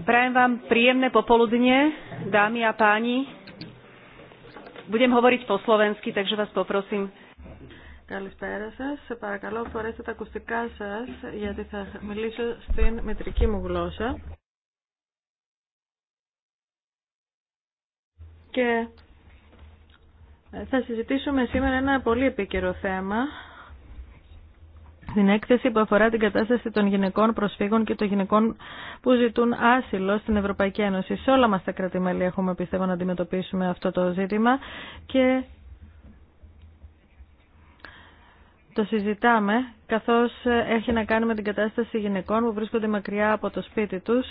Prajem vám príjemné popoludne, dámy a páni. Budem hovoriť po slovensky, takže vás poprosím. Καλησπέρα σα. Σε Παρακαλώ φορέστε τα ακουστικά σα, γιατί θα μιλήσω στην μετρική μου γλώσσα. Και θα συζητήσουμε σήμερα ένα πολύ επίκαιρο θέμα την έκθεση που αφορά την κατάσταση των γυναικών προσφύγων και των γυναικών που ζητούν άσυλο στην Ευρωπαϊκή Ένωση. Σε όλα μας τα κρατημέλη έχουμε πιστεύω να αντιμετωπίσουμε αυτό το ζήτημα και το συζητάμε καθώς έχει να κάνει με την κατάσταση γυναικών που βρίσκονται μακριά από το σπίτι τους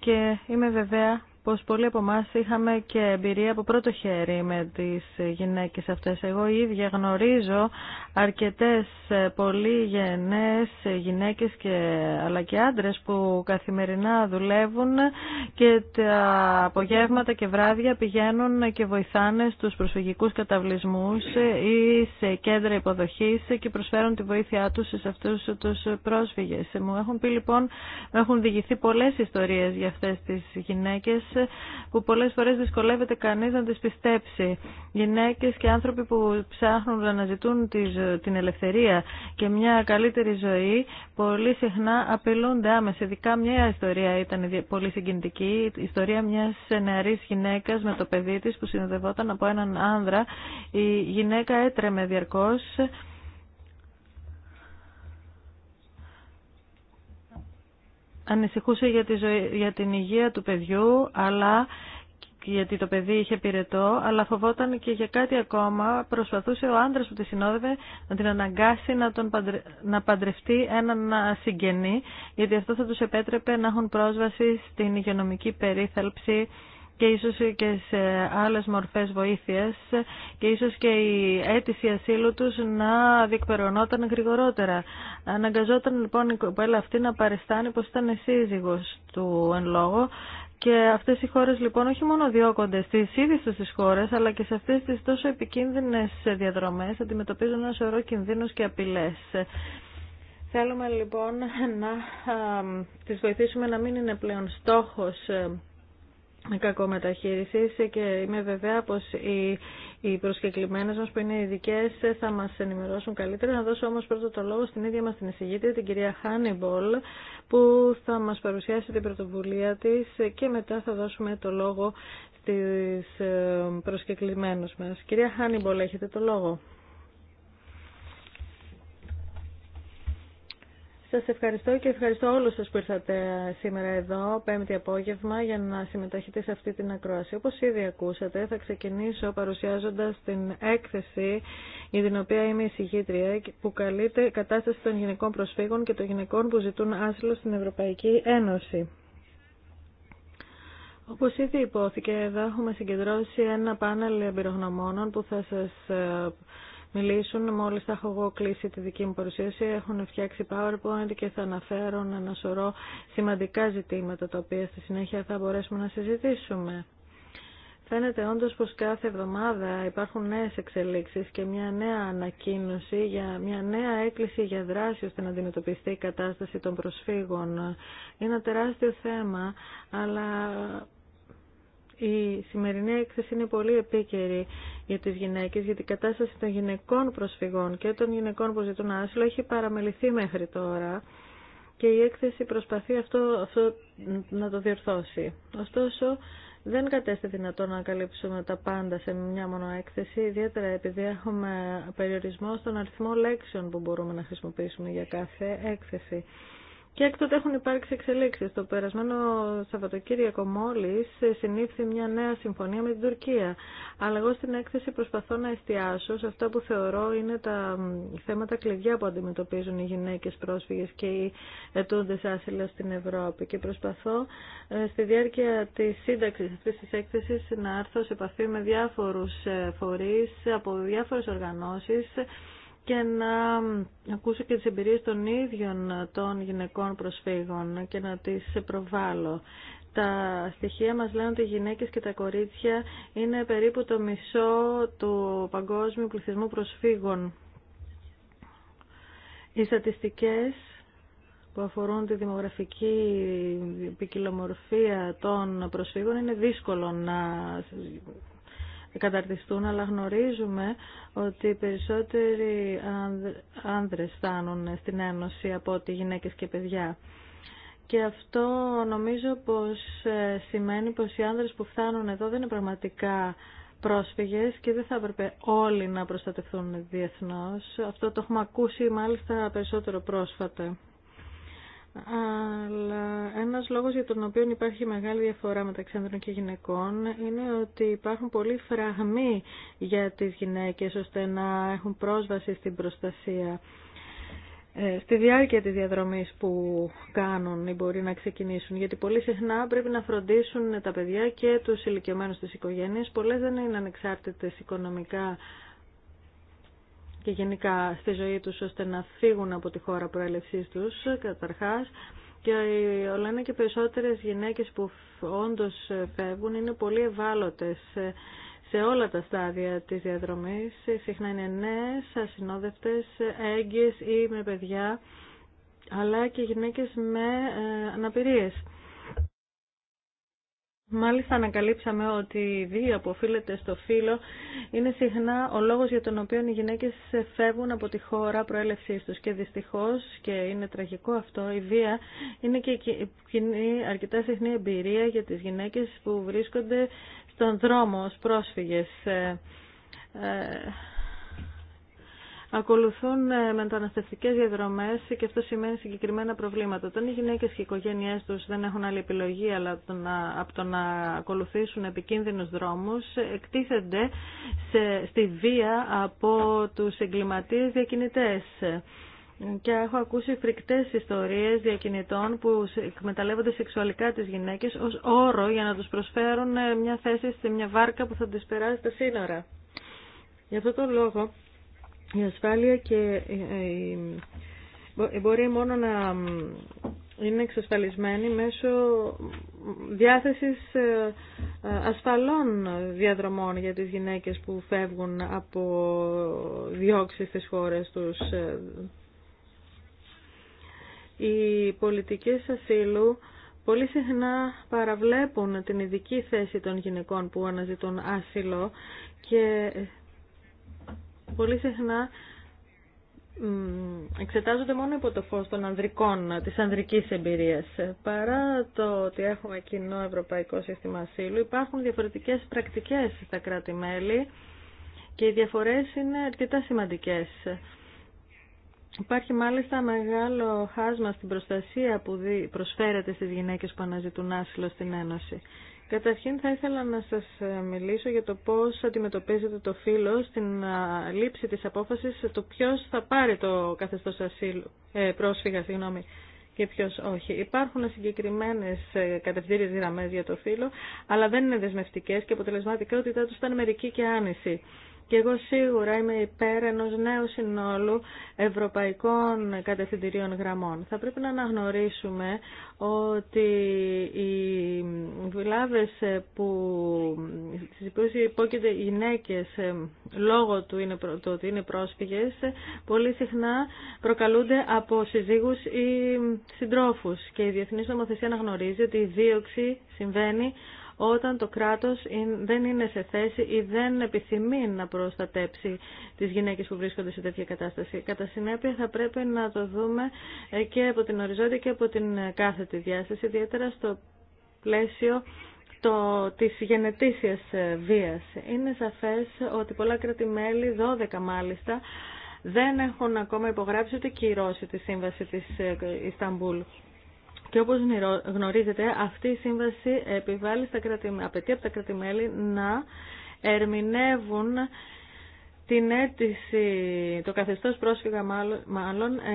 και είμαι βεβαία πως πολλοί από εμά είχαμε και εμπειρία από πρώτο χέρι με τις γυναίκες αυτές. Εγώ ίδια γνωρίζω αρκετές ε, πολύ γενναίες γυναίκες και, αλλά και άντρες που καθημερινά δουλεύουν και τα απογεύματα και βράδια πηγαίνουν και βοηθάνε στους προσφυγικούς καταβλισμούς ή σε κέντρα υποδοχής και προσφέρουν τη βοήθειά τους σε αυτούς τους πρόσφυγες. Μου έχουν πει λοιπόν, έχουν διηγηθεί πολλές ιστορίες για αυτές τις γυναίκες που πολλές φορές δυσκολεύεται κανείς να τις πιστέψει. Γυναίκες και άνθρωποι που ψάχνουν να αναζητούν την ελευθερία και μια καλύτερη ζωή πολύ συχνά απειλούνται άμεσα. Ειδικά μια ιστορία ήταν πολύ συγκινητική, η ιστορία μιας νεαρής γυναίκας με το παιδί της που συνοδευόταν από έναν άνδρα. Η γυναίκα έτρεμε διαρκώς ανησυχούσε για, τη την υγεία του παιδιού, αλλά γιατί το παιδί είχε πυρετό, αλλά φοβόταν και για κάτι ακόμα. Προσπαθούσε ο άντρας που τη συνόδευε να την αναγκάσει να, τον να παντρευτεί έναν συγγενή, γιατί αυτό θα τους επέτρεπε να έχουν πρόσβαση στην υγειονομική περίθαλψη και ίσως και σε άλλες μορφές βοήθειας και ίσως και η αίτηση ασύλου τους να διεκπεραιωνόταν γρηγορότερα. Αναγκαζόταν λοιπόν η κοπέλα αυτή να παριστάνει πως ήταν σύζυγος του εν λόγω και αυτές οι χώρες λοιπόν όχι μόνο διώκονται στις ίδιες τους τις χώρες αλλά και σε αυτές τις τόσο επικίνδυνες διαδρομές αντιμετωπίζουν ένα σωρό κινδύνους και απειλές. Θέλουμε λοιπόν να τις βοηθήσουμε να μην είναι πλέον στόχος ε, κακομεταχείρισης και είμαι βεβαία πως οι, οι προσκεκλημένες μας που είναι ειδικέ θα μας ενημερώσουν καλύτερα. Να δώσω όμως πρώτα το λόγο στην ίδια μας την εισηγήτρια, την κυρία Χάνιμπολ, που θα μας παρουσιάσει την πρωτοβουλία της και μετά θα δώσουμε το λόγο στις ε, προσκεκλημένους μας. Κυρία Χάνιμπολ, έχετε το λόγο. Σας ευχαριστώ και ευχαριστώ όλους σας που ήρθατε σήμερα εδώ, πέμπτη απόγευμα, για να συμμετέχετε σε αυτή την ακρόαση. Όπως ήδη ακούσατε, θα ξεκινήσω παρουσιάζοντας την έκθεση για την οποία είμαι εισηγήτρια, που καλείται «Κατάσταση των γυναικών προσφύγων και των γυναικών που ζητούν άσυλο στην Ευρωπαϊκή Ένωση». Όπως ήδη υπόθηκε, εδώ έχουμε συγκεντρώσει ένα πάνελ εμπειρογνωμόνων που θα σας ε, μιλήσουν. Μόλις θα έχω εγώ κλείσει τη δική μου παρουσίαση, έχουν φτιάξει PowerPoint και θα αναφέρω ένα σωρό σημαντικά ζητήματα τα οποία στη συνέχεια θα μπορέσουμε να συζητήσουμε. Φαίνεται όντως πως κάθε εβδομάδα υπάρχουν νέες εξελίξεις και μια νέα ανακοίνωση, για μια νέα έκκληση για δράση ώστε να αντιμετωπιστεί η κατάσταση των προσφύγων. Είναι ένα τεράστιο θέμα, αλλά η σημερινή έκθεση είναι πολύ επίκαιρη για τις γυναίκες, γιατί η κατάσταση των γυναικών προσφυγών και των γυναικών που ζητούν άσυλο έχει παραμεληθεί μέχρι τώρα και η έκθεση προσπαθεί αυτό, αυτό να το διορθώσει. Ωστόσο, δεν κατέστη δυνατόν να καλύψουμε τα πάντα σε μια μόνο έκθεση, ιδιαίτερα επειδή έχουμε περιορισμό στον αριθμό λέξεων που μπορούμε να χρησιμοποιήσουμε για κάθε έκθεση. Και έκτοτε έχουν υπάρξει εξελίξει. Το περασμένο Σαββατοκύριακο μόλις συνήφθη μια νέα συμφωνία με την Τουρκία. Αλλά εγώ στην έκθεση προσπαθώ να εστιάσω σε αυτά που θεωρώ είναι τα θέματα κλειδιά που αντιμετωπίζουν οι γυναίκες πρόσφυγες και οι ετούντε άσυλα στην Ευρώπη. Και προσπαθώ ε, στη διάρκεια τη σύνταξη αυτή τη έκθεση να έρθω σε επαφή με διάφορου ε, φορεί από διάφορε οργανώσει και να ακούσω και τις εμπειρίες των ίδιων των γυναικών προσφύγων και να τις προβάλλω. Τα στοιχεία μας λένε ότι οι γυναίκες και τα κορίτσια είναι περίπου το μισό του παγκόσμιου πληθυσμού προσφύγων. Οι στατιστικές που αφορούν τη δημογραφική ποικιλομορφία των προσφύγων είναι δύσκολο να καταρτιστούν, αλλά γνωρίζουμε ότι περισσότεροι άνδρες φτάνουν στην Ένωση από ότι γυναίκες και παιδιά. Και αυτό νομίζω πως ε, σημαίνει πως οι άνδρες που φτάνουν εδώ δεν είναι πραγματικά πρόσφυγες και δεν θα έπρεπε όλοι να προστατευτούν διεθνώς. Αυτό το έχουμε ακούσει μάλιστα περισσότερο πρόσφατα. Αλλά ένας λόγος για τον οποίο υπάρχει μεγάλη διαφορά μεταξύ άνδρων και γυναικών είναι ότι υπάρχουν πολλοί φραγμοί για τις γυναίκες ώστε να έχουν πρόσβαση στην προστασία ε, στη διάρκεια της διαδρομής που κάνουν ή μπορεί να ξεκινήσουν. Γιατί πολύ συχνά πρέπει να φροντίσουν τα παιδιά και τους ηλικιωμένους της οικογένειας. Πολλές δεν είναι ανεξάρτητες οικονομικά και γενικά στη ζωή τους ώστε να φύγουν από τη χώρα προέλευσής τους καταρχάς και όλα και περισσότερες γυναίκες που όντως φεύγουν είναι πολύ ευάλωτες σε όλα τα στάδια της διαδρομής συχνά είναι νέες, ασυνόδευτες, έγκυες ή με παιδιά αλλά και γυναίκες με ε, αναπηρίες. Μάλιστα ανακαλύψαμε ότι η βία που οφείλεται στο φύλλο είναι συχνά ο λόγος για τον οποίο οι γυναίκες φεύγουν από τη χώρα προέλευσής τους και δυστυχώς και είναι τραγικό αυτό η βία είναι και κοινή, αρκετά συχνή εμπειρία για τις γυναίκες που βρίσκονται στον δρόμο ως πρόσφυγες. Ε, ε, ακολουθούν ε, μεταναστευτικές διαδρομές και αυτό σημαίνει συγκεκριμένα προβλήματα. Όταν οι γυναίκες και οι οικογένειές τους δεν έχουν άλλη επιλογή αλλά να, από το να ακολουθήσουν επικίνδυνους δρόμους, εκτίθενται στη βία από τους εγκληματίες διακινητές. Και έχω ακούσει φρικτές ιστορίες διακινητών που εκμεταλλεύονται σεξουαλικά τις γυναίκες ως όρο για να τους προσφέρουν ε, μια θέση σε μια βάρκα που θα τις περάσει τα σύνορα. Γι' αυτό το λόγο η ασφάλεια και ε, ε, ε, μπορεί μόνο να είναι εξασφαλισμένη μέσω διάθεσης ασφαλών διαδρομών για τις γυναίκες που φεύγουν από διώξεις στις χώρες τους. Οι πολιτικές ασύλου πολύ συχνά παραβλέπουν την ειδική θέση των γυναικών που αναζητούν άσυλο και πολύ συχνά εξετάζονται μόνο υπό το φως των ανδρικών, της ανδρικής εμπειρίας. Παρά το ότι έχουμε κοινό ευρωπαϊκό σύστημα ασύλου, υπάρχουν διαφορετικές πρακτικές στα κράτη-μέλη και οι διαφορές είναι αρκετά σημαντικές. Υπάρχει μάλιστα μεγάλο χάσμα στην προστασία που προσφέρεται στις γυναίκες που αναζητούν άσυλο στην Ένωση. Καταρχήν θα ήθελα να σας ε, μιλήσω για το πώς αντιμετωπίζετε το φύλλο στην λήψη της απόφασης το ποιος θα πάρει το καθεστώς ασύλου, ε, πρόσφυγα συγγνώμη, και ποιος όχι. Υπάρχουν συγκεκριμένες ε, κατευθύνσεις γραμμές για το φύλλο, αλλά δεν είναι δεσμευτικές και αποτελεσματικότητά τους ήταν μερική και άνηση. Και εγώ σίγουρα είμαι υπέρ ενό νέου συνόλου ευρωπαϊκών κατευθυντηρίων γραμμών. Θα πρέπει να αναγνωρίσουμε ότι οι βλάβες που στις οποίες υπόκειται οι γυναίκες ε, λόγω του, είναι, του ότι είναι πρόσφυγες πολύ συχνά προκαλούνται από συζύγους ή συντρόφους και η Διεθνής Νομοθεσία αναγνωρίζει ότι η δίωξη συμβαίνει όταν το κράτος δεν είναι σε θέση ή δεν επιθυμεί να προστατέψει τις γυναίκες που βρίσκονται σε τέτοια κατάσταση. Κατά συνέπεια θα πρέπει να το δούμε ε, και από την οριζόντια και από την κάθετη διάσταση, ιδιαίτερα στο πλαίσιο το, της γενετήσιας ε, βίας. Είναι σαφές ότι πολλά κράτη-μέλη, 12 μάλιστα, δεν έχουν ακόμα υπογράψει ούτε κυρώσει τη σύμβαση της ε, Ισταμπούλου. Και όπως γνωρίζετε, αυτή η σύμβαση επιβάλλει στα κρατη... απαιτεί από τα κρατημέλη να ερμηνεύουν την αίτηση, το καθεστώς πρόσφυγα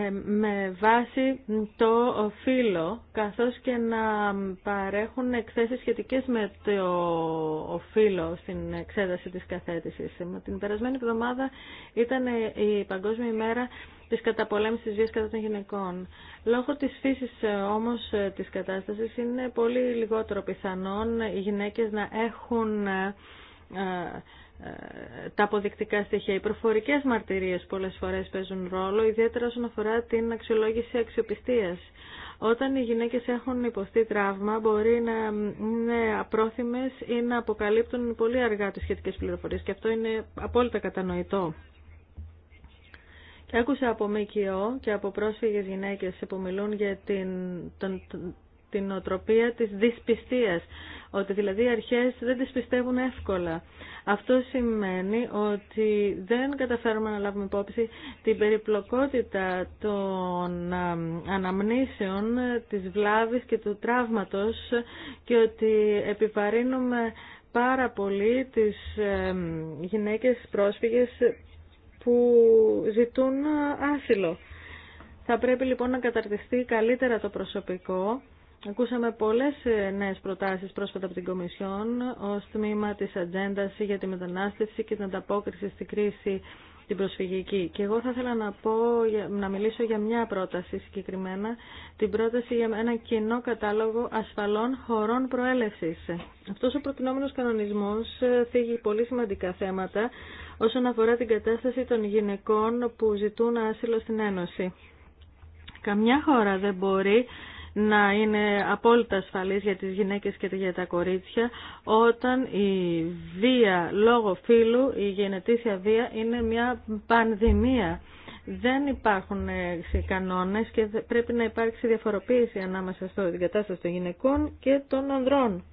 ε, με βάση το φύλλο, καθώς και να παρέχουν εκθέσεις σχετικές με το φύλλο στην εξέταση της καθέτησης. Την περασμένη εβδομάδα ήταν η Παγκόσμια ημέρα της καταπολέμησης της βίας κατά των γυναικών. Λόγω της φύσης ε, όμως ε, της κατάστασης είναι πολύ λιγότερο πιθανόν οι γυναίκες να έχουν ε, τα αποδεικτικά στοιχεία. Οι προφορικές μαρτυρίες πολλές φορές παίζουν ρόλο, ιδιαίτερα όσον αφορά την αξιολόγηση αξιοπιστίας. Όταν οι γυναίκες έχουν υποστεί τραύμα μπορεί να είναι απρόθυμες ή να αποκαλύπτουν πολύ αργά τις σχετικές πληροφορίες και αυτό είναι απόλυτα κατανοητό. Έκουσα από ΜΚΟ και από πρόσφυγες γυναίκες που μιλούν για την, την οτροπία της δυσπιστίας, ότι δηλαδή οι αρχές δεν τις πιστεύουν εύκολα. Αυτό σημαίνει ότι δεν καταφέρουμε να λάβουμε υπόψη την περιπλοκότητα των αναμνήσεων, της βλάβης και του τραύματος και ότι επιβαρύνουμε πάρα πολύ τις γυναίκες πρόσφυγες που ζητούν άσυλο. Θα πρέπει λοιπόν να καταρτιστεί καλύτερα το προσωπικό. Ακούσαμε πολλές ε, νέες προτάσεις πρόσφατα από την Κομισιόν ως τμήμα της ατζέντα για τη μετανάστευση και την ανταπόκριση στη κρίση την προσφυγική. Και εγώ θα ήθελα να, πω, να μιλήσω για μια πρόταση συγκεκριμένα, την πρόταση για ένα κοινό κατάλογο ασφαλών χωρών προέλευσης. Αυτός ο προτινόμενος κανονισμός ε, θίγει πολύ σημαντικά θέματα όσον αφορά την κατάσταση των γυναικών που ζητούν άσυλο στην Ένωση. Καμιά χώρα δεν μπορεί να είναι απόλυτα ασφαλής για τις γυναίκες και για τα κορίτσια όταν η βία λόγω φύλου, η γενετήσια βία είναι μια πανδημία. Δεν υπάρχουν ε, κανόνες και πρέπει να υπάρξει διαφοροποίηση ανάμεσα στην κατάσταση των γυναικών και των ανδρών.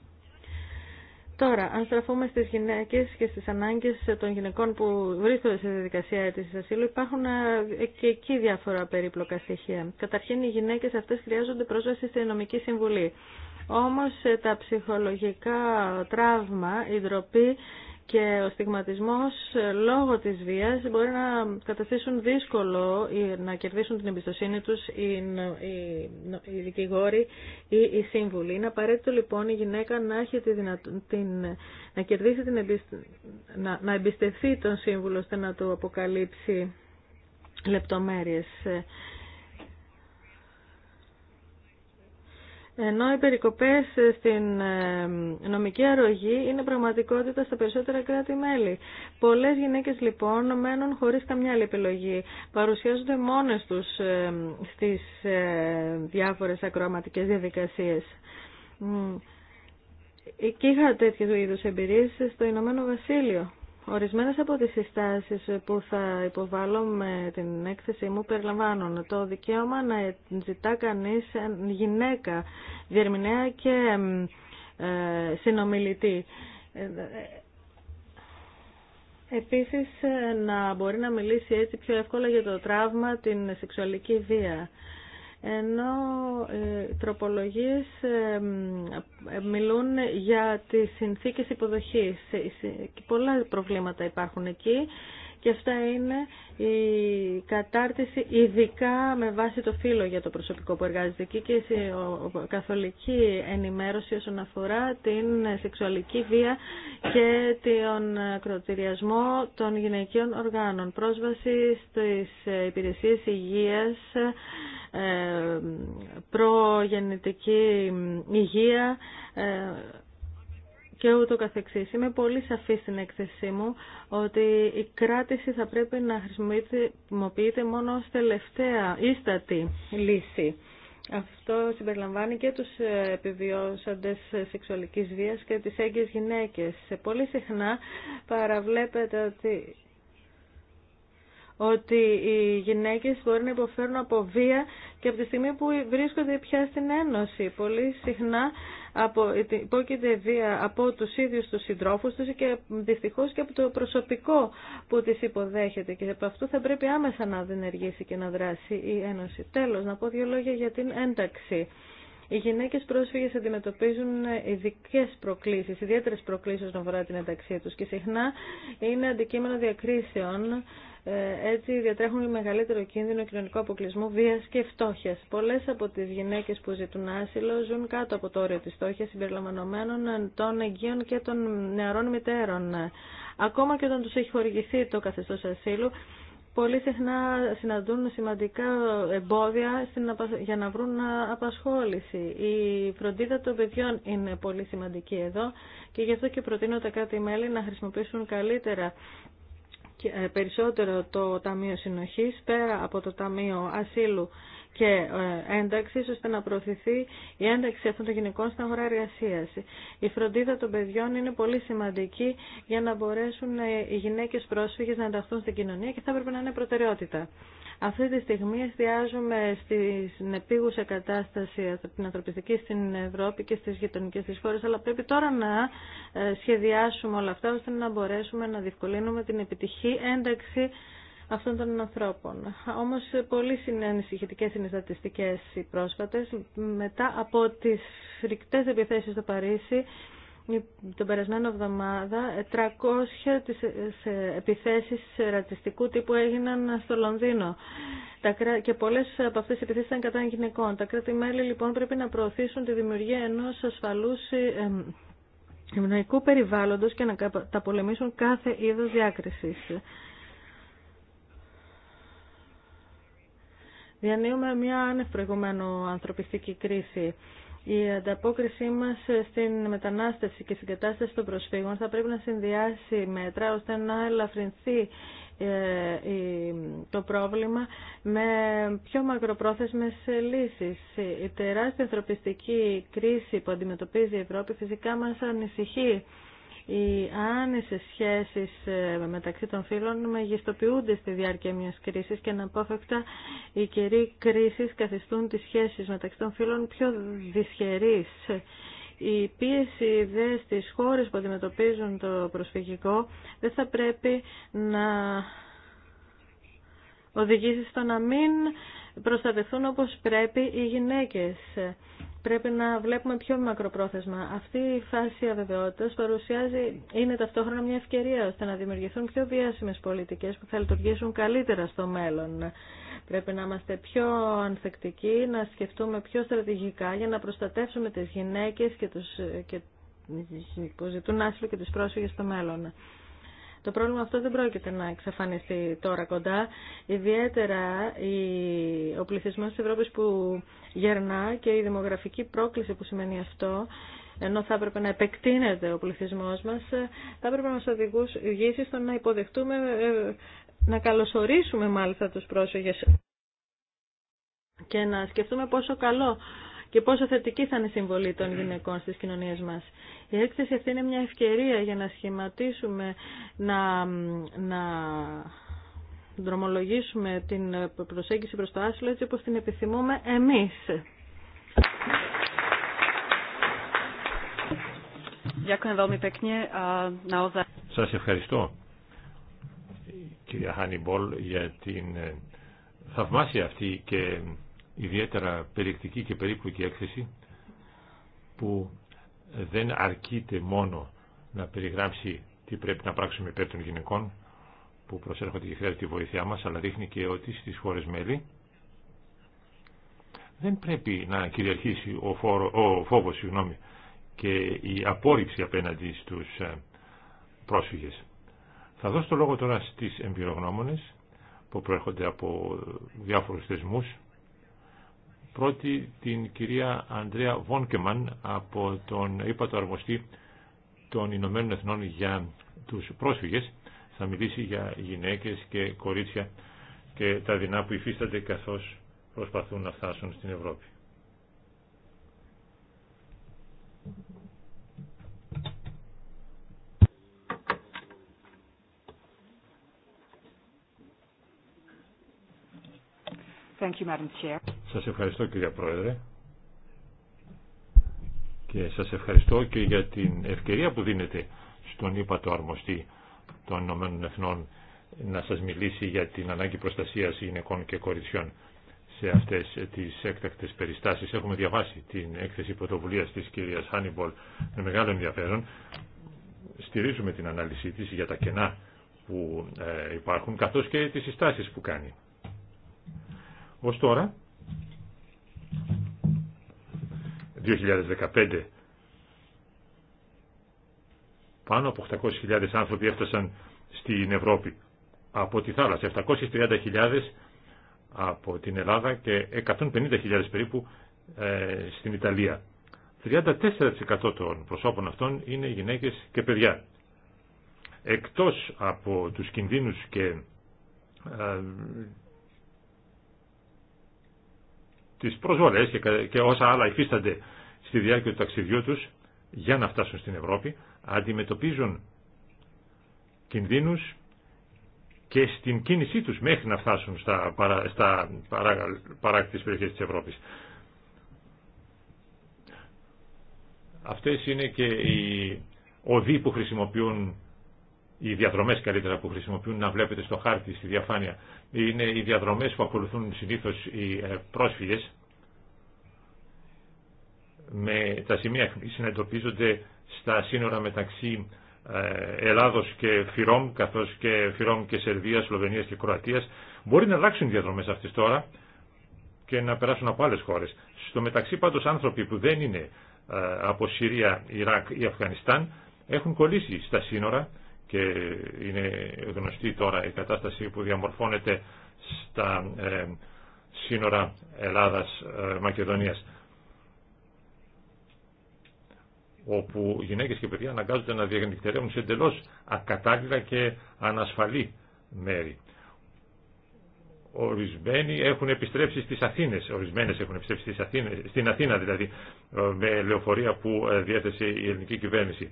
Τώρα, αν στραφούμε στις γυναίκες και στις ανάγκες των γυναικών που βρίσκονται σε διαδικασία αίτησης ασύλου, υπάρχουν ε, και εκεί διάφορα περίπλοκα στοιχεία. Καταρχήν, οι γυναίκες αυτές χρειάζονται πρόσβαση στην νομική συμβουλή. Όμως ε, τα ψυχολογικά τραύμα, η ντροπή, και ο στιγματισμός ε, λόγω της βίας μπορεί να καταστήσουν δύσκολο να κερδίσουν την εμπιστοσύνη τους οι, οι, δικηγόροι ή οι σύμβουλοι. Είναι απαραίτητο λοιπόν η γυναίκα να, έχει τη δυνατο... την... να κερδίσει την να... να εμπιστευτεί τον σύμβουλο ώστε να του αποκαλύψει λεπτομέρειες. Ε, Ενώ οι περικοπές στην ε, νομική αρρωγή είναι πραγματικότητα στα περισσότερα κράτη-μέλη. Πολλές γυναίκες λοιπόν μένουν χωρίς καμιά άλλη επιλογή. Παρουσιάζονται μόνες τους ε, στις ε, διάφορες ακροαματικές διαδικασίες. Και είχα τέτοιου είδους εμπειρίες στο Ηνωμένο Βασίλειο. Ορισμένες από τις συστάσεις που θα υποβάλω με την έκθεσή μου περιλαμβάνουν το δικαίωμα να ζητά κανείς γυναίκα, διερμηνέα και ε, συνομιλητή. Επίσης ε, να μπορεί να μιλήσει έτσι πιο εύκολα για το τραύμα, την σεξουαλική βία ενώ οι ε, τροπολογίες ε, ε, μιλούν για τις συνθήκες υποδοχής και πολλά προβλήματα υπάρχουν εκεί και αυτά είναι η κατάρτιση ειδικά με βάση το φύλλο για το προσωπικό που εργάζεται εκεί και η καθολική ενημέρωση όσον αφορά την σεξουαλική βία και τον κροτηριασμό των γυναικείων οργάνων. Πρόσβαση στις υπηρεσίες υγείας, ε, προγεννητική υγεία, ε, και ούτω καθεξής. Είμαι πολύ σαφή στην έκθεσή μου ότι η κράτηση θα πρέπει να χρησιμοποιείται μόνο ως τελευταία ίστατη λύση. Αυτό συμπεριλαμβάνει και τους ε, επιβιώσαντες σεξουαλικής βίας και τις έγκυες γυναίκες. Πολύ συχνά παραβλέπετε ότι ότι οι γυναίκες μπορεί να υποφέρουν από βία και από τη στιγμή που βρίσκονται πια στην Ένωση. Πολύ συχνά από, υπόκειται βία από τους ίδιους τους συντρόφους τους και δυστυχώς και από το προσωπικό που τις υποδέχεται και από αυτού θα πρέπει άμεσα να δενεργήσει και να δράσει η Ένωση. Τέλος, να πω δύο λόγια για την ένταξη. Οι γυναίκε πρόσφυγε αντιμετωπίζουν ειδικέ προκλήσει, ιδιαίτερε προκλήσει όσον αφορά την ενταξία του και συχνά είναι αντικείμενο διακρίσεων. Ε, έτσι διατρέχουν μεγαλύτερο κίνδυνο κοινωνικού αποκλεισμού, βία και φτώχεια. Πολλέ από τι γυναίκε που ζητούν άσυλο ζουν κάτω από το όριο τη φτώχεια, συμπεριλαμβανομένων των εγγύων και των νεαρών μητέρων. Ακόμα και όταν του έχει χορηγηθεί το καθεστώ ασύλου, πολύ συχνά συναντούν σημαντικά εμπόδια για να βρουν απασχόληση. Η φροντίδα των παιδιών είναι πολύ σημαντική εδώ και γι' αυτό και προτείνω τα κράτη-μέλη να χρησιμοποιήσουν καλύτερα και ε, περισσότερο το Ταμείο Συνοχής πέρα από το Ταμείο Ασύλου και ε, ένταξη, ώστε να προωθηθεί η ένταξη αυτών των γυναικών στην αγορά εργασία. Η φροντίδα των παιδιών είναι πολύ σημαντική για να μπορέσουν ε, οι γυναίκε πρόσφυγε να ενταχθούν στην κοινωνία και θα έπρεπε να είναι προτεραιότητα. Αυτή τη στιγμή εστιάζουμε στην επίγουσα κατάσταση την ανθρωπιστική στην Ευρώπη και στις γειτονικές της χώρες, αλλά πρέπει τώρα να ε, σχεδιάσουμε όλα αυτά ώστε να μπορέσουμε να διευκολύνουμε την επιτυχή ένταξη αυτών των ανθρώπων. Όμω πολύ είναι είναι οι στατιστικές οι πρόσφατες. Μετά από τι φρικτέ επιθέσει στο Παρίσι, τον περασμένο εβδομάδα 300 επιθέσεις ρατσιστικού τύπου έγιναν στο Λονδίνο και πολλέ από αυτέ τι επιθέσει ήταν κατά γυναικών. Τα κράτη-μέλη λοιπόν πρέπει να προωθήσουν τη δημιουργία ενό ασφαλού ευνοϊκού περιβάλλοντος και να τα πολεμήσουν κάθε είδος διάκριση. Διανύουμε μια άνευ προηγουμένου ανθρωπιστική κρίση. Η ανταπόκρισή μας στην μετανάστευση και στην των προσφύγων θα πρέπει να συνδυάσει μέτρα ώστε να ελαφρυνθεί ε, το πρόβλημα με πιο μακροπρόθεσμες λύσεις. Η τεράστια ανθρωπιστική κρίση που αντιμετωπίζει η Ευρώπη φυσικά μας ανησυχεί οι άνεσε σχέσεις ε, μεταξύ των φίλων μεγιστοποιούνται στη διάρκεια μιας κρίσης και αναπόφευκτα οι καιροί κρίσεις καθιστούν τις σχέσεις μεταξύ των φίλων πιο δυσχερείς. Η πίεση δε στις χώρες που αντιμετωπίζουν το προσφυγικό δεν θα πρέπει να οδηγήσει στο να μην προστατευτούν όπως πρέπει οι γυναίκες. Πρέπει να βλέπουμε πιο μακροπρόθεσμα. Αυτή η φάση αβεβαιότητα παρουσιάζει, είναι ταυτόχρονα μια ευκαιρία ώστε να δημιουργηθούν πιο διάσημες πολιτικές που θα λειτουργήσουν καλύτερα στο μέλλον. Πρέπει να είμαστε πιο ανθεκτικοί, να σκεφτούμε πιο στρατηγικά για να προστατεύσουμε τις γυναίκες και τους, και, που ζητούν άσυλο και τι πρόσφυγες στο μέλλον. Το πρόβλημα αυτό δεν πρόκειται να εξαφανιστεί τώρα κοντά. Ιδιαίτερα ο πληθυσμό τη Ευρώπη που γερνά και η δημογραφική πρόκληση που σημαίνει αυτό, ενώ θα έπρεπε να επεκτείνεται ο πληθυσμό μα, θα έπρεπε να μα οδηγήσει στο να υποδεχτούμε, ε, να καλωσορίσουμε μάλιστα τους πρόσφυγε και να σκεφτούμε πόσο καλό και πόσο θετική θα είναι η συμβολή των γυναικών στις κοινωνίες μας. Η έκθεση αυτή είναι μια ευκαιρία για να σχηματίσουμε, να, να δρομολογήσουμε την προσέγγιση προς το άσυλο έτσι όπως την επιθυμούμε εμείς. Σας ευχαριστώ κυρία Χάνιμπολ για την ε, θαυμάσια αυτή και ιδιαίτερα περιεκτική και περίπλοκη έκθεση που δεν αρκείται μόνο να περιγράψει τι πρέπει να πράξουμε υπέρ των γυναικών που προσέρχονται και χρειάζεται τη βοήθειά μας, αλλά δείχνει και ότι στις χώρες μέλη δεν πρέπει να κυριαρχήσει ο, φόρο, ο φόβος συγγνώμη, και η απόρριψη απέναντι στους ε, πρόσφυγες. Θα δώσω το λόγο τώρα στις εμπειρογνώμονες που προέρχονται από διάφορους θεσμούς Πρώτη την κυρία Ανδρέα Βόνκεμαν από τον ύπατο αρμοστή των Ηνωμένων Εθνών για τους πρόσφυγες. Θα μιλήσει για γυναίκες και κορίτσια και τα δεινά που υφίστανται καθώς προσπαθούν να φτάσουν στην Ευρώπη. Thank you, σας ευχαριστώ κύριε Πρόεδρε και σας ευχαριστώ και για την ευκαιρία που δίνετε στον ύπατο αρμοστή των Ηνωμένων Εθνών να σας μιλήσει για την ανάγκη προστασίας γυναικών και κοριτσιών σε αυτές τις έκτακτες περιστάσεις. Έχουμε διαβάσει την έκθεση πρωτοβουλία της κυρίας Χάνιμπολ με μεγάλο ενδιαφέρον. Στηρίζουμε την ανάλυση της για τα κενά που ε, υπάρχουν καθώς και τις συστάσεις που κάνει. Ως τώρα 2015 πάνω από 800.000 άνθρωποι έφτασαν στην Ευρώπη από τη θάλασσα, 730.000 από την Ελλάδα και 150.000 περίπου ε, στην Ιταλία. 34% των προσώπων αυτών είναι γυναίκες και παιδιά. Εκτός από τους κινδύνους και ε, τις προσβολές και, όσα άλλα υφίστανται στη διάρκεια του ταξιδιού τους για να φτάσουν στην Ευρώπη, αντιμετωπίζουν κινδύνους και στην κίνησή τους μέχρι να φτάσουν στα, παρά, στα παρά, παράκτης περιοχές της Ευρώπης. Αυτές είναι και οι οδοί που χρησιμοποιούν, οι διαδρομές καλύτερα που χρησιμοποιούν να βλέπετε στο χάρτη, στη διαφάνεια είναι οι διαδρομές που ακολουθούν συνήθως οι ε, πρόσφυγες με τα σημεία συναντοπίζονται στα σύνορα μεταξύ ε, Ελλάδος και Φιρόμ καθώς και Φιρόμ και Σερβίας, Σλοβενίας και Κροατίας μπορεί να αλλάξουν οι διαδρομές αυτές τώρα και να περάσουν από άλλες χώρες. Στο μεταξύ πάντως άνθρωποι που δεν είναι ε, από Συρία, Ιράκ ή Αφγανιστάν έχουν κολλήσει στα σύνορα και είναι γνωστή τώρα η κατάσταση που διαμορφώνεται στα ε, σύνορα Ελλάδας-Μακεδονίας ε, όπου γυναίκες και παιδιά αναγκάζονται να διαγνυκτερεύουν σε εντελώς ακατάλληλα και ανασφαλή μέρη. Ορισμένοι έχουν επιστρέψει στις Αθήνες, ορισμένες έχουν επιστρέψει στις Αθήνες, στην Αθήνα δηλαδή, ε, με λεωφορεία που διέθεσε η ελληνική κυβέρνηση.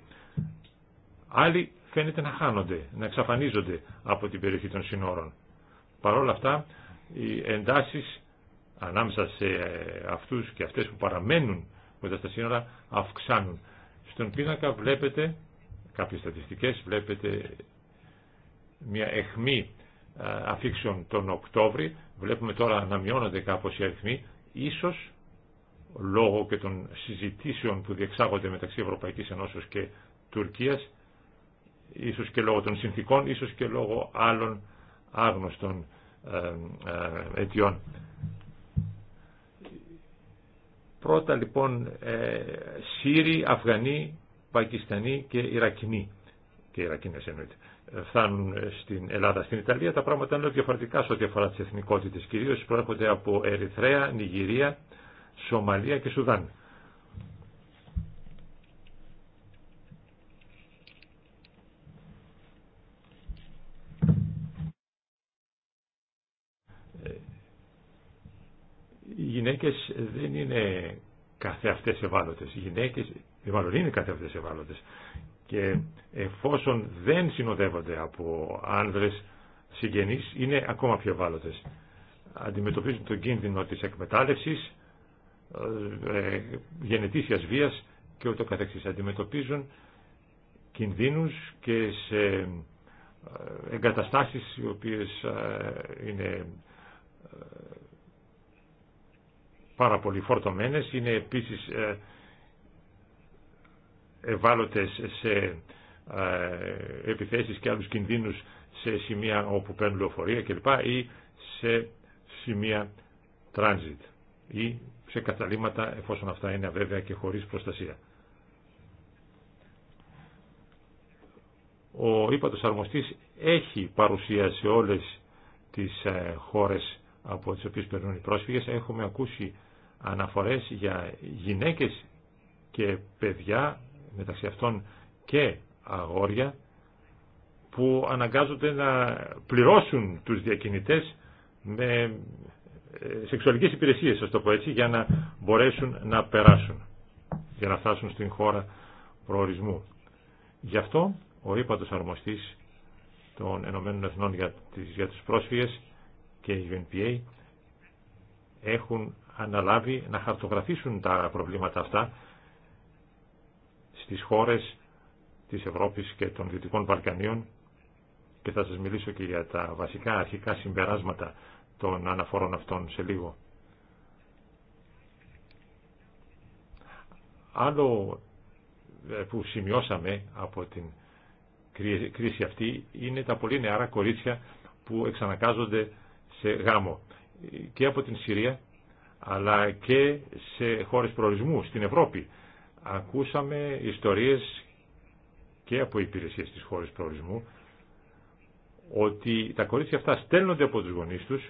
Άλλοι φαίνεται να χάνονται, να εξαφανίζονται από την περιοχή των συνόρων. Παρ' όλα αυτά, οι εντάσεις ανάμεσα σε αυτούς και αυτές που παραμένουν μετά στα σύνορα αυξάνουν. Στον πίνακα βλέπετε, κάποιες στατιστικές, βλέπετε μια εχμή αφήξεων τον Οκτώβρη. Βλέπουμε τώρα να μειώνονται κάπως οι αριθμοί, ίσως λόγω και των συζητήσεων που διεξάγονται μεταξύ Ευρωπαϊκής Ενώσεως και Τουρκίας ίσως και λόγω των συνθήκων, ίσως και λόγω άλλων άγνωστων ε, ε, αιτιών. Πρώτα λοιπόν ε, Σύριοι, Αφγανοί, Πακιστανοί και Ιρακινοί και Ιρακινές εννοείται φτάνουν στην Ελλάδα, στην Ιταλία, τα πράγματα είναι διαφορετικά σε ό,τι αφορά τι εθνικότητες, κυρίως προέρχονται από Ερυθρέα, Νιγηρία, Σομαλία και Σουδάν. Οι γυναίκες δεν είναι καθεαυτές ευάλωτες. Οι γυναίκες, μάλλον είναι καθεαυτές ευάλωτες. Και εφόσον δεν συνοδεύονται από άνδρες συγγενείς, είναι ακόμα πιο ευάλωτες. Αντιμετωπίζουν τον κίνδυνο της εκμετάλλευσης, ε, ε, γενετήσιας βίας και ούτω καθεξής. Αντιμετωπίζουν κινδύνους και σε ε, εγκαταστάσεις οι οποίες είναι πάρα πολύ φορτωμένες, είναι επίσης ε, ευάλωτες σε ε, επιθέσεις και άλλους κινδύνους σε σημεία όπου παίρνουν λεωφορεία κλπ. ή σε σημεία transit ή σε καταλήμματα εφόσον αυτά είναι αβέβαια και χωρίς προστασία. Ο ύπατος αρμοστής έχει παρουσία σε όλες τις ε, χώρες από τις οποίες περνούν οι πρόσφυγες. Έχουμε ακούσει αναφορές για γυναίκες και παιδιά, μεταξύ αυτών και αγόρια, που αναγκάζονται να πληρώσουν τους διακινητές με ε, σεξουαλικές υπηρεσίες, το για να μπορέσουν να περάσουν, για να φτάσουν στην χώρα προορισμού. Γι' αυτό ο ύπατος αρμοστής των Ενωμένων Εθνών για, τις, για τις πρόσφυγες και η UNPA έχουν αναλάβει να χαρτογραφήσουν τα προβλήματα αυτά στις χώρες της Ευρώπης και των Δυτικών Βαλκανίων και θα σας μιλήσω και για τα βασικά αρχικά συμπεράσματα των αναφορών αυτών σε λίγο. Άλλο ε, που σημειώσαμε από την κρίση αυτή είναι τα πολύ νεαρά κορίτσια που εξανακάζονται σε γάμο και από την Συρία αλλά και σε χώρες προορισμού, στην Ευρώπη. Ακούσαμε ιστορίες και από υπηρεσίες της χώρες προορισμού ότι τα κορίτσια αυτά στέλνονται από τους γονείς τους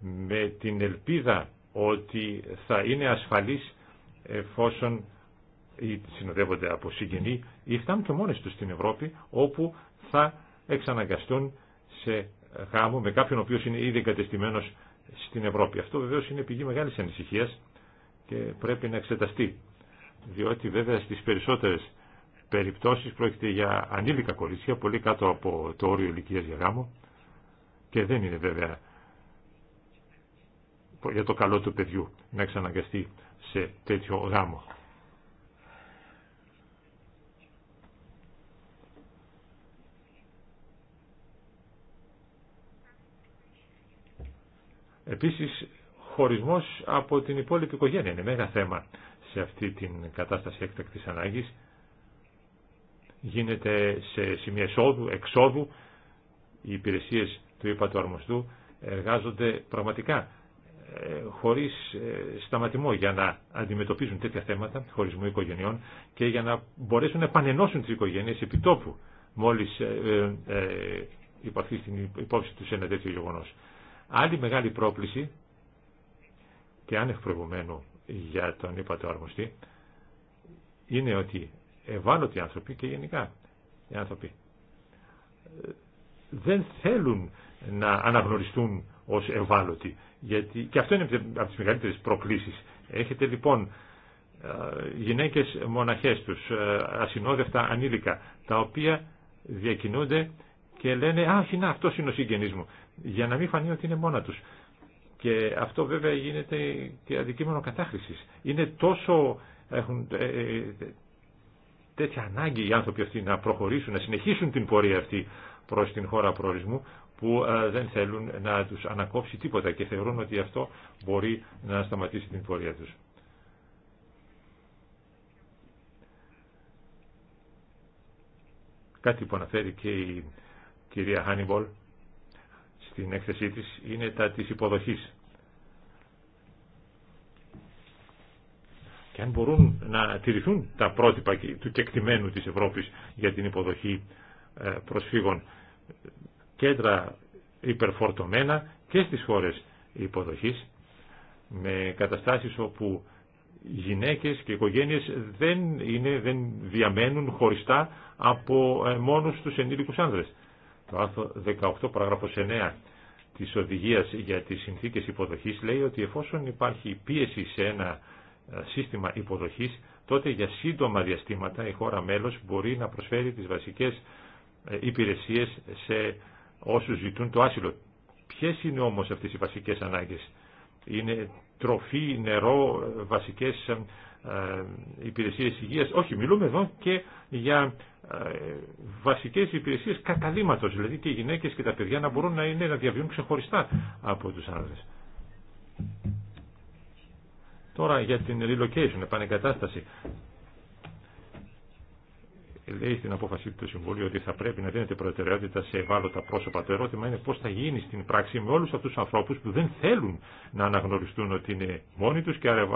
με την ελπίδα ότι θα είναι ασφαλής εφόσον ή συνοδεύονται από συγγενή ή φτάνουν και μόνες τους στην Ευρώπη όπου θα εξαναγκαστούν σε γάμο με κάποιον ο οποίος είναι ήδη εγκατεστημένος στην Ευρώπη. Αυτό βεβαίως είναι πηγή μεγάλης ανησυχίας και πρέπει να εξεταστεί. Διότι βέβαια στις περισσότερες περιπτώσεις πρόκειται για ανήλικα κορίτσια, πολύ κάτω από το όριο ηλικίας για γάμο και δεν είναι βέβαια για το καλό του παιδιού να εξαναγκαστεί σε τέτοιο γάμο. Επίσης, χωρισμός από την υπόλοιπη οικογένεια είναι μέγα θέμα σε αυτή την κατάσταση έκτακτης ανάγκης. Γίνεται σε σημεία εισόδου, εξόδου. Οι υπηρεσίες του ΥΠΑ του Αρμοστού εργάζονται πραγματικά ε, χωρίς ε, σταματημό για να αντιμετωπίζουν τέτοια θέματα χωρισμού οικογενειών και για να μπορέσουν να επανενώσουν τις οικογένειες επιτόπου μόλις ε, ε, ε στην υπόψη τους ένα τέτοιο γεγονός. Άλλη μεγάλη πρόκληση και άνευ προηγουμένου για τον ύπατο αρμοστή είναι ότι ευάλωτοι άνθρωποι και γενικά οι άνθρωποι ε, δεν θέλουν να αναγνωριστούν ως ευάλωτοι γιατί και αυτό είναι από τις μεγαλύτερες προκλήσεις έχετε λοιπόν ε, γυναίκες μοναχές τους ε, ασυνόδευτα ανήλικα τα οποία διακινούνται και λένε αχ, αυτό να, αυτός είναι ο συγγενής μου», για να μην φανεί ότι είναι μόνα τους. Και αυτό βέβαια γίνεται και αντικείμενο κατάχρησης. Είναι τόσο, έχουν ε, ε, τέτοια ανάγκη οι άνθρωποι αυτοί να προχωρήσουν, να συνεχίσουν την πορεία αυτή προς την χώρα προορισμού, που ε, δεν θέλουν να τους ανακόψει τίποτα και θεωρούν ότι αυτό μπορεί να σταματήσει την πορεία τους. Κάτι που αναφέρει και η κυρία Χάνιμπολ στην έκθεσή της είναι τα της υποδοχής. Και αν μπορούν να τηρηθούν τα πρότυπα του κεκτημένου της Ευρώπης για την υποδοχή ε, προσφύγων κέντρα υπερφορτωμένα και στις χώρες υποδοχής με καταστάσεις όπου γυναίκες και οικογένειες δεν, είναι, δεν διαμένουν χωριστά από ε, μόνους τους ενήλικους άνδρες. Το άρθρο 18 παράγραφος 9 της οδηγίας για τις συνθήκες υποδοχής λέει ότι εφόσον υπάρχει πίεση σε ένα ε, σύστημα υποδοχής, τότε για σύντομα διαστήματα η χώρα μέλος μπορεί να προσφέρει τις βασικές ε, υπηρεσίες σε όσους ζητούν το άσυλο. Ποιες είναι όμως αυτές οι βασικές ανάγκες. Είναι τροφή, νερό, ε, βασικές ε, υπηρεσίες υγείας. Όχι, μιλούμε εδώ και για ε, βασικές υπηρεσίες καταλήματος, δηλαδή και οι γυναίκες και τα παιδιά να μπορούν να, είναι, να διαβιούν ξεχωριστά από τους άνδρες. Τώρα για την relocation, επανεγκατάσταση. Λέει στην απόφαση του Συμβουλίου ότι θα πρέπει να δίνεται προτεραιότητα σε ευάλωτα πρόσωπα. Το ερώτημα είναι πώ θα γίνει στην πράξη με όλου αυτού του ανθρώπου που δεν θέλουν να αναγνωριστούν ότι είναι μόνοι του και άρα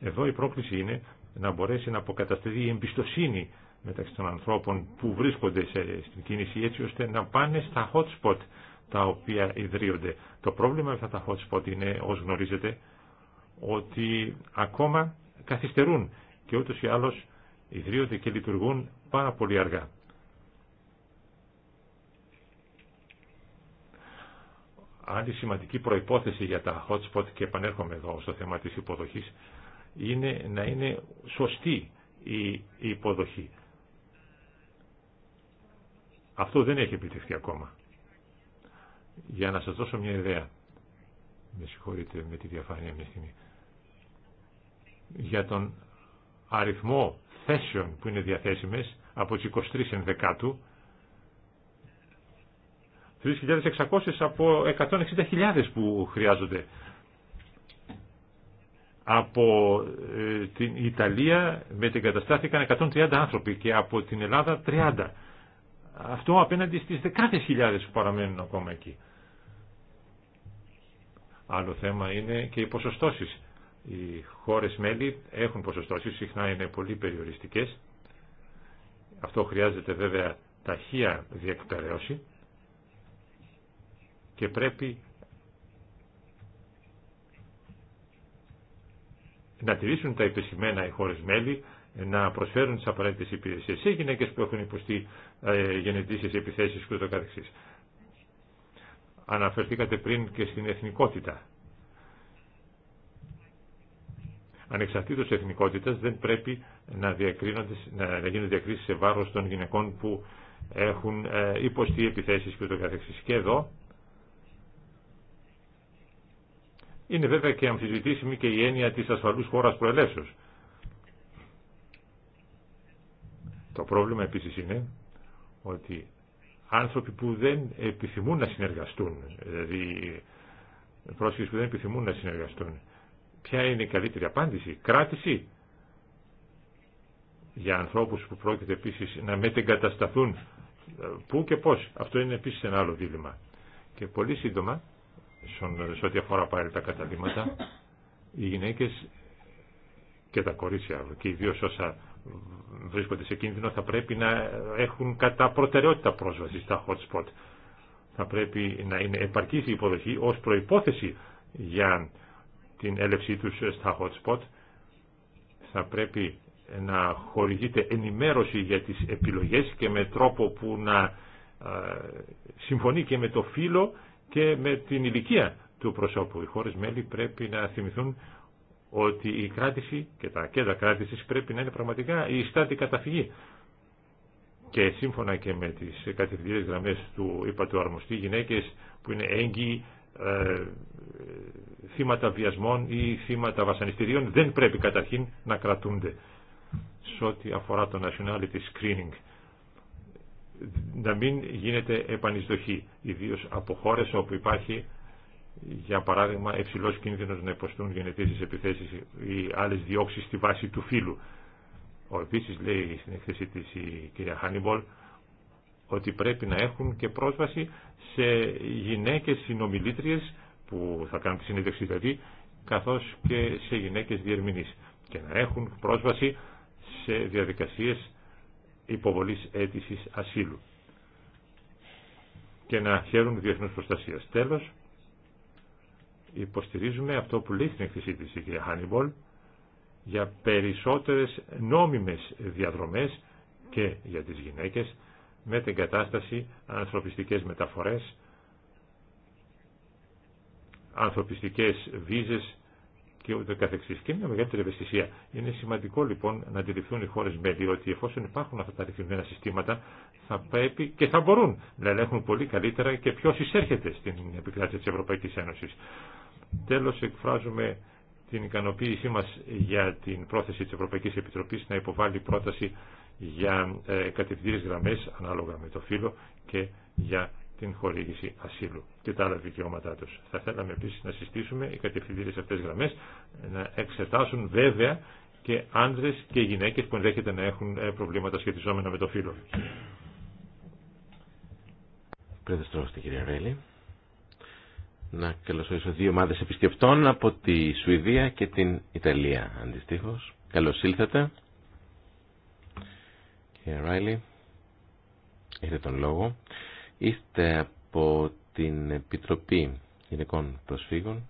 εδώ η πρόκληση είναι να μπορέσει να αποκαταστεί η εμπιστοσύνη μεταξύ των ανθρώπων που βρίσκονται σε, στην κίνηση έτσι ώστε να πάνε στα hot spot τα οποία ιδρύονται. Το πρόβλημα με αυτά τα hot spot είναι, όσο γνωρίζετε, ότι ακόμα καθυστερούν και ούτως ή άλλως ιδρύονται και λειτουργούν πάρα πολύ αργά. Άλλη σημαντική προϋπόθεση για τα hot spot και επανέρχομαι εδώ στο θέμα της υποδοχής είναι να είναι σωστή η υποδοχή. Αυτό δεν έχει επιτευχθεί ακόμα. Για να σας δώσω μια ιδέα, με συγχωρείτε με τη διαφάνεια μια στιγμή, για τον αριθμό θέσεων που είναι διαθέσιμες από τις 23 ενδεκάτου, 3.600 από 160.000 που χρειάζονται από ε, την Ιταλία μετεγκαταστάθηκαν 130 άνθρωποι και από την Ελλάδα 30. Αυτό απέναντι στις δεκάδες χιλιάδες που παραμένουν ακόμα εκεί. Άλλο θέμα είναι και οι ποσοστώσεις. Οι χώρες μέλη έχουν ποσοστώσεις, συχνά είναι πολύ περιοριστικές. Αυτό χρειάζεται βέβαια ταχεία διεκπαιρέωση και πρέπει να τηρήσουν τα επισημένα οι χώρες μέλη, να προσφέρουν τις απαραίτητες υπηρεσίες σε γυναίκες που έχουν υποστεί ε, γενετήσεις επιθέσεις κ.ο.κ. Αναφερθήκατε πριν και στην εθνικότητα. Ανεξαρτήτως εθνικότητας δεν πρέπει να, διακρίνονται, να γίνονται διακρίσεις σε βάρος των γυναικών που έχουν ε, υποστεί επιθέσεις κ.ο.κ. Και εδώ Είναι βέβαια και αμφισβητήσιμη και η έννοια της ασφαλούς χώρας προελεύσεως. Το πρόβλημα επίσης είναι ότι άνθρωποι που δεν επιθυμούν να συνεργαστούν, δηλαδή πρόσφυγες που δεν επιθυμούν να συνεργαστούν, ποια είναι η καλύτερη απάντηση, κράτηση για ανθρώπους που πρόκειται επίσης να μετεγκατασταθούν, ε, πού και πώς, αυτό είναι επίσης ένα άλλο δίλημα. Και πολύ σύντομα σε ό,τι αφορά πάλι τα καταλήματα, οι γυναίκες και τα κορίτσια και ιδίω όσα βρίσκονται σε κίνδυνο θα πρέπει να έχουν κατά προτεραιότητα πρόσβαση στα hot spot. Θα πρέπει να είναι επαρκή η υποδοχή ως προϋπόθεση για την έλευσή τους στα hot spot. Θα πρέπει να χορηγείται ενημέρωση για τις επιλογές και με τρόπο που να ε, συμφωνεί και με το φύλλο και με την ηλικία του προσώπου. Οι χώρες μέλη πρέπει να θυμηθούν ότι η κράτηση και τα κέντρα κράτησης πρέπει να είναι πραγματικά η στάτη καταφυγή. Και σύμφωνα και με τις κατευθυντικές γραμμές του είπα του αρμοστή, γυναίκες που είναι έγκυοι, ε, θύματα βιασμών ή θύματα βασανιστήριων δεν πρέπει καταρχήν να κρατούνται. Σε ό,τι αφορά το nationality screening, να μην γίνεται επανεισδοχή, ιδίως από χώρες όπου υπάρχει για παράδειγμα υψηλό κίνδυνος να υποστούν γενετήσεις επιθέσεις ή άλλες διώξεις στη βάση του φύλου. Ο επίσης λέει στην εκθεσή της η κυρία Χάνιμπολ ότι πρέπει να έχουν και πρόσβαση σε γυναίκες συνομιλήτριες που θα κάνουν τη συνέντευξη δηλαδή καθώς και σε γυναίκες διερμηνείς και να έχουν πρόσβαση σε διαδικασίες υποβολής αίτησης ασύλου και να χαίρουν διεθνούς προστασίας. Τέλος, υποστηρίζουμε αυτό που λέει στην εκθεσή της η κυρία Χάνιμπολ για περισσότερες νόμιμες διαδρομές και για τις γυναίκες με την κατάσταση ανθρωπιστικές μεταφορές, ανθρωπιστικές βίζες και ούτω καθεξής. Και μια μεγαλύτερη ευαισθησία. Είναι σημαντικό λοιπόν να αντιληφθούν οι χώρες μέλη ότι εφόσον υπάρχουν αυτά τα ρυθμισμένα συστήματα θα πρέπει και θα μπορούν να ελέγχουν πολύ καλύτερα και ποιο εισέρχεται στην επικράτεια της Ευρωπαϊκής Ένωσης. Τέλος εκφράζουμε την ικανοποίησή μας για την πρόθεση της Ευρωπαϊκής Επιτροπής να υποβάλει πρόταση για ε, γραμμέ γραμμές ανάλογα με το φύλλο και για την χορήγηση ασύλου και τα άλλα δικαιώματά τους. Θα θέλαμε επίσης να συστήσουμε οι κατευθυντήρες αυτές γραμμές ε, να εξετάσουν βέβαια και άνδρες και γυναίκες που ενδέχεται να έχουν ε, προβλήματα σχετιζόμενα με το φύλλο. Πριν δεστρώστε κυρία Ρέλη. Να καλωσορίσω δύο ομάδε επισκεπτών από τη Σουηδία και την Ιταλία αντιστοίχως. Καλώς ήλθατε. Κύριε Ράιλι, έχετε τον λόγο. Είστε από την Επιτροπή Γυναικών Προσφύγων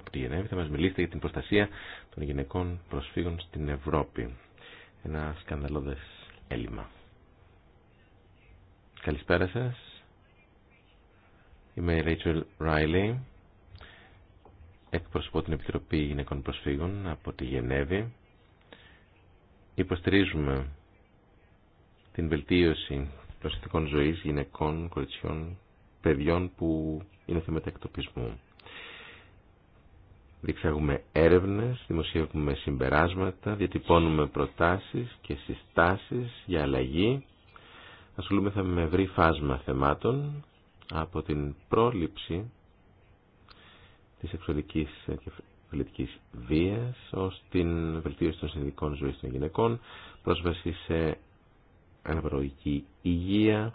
από τη Γενέβη. Θα μας μιλήσετε για την προστασία των γυναικών προσφύγων στην Ευρώπη. Ένα σκανδαλώδε έλλειμμα. Καλησπέρα σας. Είμαι η Rachel Riley. Εκπροσωπώ την Επιτροπή Γυναικών Προσφύγων από τη Γενέβη. Υποστηρίζουμε την βελτίωση των συνθήκων ζωής γυναικών, κοριτσιών, παιδιών που είναι θέματα εκτοπισμού. Διεξάγουμε έρευνες, δημοσιεύουμε συμπεράσματα, διατυπώνουμε προτάσεις και συστάσεις για αλλαγή. Ασχολούμεθα με ευρύ φάσμα θεμάτων από την πρόληψη της σεξουαλικής και φιλετική βίας ως την βελτίωση των συνδικών ζωή των γυναικών, πρόσβαση σε αναπαραγωγική υγεία,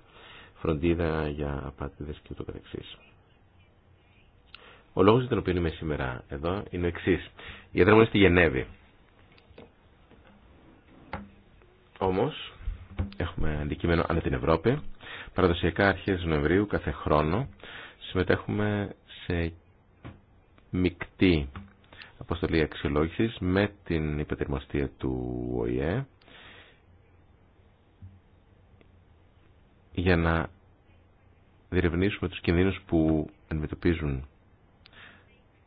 φροντίδα για απάτηδες και ούτω καθεξής. Ο λόγος για τον οποίο είμαι σήμερα εδώ είναι ο εξής. Η έδρα στη Γενέβη. Όμως, έχουμε αντικείμενο ανά την Ευρώπη. Παραδοσιακά αρχές Νοεμβρίου κάθε χρόνο συμμετέχουμε σε μεικτή αποστολή αξιολόγηση με την υπετερμοστία του ΟΗΕ για να διερευνήσουμε τους κινδύνους που αντιμετωπίζουν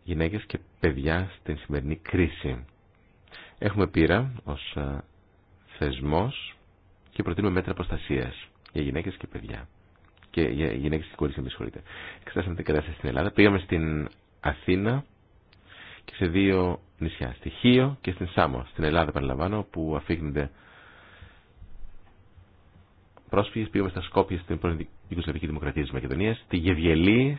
γυναίκες και παιδιά στην σημερινή κρίση. Έχουμε πείρα ως ε, θεσμός και προτείνουμε μέτρα προστασίας για γυναίκες και παιδιά. Και για γυναίκες και κορίτσια, με συγχωρείτε. Εξετάσαμε την κατάσταση στην Ελλάδα. Πήγαμε στην Αθήνα και σε δύο νησιά, στη Χίο και στην Σάμο, στην Ελλάδα, παραλαμβάνω, που αφήγνεται πρόσφυγε, πήγαμε στα Σκόπια στην πρώην Ιγκοσλαβική Δημοκρατία τη Μακεδονία, στη Γεβιελή,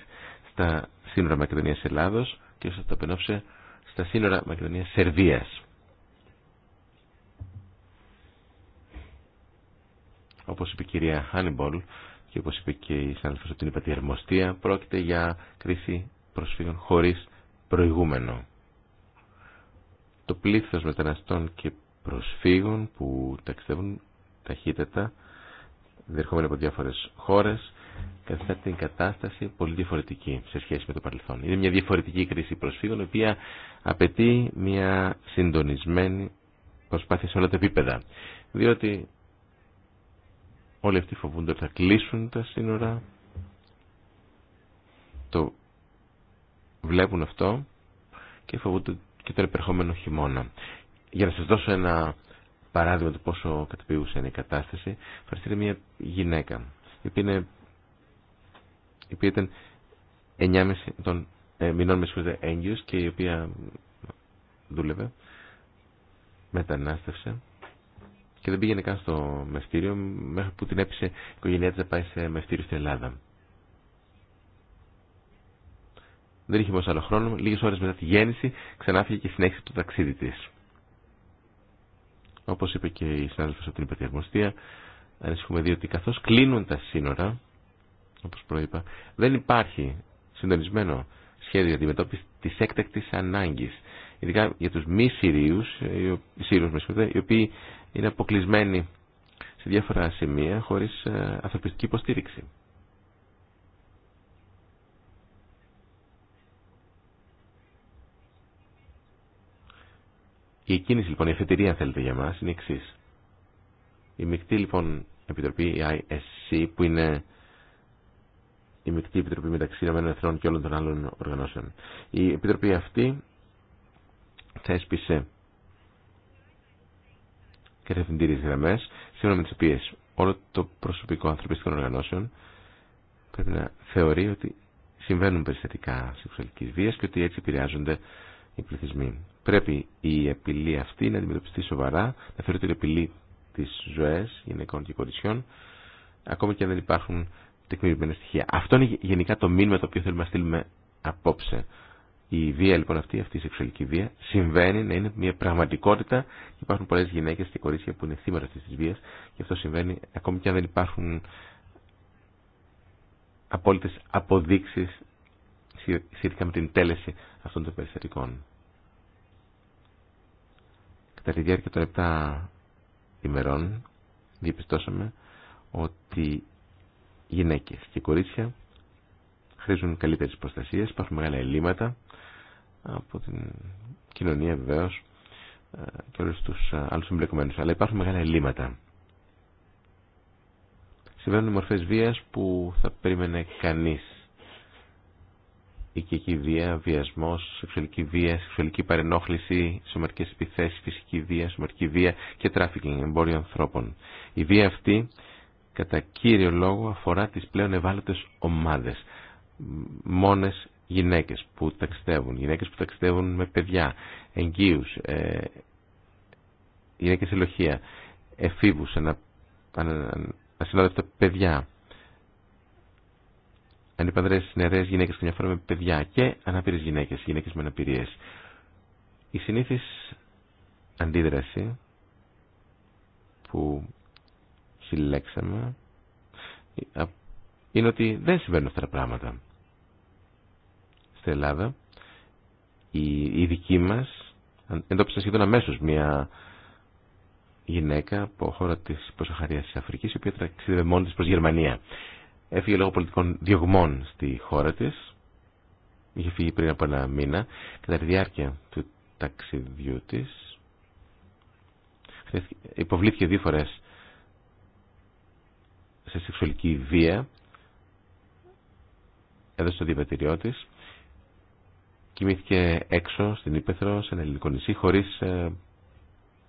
στα σύνορα Μακεδονία Ελλάδο και όσο το πενόψε στα σύνορα Μακεδονία Σερβία. Όπω είπε η κυρία Χάνιμπολ και όπω είπε και η συνάδελφο από την Ερμοστία, πρόκειται για κρίση προσφύγων χωρί προηγούμενο. Το πλήθο μεταναστών και προσφύγων που ταξιδεύουν ταχύτερα διερχόμενοι από διάφορες χώρες, καθιστά την κατάσταση πολύ διαφορετική σε σχέση με το παρελθόν. Είναι μια διαφορετική κρίση προσφύγων, η οποία απαιτεί μια συντονισμένη προσπάθεια σε όλα τα επίπεδα. Διότι όλοι αυτοί φοβούνται ότι θα κλείσουν τα σύνορα, το βλέπουν αυτό και φοβούνται και τον επερχόμενο χειμώνα. Για να σας δώσω ένα παράδειγμα του πόσο καταπιούσα είναι η κατάσταση, φανταστείτε μια γυναίκα, η οποία, είναι, ήταν 9,5 των ε, μηνών με έγκυος και η οποία δούλευε, μετανάστευσε και δεν πήγαινε καν στο μεστήριο μέχρι που την έπεισε η οικογένειά της να πάει σε μεστήριο στην Ελλάδα. Δεν είχε μόνο άλλο χρόνο, λίγες ώρες μετά τη γέννηση ξανάφυγε και συνέχισε το ταξίδι της. Όπω είπε και η συνάδελφο από την υπερδιαγνωστία, ανησυχούμε διότι καθώς κλείνουν τα σύνορα, όπως προείπα, δεν υπάρχει συντονισμένο σχέδιο αντιμετώπιση της έκτακτη ανάγκης. Ειδικά για τους μη Συρίου, οι Σύριους οι οποίοι είναι αποκλεισμένοι σε διάφορα σημεία χωρίς ε, ανθρωπιστική υποστήριξη. Η κίνηση λοιπόν, η εφετηρία αν θέλετε για μας είναι η Η μεικτή λοιπόν επιτροπή, η ISC, που είναι η μεικτή επιτροπή μεταξύ Εθνών και όλων των άλλων οργανώσεων. Η επιτροπή αυτή θέσπισε κατευθυντήριε γραμμέ, σύμφωνα με τις οποίε όλο το προσωπικό ανθρωπιστικών οργανώσεων πρέπει να θεωρεί ότι συμβαίνουν περιστατικά σεξουαλικής βίας και ότι έτσι επηρεάζονται οι πληθυσμοί. Πρέπει η απειλή αυτή να αντιμετωπιστεί σοβαρά, να φέρει την απειλή τη ζωέ γυναικών και κοριτσιών, ακόμη και αν δεν υπάρχουν τεκμηριωμένα στοιχεία. Αυτό είναι γενικά το μήνυμα το οποίο θέλουμε να στείλουμε απόψε. Η βία λοιπόν αυτή, αυτή η σεξουαλική βία, συμβαίνει να είναι μια πραγματικότητα και υπάρχουν πολλέ γυναίκε και κορίτσια που είναι θύματα αυτή τη βία και αυτό συμβαίνει ακόμη και αν δεν υπάρχουν απόλυτε αποδείξει σχετικά με την τέλεση αυτών των περιστατικών. Κατά τη διάρκεια των 7 ημερών διαπιστώσαμε ότι γυναίκες και κορίτσια χρήζουν καλύτερες προστασίες, υπάρχουν μεγάλα ελλείμματα από την κοινωνία βεβαίω ε, και όλους τους ε, άλλους εμπλεκομένους, αλλά υπάρχουν μεγάλα ελλείμματα. Συμβαίνουν μορφές βίας που θα περίμενε κανείς οικιακή βία, βιασμό, σεξουαλική βία, σεξουαλική παρενόχληση, σωματικέ επιθέσει, φυσική βία, σωματική βία και τράφικινγκ, εμπόριο ανθρώπων. Η βία αυτή κατά κύριο λόγο αφορά τις πλέον ευάλωτε ομάδες, μόνες γυναίκες που ταξιδεύουν, γυναίκες που ταξιδεύουν με παιδιά, εγγύου, ε, γυναίκες σε λοχεία, εφήβους, ασυνόδευτα παιδιά, ανυπαδρές νεαρέ γυναίκες καμιά φορά με παιδιά και αναπηρέ γυναίκε, γυναικέ με αναπηρίε. Η συνήθι αντίδραση που συλλέξαμε είναι ότι δεν συμβαίνουν αυτά τα πράγματα. Στην Ελλάδα οι, οι δικοί μα εντόπισαν σχεδόν αμέσω μια γυναίκα από χώρα τη Ποσοχαρία τη Αφρική, η οποία ταξίδευε μόνη τη προ Γερμανία. Έφυγε λόγω πολιτικών διωγμών στη χώρα της. Είχε φύγει πριν από ένα μήνα. Κατά τη διάρκεια του ταξιδιού της υποβλήθηκε δύο φορές σε σεξουαλική βία εδώ στο διαβατηριό της. Κοιμήθηκε έξω στην Ήπεθρο, σε ένα ελληνικό νησί, χωρίς ε,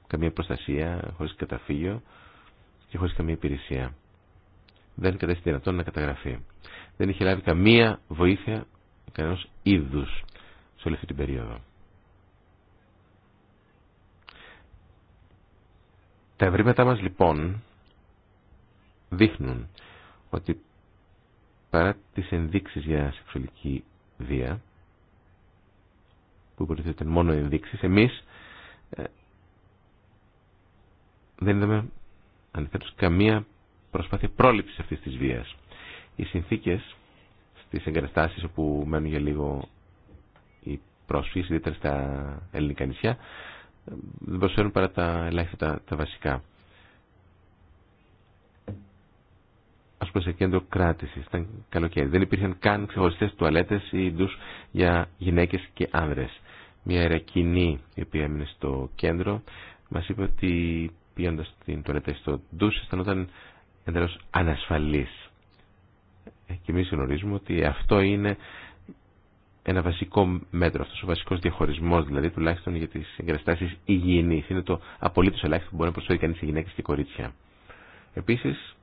καμία προστασία, χωρίς καταφύγιο και χωρίς καμία υπηρεσία δεν κατέστη δυνατόν να καταγραφεί. Δεν είχε λάβει καμία βοήθεια κανένα είδου σε όλη αυτή την περίοδο. Τα ευρήματά μας λοιπόν δείχνουν ότι παρά τις ενδείξεις για σεξουαλική βία που υποτίθεται μόνο ενδείξεις εμείς ε, δεν είδαμε αντιθέτως καμία προσπάθεια πρόληψης αυτής της βίας. Οι συνθήκες στις εγκαταστάσεις όπου μένουν για λίγο οι πρόσφυγες, ιδιαίτερα στα ελληνικά νησιά, δεν προσφέρουν παρά τα ελάχιστα τα, βασικά. Ας πούμε σε κέντρο κράτηση ήταν καλοκαίρι. Δεν υπήρχαν καν ξεχωριστές τουαλέτες ή ντους για γυναίκες και άνδρες. Μια αερακινή η οποία έμεινε στο κέντρο μας είπε ότι πήγοντας την τουαλέτα στο ντους αισθανόταν εντελώς ανασφαλής. Ε, και εμείς γνωρίζουμε ότι αυτό είναι ένα βασικό μέτρο, αυτός ο βασικός διαχωρισμός δηλαδή τουλάχιστον για τις εγκαταστάσεις υγιεινής. Είναι το απολύτως ελάχιστο που μπορεί να προσφέρει κανείς σε γυναίκες και κορίτσια. Επίσης,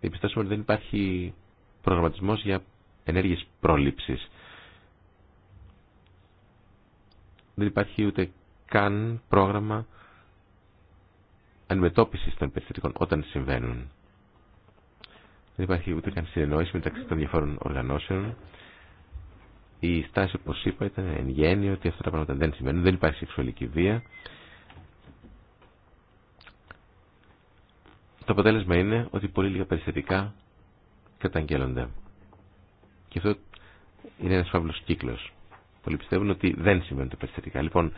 διαπιστώσαμε ότι δεν υπάρχει προγραμματισμός για ενέργειες πρόληψης. Δεν υπάρχει ούτε καν πρόγραμμα αντιμετώπισης των περιστατικών όταν συμβαίνουν. Δεν υπάρχει ούτε καν συνεννόηση μεταξύ των διαφόρων οργανώσεων. Η στάση, όπω είπα, ήταν εν γέννη ότι αυτά τα πράγματα δεν συμβαίνουν. Δεν υπάρχει σεξουαλική βία. Το αποτέλεσμα είναι ότι πολύ λίγα περιστατικά καταγγέλλονται. Και αυτό είναι ένα φαύλο κύκλο. Πολλοί πιστεύουν ότι δεν συμβαίνουν τα περιστατικά. Λοιπόν,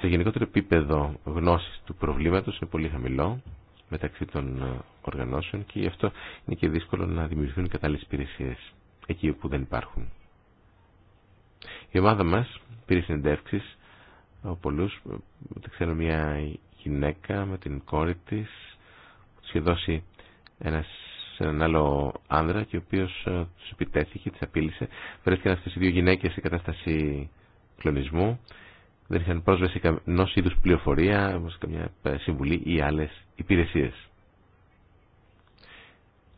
το γενικότερο επίπεδο γνώση του προβλήματο είναι πολύ χαμηλό μεταξύ των ε, οργανώσεων και γι' αυτό είναι και δύσκολο να δημιουργηθούν κατάλληλες υπηρεσίε εκεί όπου δεν υπάρχουν. Η ομάδα μα πήρε συνεντεύξεις ε, από πολλούς, ε, ξέρω μια γυναίκα με την κόρη της που είχε δώσει ένας, έναν άλλο άνδρα και ο οποίος του επιτέθηκε, τη απείλησε. Βρέθηκαν αυτές οι δύο γυναίκες σε κατάσταση κλονισμού δεν είχαν πρόσβαση κανένα είδου πληροφορία, όπως καμιά ε, συμβουλή ή αλλε υπηρεσιε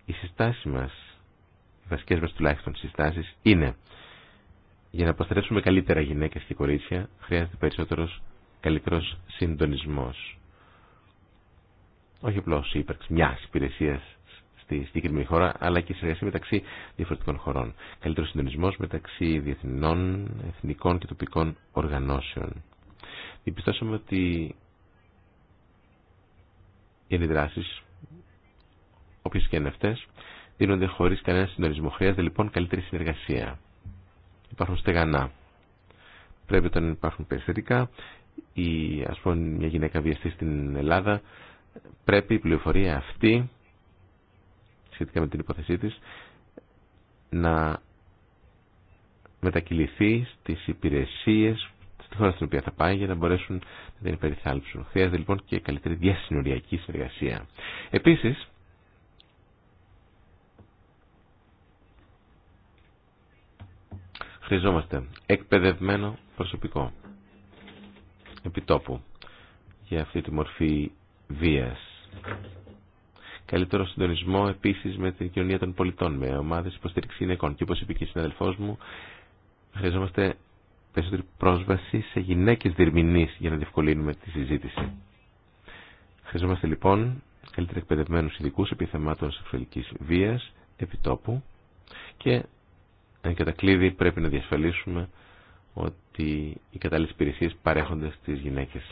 Οι συστάσεις μα, οι βασικές μας τουλάχιστον συστάσει είναι για να προστατεύσουμε καλύτερα γυναίκε και κορίτσια χρειάζεται περισσότερο καλύτερο συντονισμό. Όχι απλώ ύπαρξη μια υπηρεσία στη συγκεκριμένη χώρα, αλλά και συνεργασία μεταξύ διαφορετικών χωρών. Καλύτερο συντονισμό μεταξύ διεθνών, εθνικών και τοπικών οργανώσεων. Διπιστώσαμε ότι οι αντιδράσει, όποιε και είναι αυτέ, δίνονται χωρί κανένα συντονισμό. Χρειάζεται λοιπόν καλύτερη συνεργασία. Υπάρχουν στεγανά. Πρέπει όταν υπάρχουν περιστατικά ή ας πούμε μια γυναίκα βιαστή στην Ελλάδα πρέπει η πληροφορία αυτή σχετικά με την υπόθεσή της να μετακυληθεί στις υπηρεσίες στη χώρα στην οποία θα πάει για να μπορέσουν να την υπεριθάλψουν. Χρειάζεται λοιπόν και καλύτερη διασυνοριακή συνεργασία. Επίσης, χρειαζόμαστε εκπαιδευμένο προσωπικό επιτόπου για αυτή τη μορφή βίας καλύτερο συντονισμό επίση με την κοινωνία των πολιτών, με ομάδες υποστήριξη γυναικών. Και όπω είπε και η συναδελφό μου, χρειαζόμαστε περισσότερη πρόσβαση σε γυναίκε διερμηνείς για να διευκολύνουμε τη συζήτηση. Χρειαζόμαστε λοιπόν καλύτερα εκπαιδευμένου ειδικού επί θεμάτων σεξουαλική βία επιτόπου και εν κατακλείδη πρέπει να διασφαλίσουμε ότι οι κατάλληλε υπηρεσίε παρέχονται στι γυναίκε.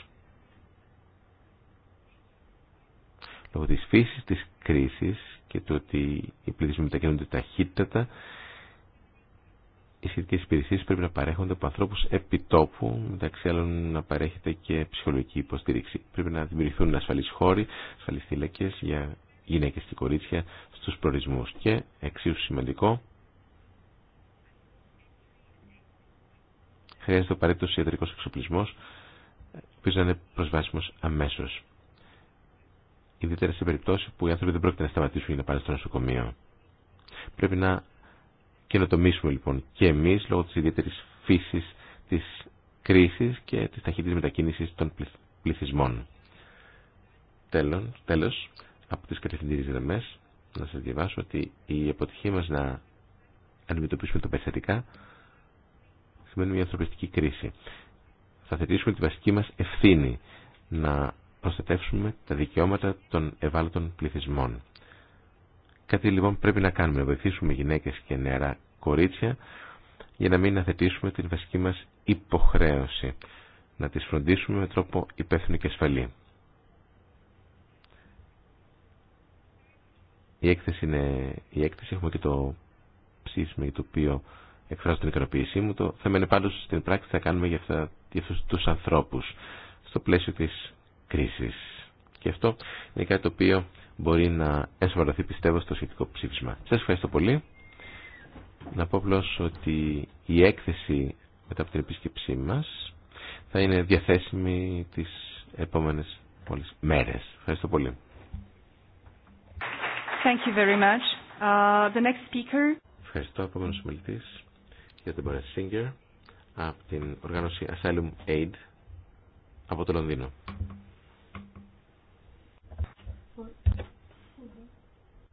λόγω της φύσης της κρίσης και το ότι οι πληθυσμοί μετακινούνται ταχύτατα, οι σχετικές υπηρεσίε πρέπει να παρέχονται από ανθρώπους επιτόπου, μεταξύ άλλων να παρέχεται και ψυχολογική υποστήριξη. Πρέπει να δημιουργηθούν ασφαλείς χώροι, ασφαλείς θύλακες για γυναίκες και κορίτσια στους προορισμούς. Και εξίσου σημαντικό, χρειάζεται ο ιατρικός εξοπλισμός, ο οποίος να είναι προσβάσιμος αμέσως ιδιαίτερα σε περιπτώσει που οι άνθρωποι δεν πρόκειται να σταματήσουν για να πάνε στο νοσοκομείο. Πρέπει να καινοτομήσουμε λοιπόν και εμεί λόγω τη ιδιαίτερη φύση τη κρίση και τη ταχύτητα μετακίνηση των πληθυσμών. Τέλο, από τι κατευθυντήριε γραμμέ να σα διαβάσω ότι η αποτυχία μας να αντιμετωπίσουμε το περιστατικά σημαίνει μια ανθρωπιστική κρίση. Θα θετήσουμε τη βασική μα ευθύνη να προστατεύσουμε τα δικαιώματα των ευάλωτων πληθυσμών. Κάτι λοιπόν πρέπει να κάνουμε, να βοηθήσουμε γυναίκες και νεαρά κορίτσια για να μην αθετήσουμε την βασική μας υποχρέωση, να τις φροντίσουμε με τρόπο υπεύθυνο και ασφαλή. Η έκθεση, είναι, η έκθεση έχουμε και το ψήσιμο το οποίο εκφράζω την ικανοποίησή μου. Το θέμα είναι πάντως στην πράξη θα κάνουμε για, αυτά, για αυτούς τους ανθρώπους στο πλαίσιο της κρίσης. Και αυτό είναι κάτι το οποίο μπορεί να εσωματωθεί πιστεύω στο σχετικό ψήφισμα. Σας ευχαριστώ πολύ. Να πω απλώς ότι η έκθεση μετά από την επίσκεψή μας θα είναι διαθέσιμη τις επόμενες μόλις μέρες. Ευχαριστώ πολύ. Thank you very much. Uh, the next speaker... Ευχαριστώ, τον συμμελητής για την Παρα Σίνγκερ από την οργάνωση Asylum Aid από το Λονδίνο.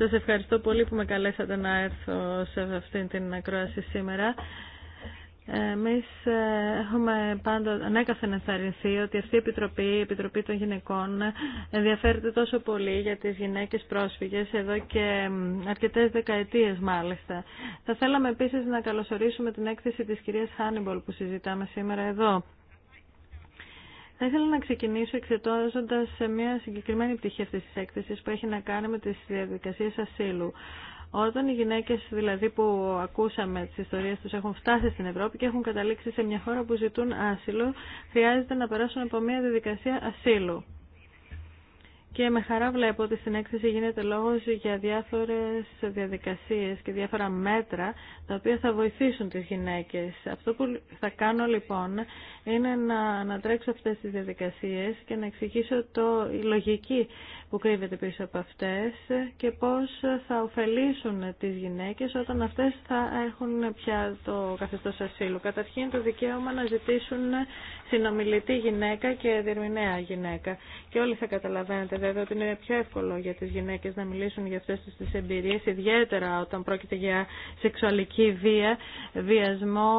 Σας ευχαριστώ πολύ που με καλέσατε να έρθω σε αυτήν την ακρόαση σήμερα. Εμεί ε, έχουμε πάντα ανέκαθεν ενθαρρυνθεί ότι αυτή η Επιτροπή, η Επιτροπή των Γυναικών, ενδιαφέρεται τόσο πολύ για τις γυναίκες πρόσφυγες εδώ και αρκετές δεκαετίες μάλιστα. Θα θέλαμε επίσης να καλωσορίσουμε την έκθεση της κυρίας Χάνιμπολ που συζητάμε σήμερα εδώ. Θα ήθελα να ξεκινήσω σε μια συγκεκριμένη πτυχή αυτή τη έκθεση που έχει να κάνει με τι διαδικασίε ασύλου. Όταν οι γυναίκε δηλαδή που ακούσαμε τι ιστορίε του έχουν φτάσει στην Ευρώπη και έχουν καταλήξει σε μια χώρα που ζητούν άσυλο, χρειάζεται να περάσουν από μια διαδικασία ασύλου και με χαρά βλέπω ότι στην έκθεση γίνεται λόγος για διάφορες διαδικασίες και διάφορα μέτρα τα οποία θα βοηθήσουν τις γυναίκες. Αυτό που θα κάνω λοιπόν είναι να ανατρέξω αυτές τις διαδικασίες και να εξηγήσω το, η λογική που κρύβεται πίσω από αυτές και πώς θα ωφελήσουν τις γυναίκες όταν αυτές θα έχουν πια το καθεστώς ασύλου. Καταρχήν το δικαίωμα να ζητήσουν συνομιλητή γυναίκα και διερμηνέα γυναίκα και όλοι θα καταλαβαίνετε βέβαια ότι είναι πιο εύκολο για τις γυναίκες να μιλήσουν για αυτές τις εμπειρίες, ιδιαίτερα όταν πρόκειται για σεξουαλική βία, βιασμό,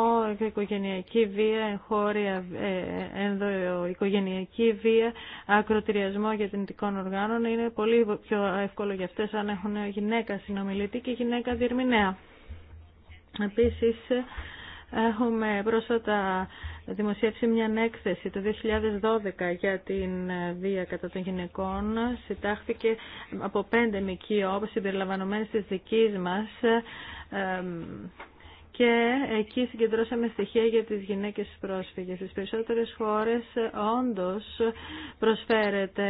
οικογενειακή βία, εγχώρια, ε, ε, ενδοοικογενειακή βία, ακροτηριασμό για την οργάνων. Είναι πολύ πιο εύκολο για αυτές αν έχουν γυναίκα συνομιλητή και γυναίκα διερμηνέα. Επίσης, Έχουμε πρόσφατα δημοσίευσε μια ανέκθεση το 2012 για την ε, βία κατά των γυναικών. Συντάχθηκε από πέντε όπως συμπεριλαμβανομένες της δικής μας, ε, και εκεί συγκεντρώσαμε στοιχεία για τις γυναίκες πρόσφυγες. Στις περισσότερες χώρες ε, όντως προσφέρεται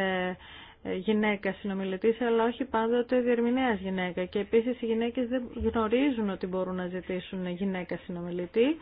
γυναίκα συνομιλητής, αλλά όχι πάντοτε διερμηνέας γυναίκα. Και επίσης οι γυναίκες δεν γνωρίζουν ότι μπορούν να ζητήσουν γυναίκα συνομιλητή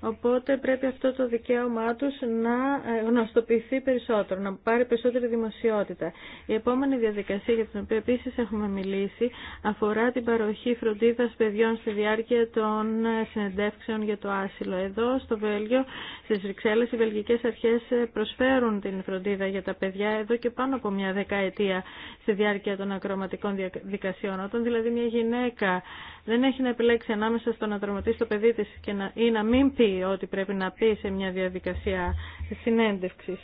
Οπότε πρέπει αυτό το δικαίωμά τους να ε, γνωστοποιηθεί περισσότερο, να πάρει περισσότερη δημοσιότητα. Η επόμενη διαδικασία για την οποία επίσης έχουμε μιλήσει αφορά την παροχή φροντίδας παιδιών στη διάρκεια των ε, συνεντεύξεων για το άσυλο. Εδώ στο Βέλγιο, στις Βρυξέλλες, οι βελγικές αρχές ε, προσφέρουν την φροντίδα για τα παιδιά εδώ και πάνω από μια δεκαετία στη διάρκεια των ακροματικών δικασιών. Όταν δηλαδή μια γυναίκα δεν έχει να επιλέξει ανάμεσα στο να τραυματίσει το παιδί της και να, ή να μην πει ό,τι πρέπει να πει σε μια διαδικασία συνέντευξης.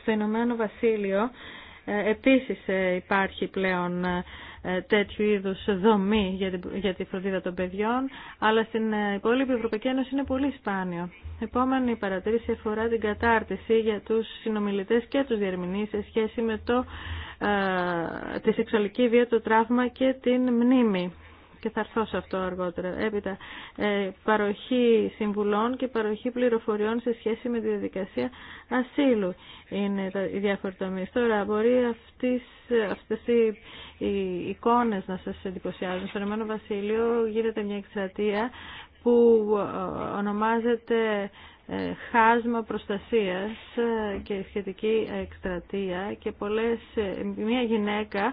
Στο Ηνωμένο Βασίλειο ε, επίσης ε, υπάρχει πλέον ε, τέτοιου είδους δομή για τη φροντίδα των παιδιών, αλλά στην υπόλοιπη Ευρωπαϊκή Ένωση είναι πολύ σπάνιο. Επόμενη παρατήρηση αφορά την κατάρτιση για τους συνομιλητές και τους διερμηνείς σε σχέση με το, τη σεξουαλική βία, το τραύμα και την μνήμη και θα έρθω σε αυτό αργότερα. Έπειτα, ε, παροχή συμβουλών και παροχή πληροφοριών σε σχέση με τη διαδικασία ασύλου είναι οι διάφοροι τομείς. Τώρα, μπορεί αυτής, αυτές οι, οι εικόνες να σας εντυπωσιάζουν. Στο Ενωμένο Βασίλειο γίνεται μια εκστρατεία που ε, ονομάζεται ε, χάσμα προστασίας ε, και σχετική εκστρατεία και πολλές, ε, μια γυναίκα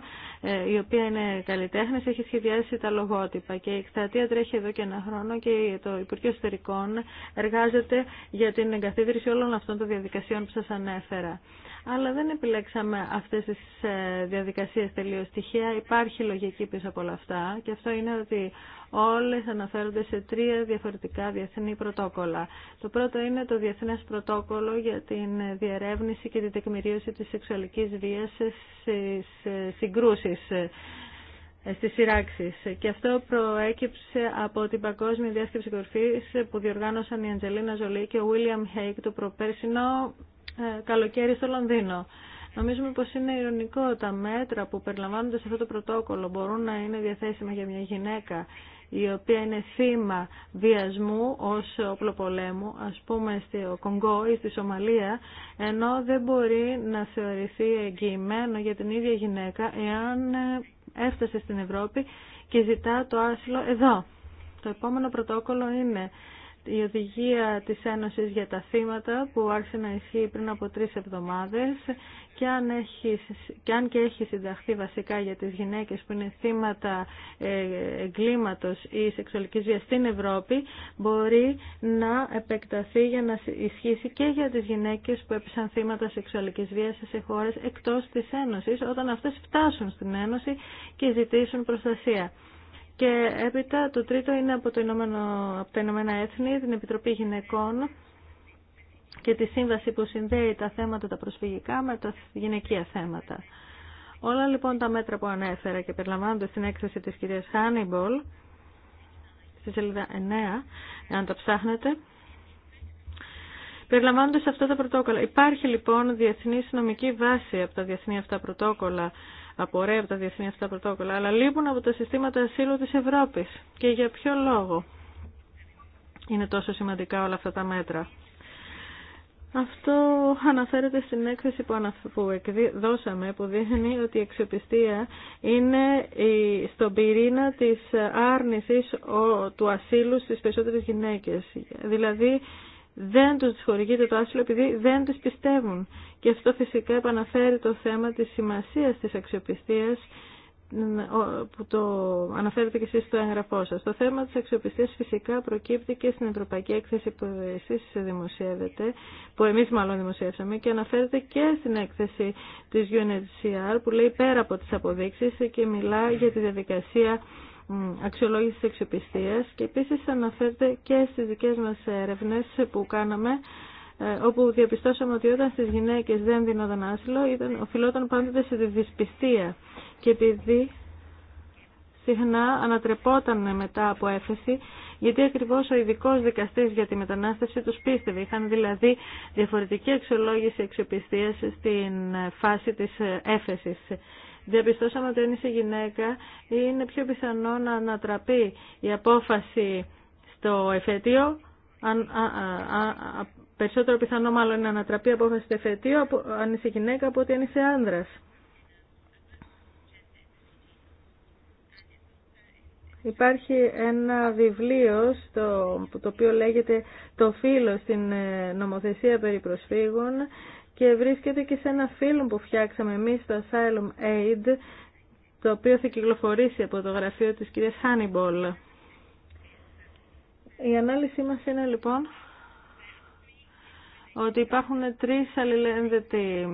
η οποία είναι καλλιτέχνης έχει σχεδιάσει τα λογότυπα και η εκστρατεία τρέχει εδώ και ένα χρόνο και το Υπουργείο Στερικών εργάζεται για την εγκαθίδρυση όλων αυτών των διαδικασιών που σας ανέφερα αλλά δεν επιλέξαμε αυτές τις ε, διαδικασίες τελείως τυχαία. Υπάρχει λογική πίσω από όλα αυτά και αυτό είναι ότι όλες αναφέρονται σε τρία διαφορετικά διεθνή πρωτόκολλα. Το πρώτο είναι το Διεθνές Πρωτόκολλο για την διερεύνηση και την τεκμηρίωση της σεξουαλικής βίας στις συγκρούσεις ε, στις σειράξεις. Και αυτό προέκυψε από την Παγκόσμια Διάσκεψη Κορφής που διοργάνωσαν η Αντζελίνα Ζολή και ο Βίλιαμ Χέικ το προπέρσινο ε, καλοκαίρι στο Λονδίνο. Νομίζουμε πως είναι ηρωνικό τα μέτρα που περιλαμβάνονται σε αυτό το πρωτόκολλο μπορούν να είναι διαθέσιμα για μια γυναίκα η οποία είναι θύμα βιασμού ως όπλο πολέμου, ας πούμε στο Κονγκό ή στη Σομαλία, ενώ δεν μπορεί να θεωρηθεί εγγυημένο για την ίδια γυναίκα εάν ε, έφτασε στην Ευρώπη και ζητά το άσυλο εδώ. Το επόμενο πρωτόκολλο είναι η οδηγία της Ένωσης για τα θύματα που άρχισε να ισχύει πριν από τρεις εβδομάδες και αν, έχει, και και έχει συνταχθεί βασικά για τις γυναίκες που είναι θύματα ε, εγκλήματος ή σεξουαλικής βίας στην Ευρώπη μπορεί να επεκταθεί για να ισχύσει και για τις γυναίκες που έπεσαν θύματα σεξουαλικής βίας σε χώρες εκτός της Ένωσης όταν αυτές φτάσουν στην Ένωση και ζητήσουν προστασία. Και έπειτα το τρίτο είναι από, το Ηνωμένο, από τα Ηνωμένα Έθνη, την Επιτροπή Γυναικών και τη σύμβαση που συνδέει τα θέματα τα προσφυγικά με τα γυναικεία θέματα. Όλα λοιπόν τα μέτρα που ανέφερα και περιλαμβάνονται στην έκθεση της κυρίας Χάνιμπολ, στη σελίδα 9, αν τα ψάχνετε, περιλαμβάνονται σε αυτά τα πρωτόκολλα. Υπάρχει λοιπόν διεθνή νομική βάση από τα διεθνή αυτά πρωτόκολλα απορρέει από τα διεθνή αυτά πρωτόκολλα, αλλά λείπουν από τα συστήματα ασύλου της Ευρώπης. Και για ποιο λόγο είναι τόσο σημαντικά όλα αυτά τα μέτρα. Αυτό αναφέρεται στην έκθεση που δώσαμε που δείχνει ότι η αξιοπιστία είναι στον πυρήνα της άρνησης του ασύλου στις περισσότερες γυναίκες. Δηλαδή δεν τους χορηγείται το άσυλο επειδή δεν τους πιστεύουν. Και αυτό φυσικά επαναφέρει το θέμα της σημασίας της αξιοπιστίας που το αναφέρετε και εσείς στο έγγραφό σας. Το θέμα της αξιοπιστίας φυσικά προκύπτει και στην Ευρωπαϊκή Έκθεση που εσείς δημοσιεύετε, που εμείς μάλλον δημοσιεύσαμε και αναφέρεται και στην έκθεση της UNHCR που λέει πέρα από τις αποδείξεις και μιλά για τη διαδικασία τη αξιοπιστίας και επίσης αναφέρεται και στις δικές μας έρευνες που κάναμε ε, όπου διαπιστώσαμε ότι όταν στις γυναίκες δεν δίνονταν άσυλο ήταν, οφειλόταν πάντοτε σε δυσπιστία και επειδή συχνά ανατρεπόταν μετά από έφεση γιατί ακριβώς ο ειδικό δικαστής για τη μετανάστευση τους πίστευε. Είχαν δηλαδή διαφορετική αξιολόγηση αξιοπιστίας στην φάση της έφεσης διαπιστώσαμε ότι αν είσαι γυναίκα είναι πιο πιθανό να ανατραπεί η απόφαση στο εφετείο α, α, α, περισσότερο πιθανό μάλλον να ανατραπεί η απόφαση στο εφετείο αν είσαι γυναίκα από ότι αν είσαι άνδρας. Υπάρχει ένα βιβλίο στο, το οποίο λέγεται «Το φίλο στην ε, νομοθεσία περί προσφύγων» και βρίσκεται και σε ένα φίλο που φτιάξαμε εμείς στο Asylum Aid το οποίο θα κυκλοφορήσει από το γραφείο της κυρίας Hannibal. Η ανάλυση μας είναι λοιπόν ότι υπάρχουν τρεις αλληλένδετοι,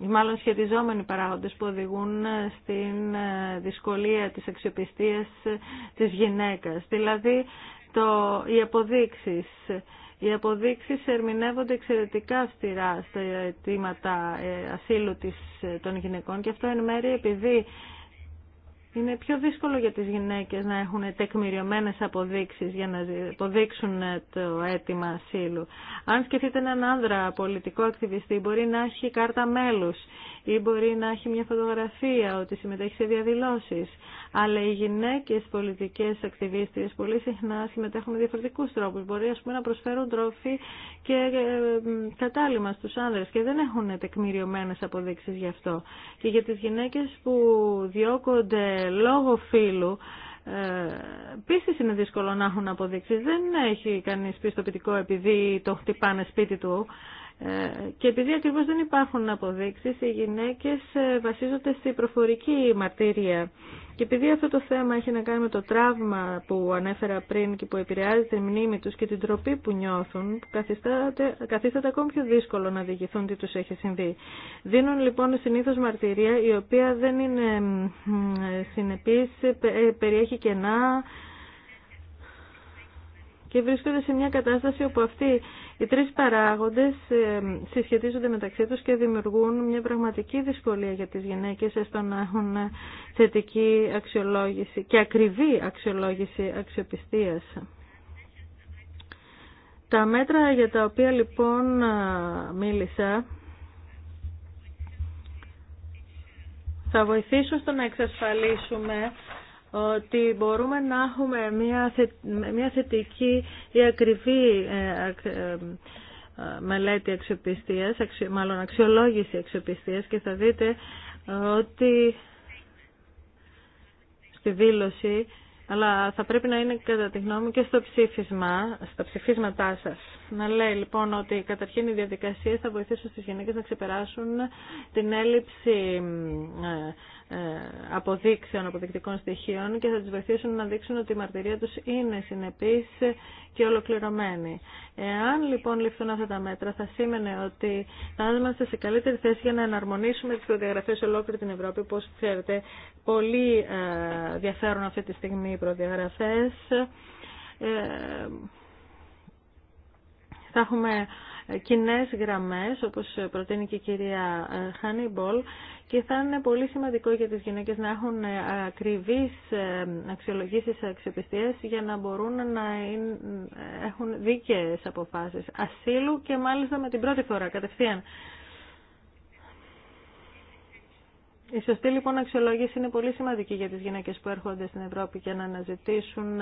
μάλλον σχετιζόμενοι παράγοντες που οδηγούν στην ε, δυσκολία της αξιοπιστίας ε, της γυναίκας. Δηλαδή το, οι αποδείξεις, οι αποδείξεις ερμηνεύονται εξαιρετικά αυστηρά στα αιτήματα ε, ασύλου της, ε, των γυναικών και αυτό εν μέρει επειδή είναι πιο δύσκολο για τις γυναίκες να έχουν τεκμηριωμένες αποδείξεις για να αποδείξουν ε, το αίτημα ασύλου. Αν σκεφτείτε έναν άνδρα πολιτικό ακτιβιστή μπορεί να έχει κάρτα μέλους ή μπορεί να έχει μια φωτογραφία ότι συμμετέχει σε διαδηλώσεις. Αλλά οι γυναίκες πολιτικές ακτιβίστριες πολύ συχνά συμμετέχουν με διαφορετικούς τρόπους. Μπορεί ας πούμε να προσφέρουν τρόφι και ε, κατάλημα στους άνδρες και δεν έχουν τεκμηριωμένες αποδείξεις γι' αυτό. Και για τις γυναίκες που διώκονται λόγω φύλου, ε, πίστη είναι δύσκολο να έχουν αποδείξει. Δεν έχει κανεί πιστοποιητικό επειδή το χτυπάνε σπίτι του και επειδή ακριβώς δεν υπάρχουν αποδείξεις, οι γυναίκες ε, βασίζονται στη προφορική μαρτύρια. Και επειδή αυτό το θέμα έχει να κάνει με το τραύμα που ανέφερα πριν και που επηρεάζει τη μνήμη τους και την τροπή που νιώθουν, καθίσταται ακόμη πιο δύσκολο να διηγηθούν τι τους έχει συμβεί. Δίνουν λοιπόν συνήθως μαρτυρία η οποία δεν είναι συνεπής, περιέχει κενά, και βρίσκονται σε μια κατάσταση όπου αυτοί οι τρεις παράγοντες ε, συσχετίζονται μεταξύ τους και δημιουργούν μια πραγματική δυσκολία για τις γυναίκες στόν να έχουν θετική αξιολόγηση και ακριβή αξιολόγηση αξιοπιστίας. Τα μέτρα για τα οποία λοιπόν μίλησα θα βοηθήσουν στο να εξασφαλίσουμε ότι μπορούμε να έχουμε μια θετική ή ακριβή ε, ε, μελέτη αξιοπιστίας, μάλλον αξιολόγηση αξιοπιστίας και θα δείτε ότι στη δήλωση, αλλά θα πρέπει να είναι κατά τη γνώμη και στο ψήφισμα, στα ψηφίσματά σας να λέει λοιπόν ότι καταρχήν οι διαδικασίες θα βοηθήσουν στις γυναίκες να ξεπεράσουν την έλλειψη ε, ε, αποδείξεων, αποδεικτικών στοιχείων και θα τις βοηθήσουν να δείξουν ότι η μαρτυρία τους είναι συνεπής και ολοκληρωμένη. Εάν λοιπόν ληφθούν αυτά τα μέτρα θα σήμαινε ότι θα είμαστε σε καλύτερη θέση για να εναρμονίσουμε τις προδιαγραφές σε ολόκληρη την Ευρώπη. Όπως ξέρετε, πολύ ε, διαφέρουν αυτή τη στιγμή οι προδιαγραφές θα έχουμε ε, κοινέ γραμμές, όπως προτείνει και η κυρία ε, Χάνιμπολ, και θα είναι πολύ σημαντικό για τις γυναίκες να έχουν ε, ακριβείς αξιολογήσεις αξιοπιστία για να μπορούν να έχουν δίκαιες αποφάσεις ασύλου και μάλιστα με την πρώτη φορά κατευθείαν. Η σωστή λοιπόν αξιολόγηση είναι πολύ σημαντική για τις γυναίκες που έρχονται στην Ευρώπη για να αναζητήσουν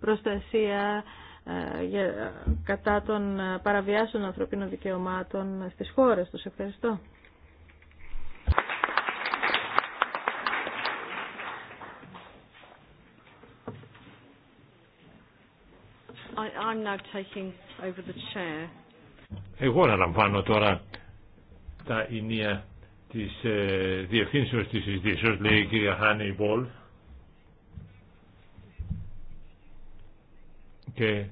προστασία, ε, κατά των ε, παραβιάσεων ανθρωπίνων δικαιωμάτων στις χώρες τους. Ευχαριστώ. Εγώ αναλαμβάνω τώρα τα ενία της ε, διευθύνσεως της συζήτησης, λέει η κυρία Χάνι και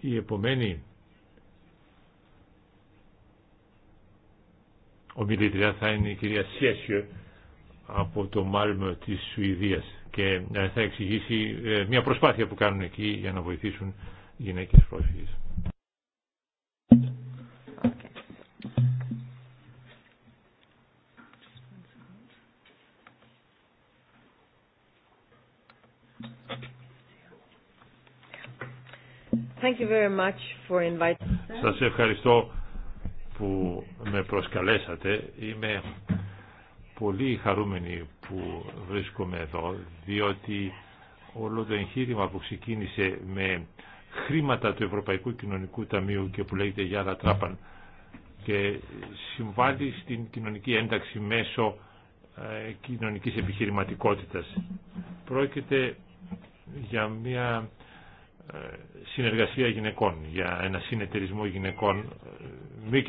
η επομένη ομιλήτρια θα είναι η κυρία Σιέσιο από το Μάλμο της Σουηδίας και ε, θα εξηγήσει ε, μια προσπάθεια που κάνουν εκεί για να βοηθήσουν γυναίκες πρόσφυγες. Thank Σας ευχαριστώ που με προσκαλέσατε. Είμαι πολύ χαρούμενη που βρίσκομαι εδώ, διότι όλο το εγχείρημα που ξεκίνησε με χρήματα του Ευρωπαϊκού Κοινωνικού Ταμείου και που λέγεται Γιάννα Τράπαν και συμβάλλει στην κοινωνική ένταξη μέσω ε, κοινωνικής επιχειρηματικότητας. Πρόκειται για μια ε, συνεργασία γυναικών, για ένα συνεταιρισμό γυναικών ε, μη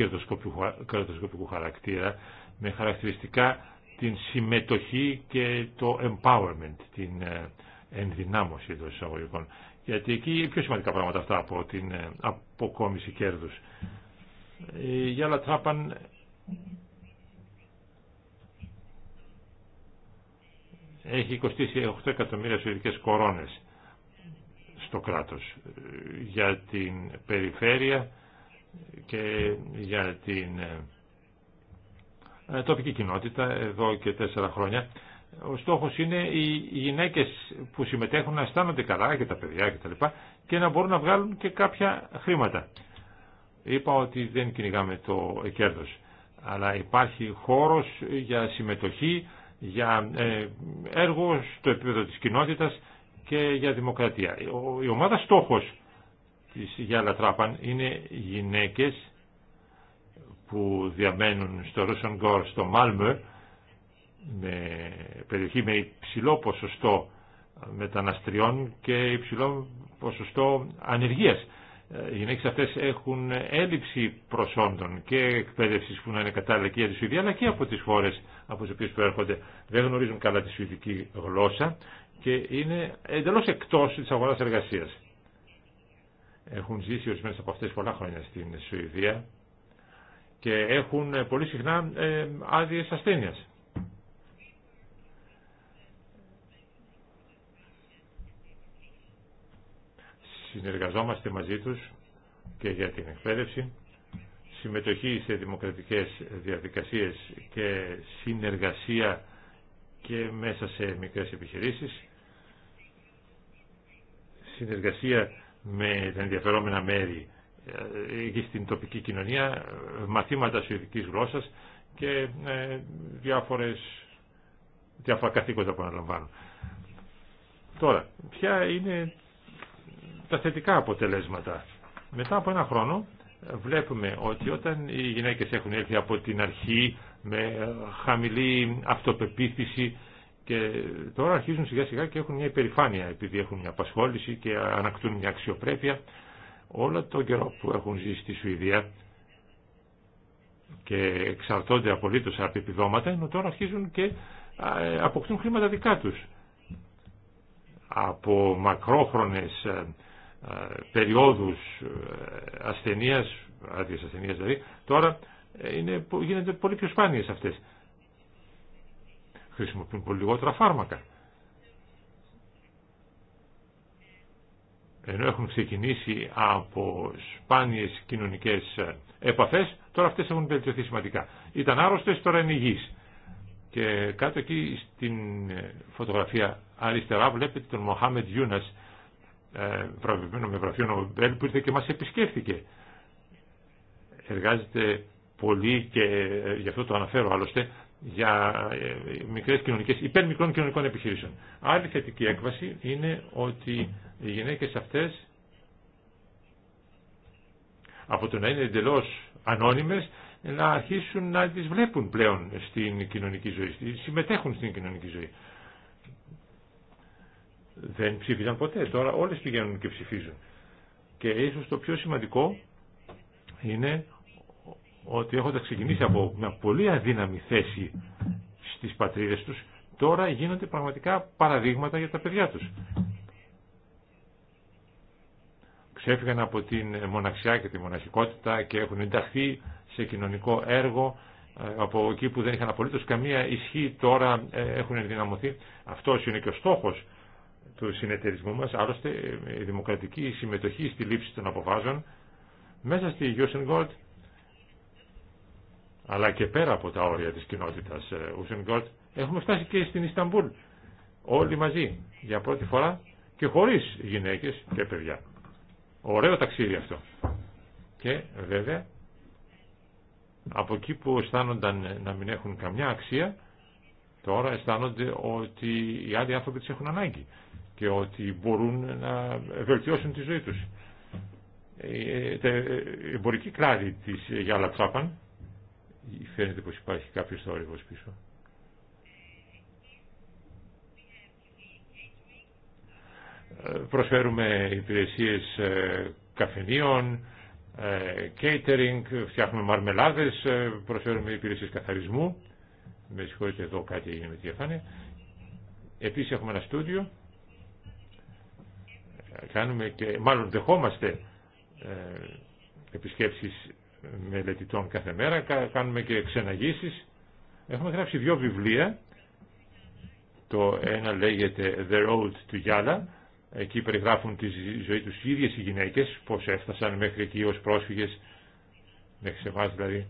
κερδοσκοπικού χαρακτήρα, με χαρακτηριστικά την συμμετοχή και το empowerment, την ε, ενδυνάμωση των εισαγωγικών. Γιατί εκεί πιο σημαντικά πράγματα αυτά από την αποκόμιση κέρδους. Η άλλα Τράπαν έχει κοστίσει 8 εκατομμύρια σουηδικές κορώνες το κράτος, ε, για την περιφέρεια και για την ε, ε, τοπική κοινότητα εδώ και τέσσερα χρόνια. Ο στόχος είναι οι γυναίκες που συμμετέχουν να αισθάνονται καλά και τα παιδιά και τα λοιπά και να μπορούν να βγάλουν και κάποια χρήματα. Είπα ότι δεν κυνηγάμε το κέρδος, αλλά υπάρχει χώρος για συμμετοχή, για έργο στο επίπεδο της κοινότητας και για δημοκρατία. Η ομάδα στόχος της Γιάλα Τράπαν είναι γυναίκες που διαμένουν στο Ρούσονγκορ, στο Μάλμε, με περιοχή με υψηλό ποσοστό μεταναστριών και υψηλό ποσοστό ανεργίας. Ε, οι γυναίκες αυτές έχουν έλλειψη προσόντων και εκπαίδευση που να είναι κατάλληλα και για τη Σουηδία αλλά και από τις χώρες από τις οποίες προέρχονται. Δεν γνωρίζουν καλά τη σουηδική γλώσσα και είναι εντελώ εκτός της αγορά εργασίας. Έχουν ζήσει ορισμένε από αυτές πολλά χρόνια στην Σουηδία και έχουν ε, πολύ συχνά ε, άδειε ασθένεια. Συνεργαζόμαστε μαζί τους και για την εκπαίδευση, συμμετοχή σε δημοκρατικές διαδικασίες και συνεργασία και μέσα σε μικρές επιχειρήσεις συνεργασία με τα ενδιαφερόμενα μέρη ή ε, στην τοπική κοινωνία, μαθήματα σουηδικής γλώσσας και ε, διάφορες, διάφορα καθήκοντα που αναλαμβάνουν. Τώρα, ποια είναι τα θετικά αποτελέσματα. Μετά από ένα χρόνο βλέπουμε ότι όταν οι γυναίκες έχουν έρθει από την αρχή με ε, χαμηλή αυτοπεποίθηση, και τώρα αρχίζουν σιγά σιγά και έχουν μια υπερηφάνεια επειδή έχουν μια απασχόληση και ανακτούν μια αξιοπρέπεια όλο τον καιρό που έχουν ζήσει στη Σουηδία και εξαρτώνται απολύτως από επιδόματα ενώ τώρα αρχίζουν και ε, αποκτούν χρήματα δικά τους από μακρόχρονες ε, ε, περιόδους ασθενείας, αδειές ασθενείας δηλαδή, τώρα είναι, πολύ πιο σπάνιες αυτές χρησιμοποιούν πολύ λιγότερα φάρμακα. Ενώ έχουν ξεκινήσει από σπάνιες κοινωνικές επαφές, τώρα αυτές έχουν βελτιωθεί σημαντικά. Ήταν άρρωστες, τώρα είναι υγιείς. Και κάτω εκεί στην φωτογραφία αριστερά βλέπετε τον Μοχάμετ Γιούνας, ε, βραβευμένο με βραφείο Νομπέλ, που ήρθε και μας επισκέφθηκε. Εργάζεται πολύ και ε, γι' αυτό το αναφέρω άλλωστε για ε, μικρές κοινωνικές, υπέρ μικρών κοινωνικών επιχειρήσεων. Άλλη θετική έκβαση είναι ότι οι γυναίκες αυτές από το να είναι εντελώ ανώνυμες να αρχίσουν να τις βλέπουν πλέον στην κοινωνική ζωή, συμμετέχουν στην κοινωνική ζωή. Δεν ψήφιζαν ποτέ, τώρα όλες πηγαίνουν και ψηφίζουν. Και ίσως το πιο σημαντικό είναι ότι έχοντας ξεκινήσει από μια πολύ αδύναμη θέση στις πατρίδες τους, τώρα γίνονται πραγματικά παραδείγματα για τα παιδιά τους. Ξέφυγαν από την μοναξιά και τη μοναχικότητα και έχουν ενταχθεί σε κοινωνικό έργο ε, από εκεί που δεν είχαν απολύτως καμία ισχύ τώρα ε, έχουν ενδυναμωθεί. Αυτός είναι και ο στόχος του συνεταιρισμού μας, άλλωστε ε, η δημοκρατική συμμετοχή στη λήψη των αποφάσεων. Μέσα στη αλλά και πέρα από τα όρια της κοινότητας ε, Ουσενγκότ, έχουμε φτάσει και στην Ισταμπούλ, όλοι μαζί, για πρώτη φορά και χωρίς γυναίκες και παιδιά. Ωραίο ταξίδι αυτό. Και βέβαια, από εκεί που αισθάνονταν να μην έχουν καμιά αξία, τώρα αισθάνονται ότι οι άλλοι άνθρωποι τις έχουν ανάγκη και ότι μπορούν να βελτιώσουν τη ζωή τους. Η ε, ε, εμπορική κράτη της Γιάλα Τσάπαν Φαίνεται πως υπάρχει κάποιος θόρυβος πίσω. Ε, προσφέρουμε υπηρεσίες ε, καφενείων, ε, catering, φτιάχνουμε μαρμελάδες, προσφέρουμε υπηρεσίες καθαρισμού. Με συγχωρείτε εδώ κάτι έγινε με τη διαφάνεια. Επίσης έχουμε ένα στούντιο. Κάνουμε και, μάλλον δεχόμαστε επισκέψεις μελετητών κάθε μέρα, κάνουμε και ξεναγήσεις. Έχουμε γράψει δύο βιβλία. Το ένα λέγεται The Road to Yala. Εκεί περιγράφουν τη ζωή τους οι ίδιες οι γυναίκες, πώς έφτασαν μέχρι εκεί ως πρόσφυγες, μέχρι σε εμάς δηλαδή.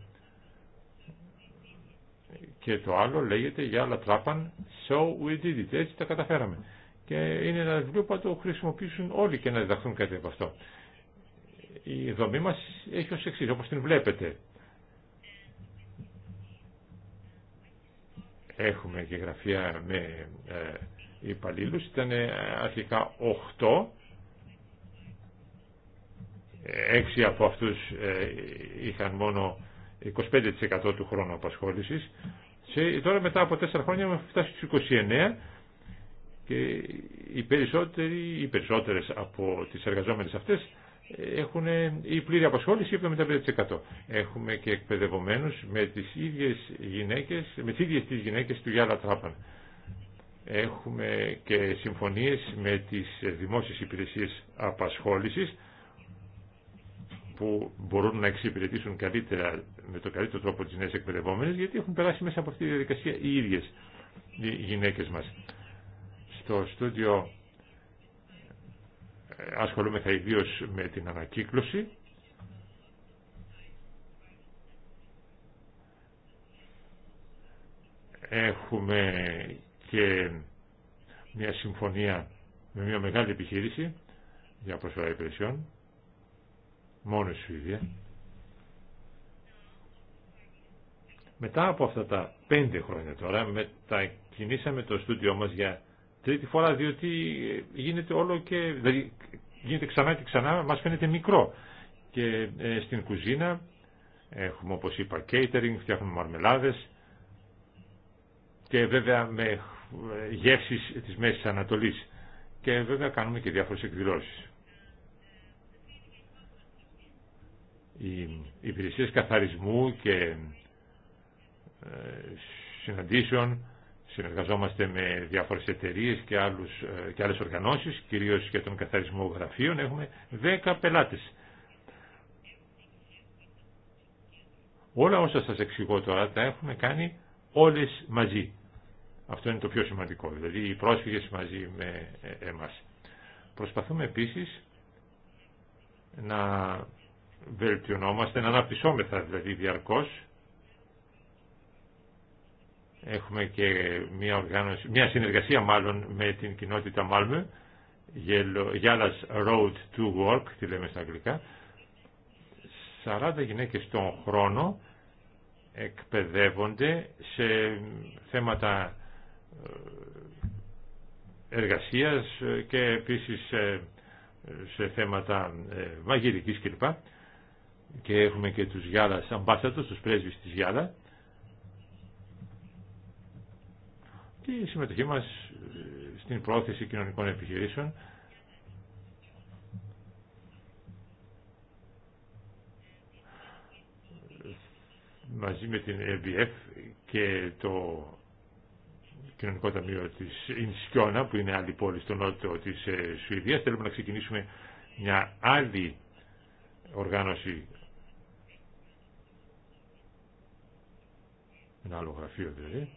Και το άλλο λέγεται Yala Trapan, So We Did It. Έτσι τα καταφέραμε. Και είναι ένα βιβλίο που θα το χρησιμοποιήσουν όλοι και να διδαχθούν κάτι από αυτό η δομή μας έχει ως εξής, όπως την βλέπετε. Έχουμε και γραφεία με ε, υπαλλήλου. Ήταν ε, αρχικά 8. Έξι από αυτούς ε, είχαν μόνο 25% του χρόνου απασχόλησης. Και τώρα μετά από 4 χρόνια έχουμε φτάσει στους 29 και οι περισσότεροι, οι περισσότερες από τις εργαζόμενες αυτές έχουν η πλήρη απασχόληση 75%. Έχουμε και εκπαιδευομένους με τις ίδιες γυναίκες, με τις ίδιες τις γυναίκες του Γιάννα Τράπαν. Έχουμε και συμφωνίες με τις δημόσιες υπηρεσίες απασχόλησης που μπορούν να εξυπηρετήσουν καλύτερα με τον καλύτερο τρόπο τις νέες εκπαιδευόμενες γιατί έχουν περάσει μέσα από αυτή τη διαδικασία οι ίδιες οι γυναίκες μας. Στο στούντιο ε, ασχολούμεθα ιδίω με την ανακύκλωση. Έχουμε και μια συμφωνία με μια μεγάλη επιχείρηση για προσφορά υπηρεσιών, μόνο η Σουηδία. Μετά από αυτά τα πέντε χρόνια τώρα μετακινήσαμε το στούντιό μας για τρίτη φορά διότι γίνεται όλο και δηλαδή γίνεται ξανά και ξανά μας φαίνεται μικρό και ε, στην κουζίνα έχουμε όπως είπα catering, φτιάχνουμε μαρμελάδες και βέβαια με ε, γεύσεις της Μέσης Ανατολής και βέβαια κάνουμε και διάφορες εκδηλώσεις. Οι υπηρεσίες καθαρισμού και ε, συναντήσεων συνεργαζόμαστε με διάφορες εταιρείε και, άλλους, ε, και άλλες οργανώσεις, κυρίως για τον καθαρισμό γραφείων. Έχουμε 10 πελάτες. Όλα όσα σας εξηγώ τώρα τα έχουμε κάνει όλες μαζί. Αυτό είναι το πιο σημαντικό, δηλαδή οι πρόσφυγες μαζί με ε, εμάς. Προσπαθούμε επίσης να βελτιωνόμαστε, να αναπτυσσόμεθα δηλαδή διαρκώς Έχουμε και μια, οργάνωση, μια συνεργασία μάλλον με την κοινότητα Μάλμε, Γιάλας Road to Work, τη λέμε στα αγγλικά. 40 γυναίκες τον χρόνο εκπαιδεύονται σε θέματα ε, εργασίας και επίσης σε θέματα ε, μαγειρικής κλπ. Και έχουμε και τους Γιάλας Ambassadors, τους πρέσβεις της Γιάλα και η συμμετοχή μας ε, στην πρόθεση κοινωνικών επιχειρήσεων μαζί με την ΕΒΕΦ και το κοινωνικό ταμείο της Ινσκιώνα που είναι άλλη πόλη στο νότο της ε, Σουηδίας θέλουμε να ξεκινήσουμε μια άλλη οργάνωση ένα άλλο γραφείο δηλαδή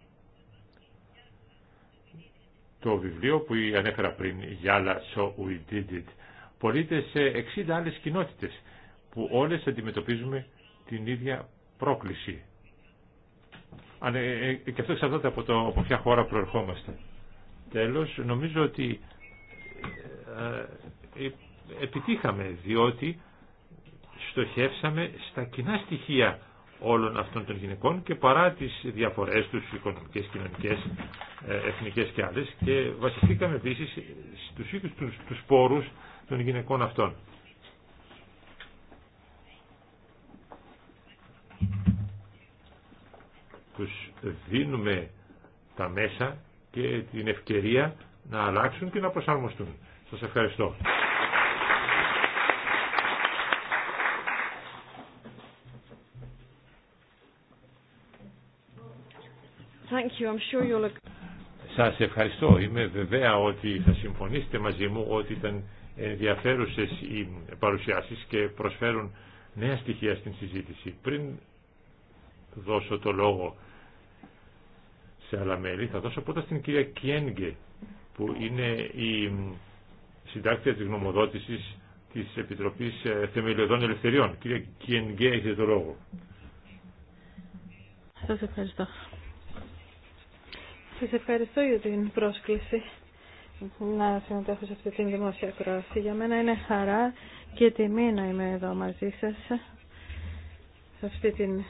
το βιβλίο που ανέφερα πριν, Yala So We Did It, πολίτες σε 60 άλλες κοινότητες που όλες αντιμετωπίζουμε την ίδια πρόκληση. Ε, ε, ε, και αυτό εξαρτάται από, το, από ποια χώρα προερχόμαστε. Τέλος, νομίζω ότι επιτύχαμε διότι στοχεύσαμε στα κοινά στοιχεία όλων αυτών των γυναικών και παρά τις διαφορές τους οικονομικές, κοινωνικές, ε, εθνικές και άλλες και βασιστήκαμε επίσης στους ίδιους τους, τους των γυναικών αυτών. Τους δίνουμε τα μέσα και την ευκαιρία να αλλάξουν και να προσαρμοστούν. Σας ευχαριστώ. Thank you. I'm sure you'll... Σας ευχαριστώ. Είμαι βεβαία ότι θα συμφωνήσετε μαζί μου ότι ήταν ενδιαφέρουσες οι παρουσιάσεις και προσφέρουν νέα στοιχεία στην συζήτηση. Πριν δώσω το λόγο σε άλλα μέλη, θα δώσω πρώτα στην κυρία Κιένγκε, που είναι η συντάκτρια της γνωμοδότησης της Επιτροπής ε, Θεμελιωδών Ελευθεριών. Κυρία Κιένγκε, έχετε το λόγο. Σας ευχαριστώ. Σα ευχαριστώ για την πρόσκληση να συμμετέχω σε αυτή την δημόσια κρόση. Για μένα είναι χαρά και τιμή να είμαι εδώ μαζί σας σε αυτή την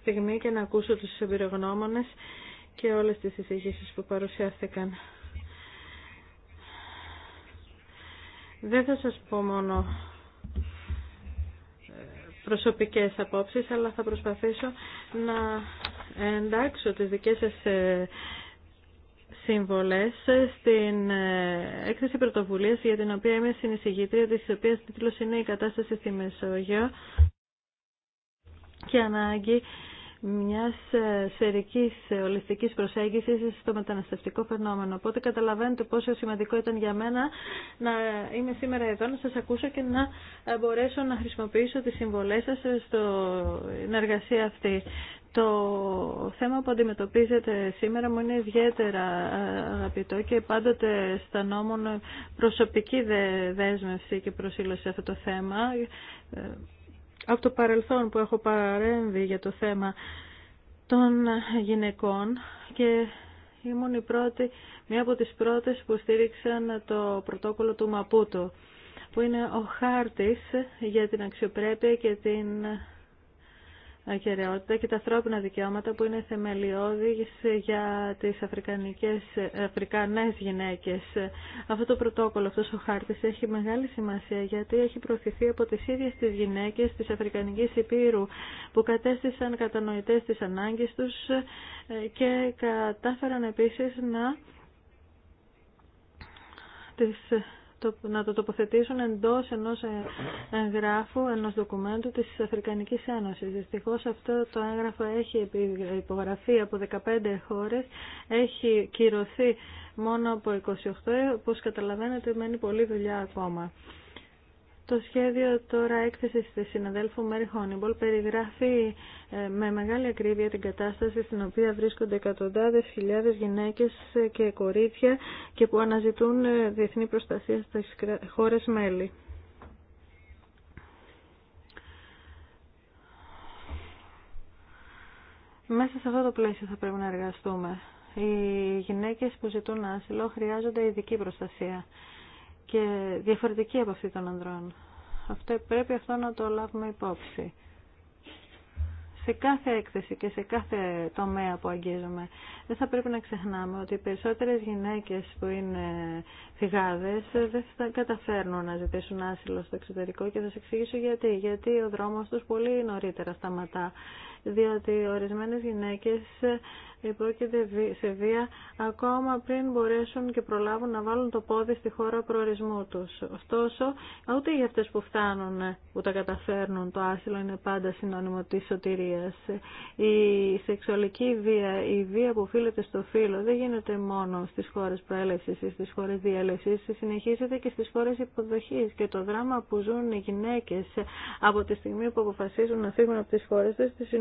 στιγμή και να ακούσω τους εμπειρογνώμονε και όλες τις εισηγήσει που παρουσιάστηκαν. Δεν θα σας πω μόνο ε, προσωπικές απόψεις, αλλά θα προσπαθήσω να εντάξω τις δικές σας ε, συμβολές ε, στην ε, έκθεση πρωτοβουλίας για την οποία είμαι συνεισηγήτρια, της οποίας τίτλος είναι «Η κατάσταση στη Μεσόγειο» και ανάγκη μιας σερικής ολιστικής προσέγγισης στο μεταναστευτικό φαινόμενο. Οπότε καταλαβαίνετε πόσο σημαντικό ήταν για μένα να είμαι σήμερα εδώ, να σας ακούσω και να μπορέσω να χρησιμοποιήσω τις συμβολές σας στην εργασία αυτή. Το θέμα που αντιμετωπίζετε σήμερα μου είναι ιδιαίτερα αγαπητό και πάντοτε αισθανόμουν προσωπική δέσμευση και προσήλωση σε αυτό το θέμα. Ε, από το παρελθόν που έχω παρέμβει για το θέμα των γυναικών και ήμουν η πρώτη, μία από τις πρώτες που στήριξαν το πρωτόκολλο του Μαπούτο που είναι ο χάρτης για την αξιοπρέπεια και την και τα ανθρώπινα δικαιώματα που είναι θεμελιώδης για τις αφρικανικές, αφρικανές γυναίκες. Αυτό το πρωτόκολλο, αυτός ο χάρτης έχει μεγάλη σημασία γιατί έχει προωθηθεί από τις ίδιες τις γυναίκες της Αφρικανικής Υπήρου που κατέστησαν κατανοητές τις ανάγκες τους και κατάφεραν επίσης να το, να το τοποθετήσουν εντός ενός εγγράφου, ενός δοκουμέντου της Αφρικανικής Ένωσης. Δυστυχώς αυτό το έγγραφο έχει υπογραφεί από 15 χώρες, έχει κυρωθεί μόνο από 28, όπως καταλαβαίνετε μένει πολλή δουλειά ακόμα. Το σχέδιο τώρα έκθεση τη συναδέλφου Μέρι Χόνιμπολ περιγράφει ε, με μεγάλη ακρίβεια την κατάσταση στην οποία βρίσκονται εκατοντάδε χιλιάδες γυναίκε ε, και κορίτσια και που αναζητούν ε, διεθνή προστασία στι χώρες μέλη. Μέσα σε αυτό το πλαίσιο θα πρέπει να εργαστούμε. Οι γυναίκες που ζητούν άσυλο χρειάζονται ειδική προστασία και διαφορετική από αυτή των ανδρών. Αυτό, πρέπει αυτό να το λάβουμε υπόψη. Σε κάθε έκθεση και σε κάθε τομέα που αγγίζουμε δεν θα πρέπει να ξεχνάμε ότι οι περισσότερες γυναίκες που είναι φυγάδες δεν θα καταφέρνουν να ζητήσουν άσυλο στο εξωτερικό και θα σας εξηγήσω γιατί. Γιατί ο δρόμος τους πολύ νωρίτερα σταματά διότι ορισμένες γυναίκες υπόκειται σε βία ακόμα πριν μπορέσουν και προλάβουν να βάλουν το πόδι στη χώρα προορισμού τους. Ωστόσο, ούτε για αυτές που φτάνουν, ε, που τα καταφέρνουν, το άσυλο είναι πάντα συνώνυμο της σωτηρίας. Η σεξουαλική βία, η βία που οφείλεται στο φύλλο δεν γίνεται μόνο στις χώρες προέλευσης ή στις χώρες διέλευσης, συνεχίζεται και στις χώρες υποδοχής και το δράμα που ζουν οι γυναίκες ε, από τη στιγμή που αποφασίζουν να φύγουν από τις χώρες τους,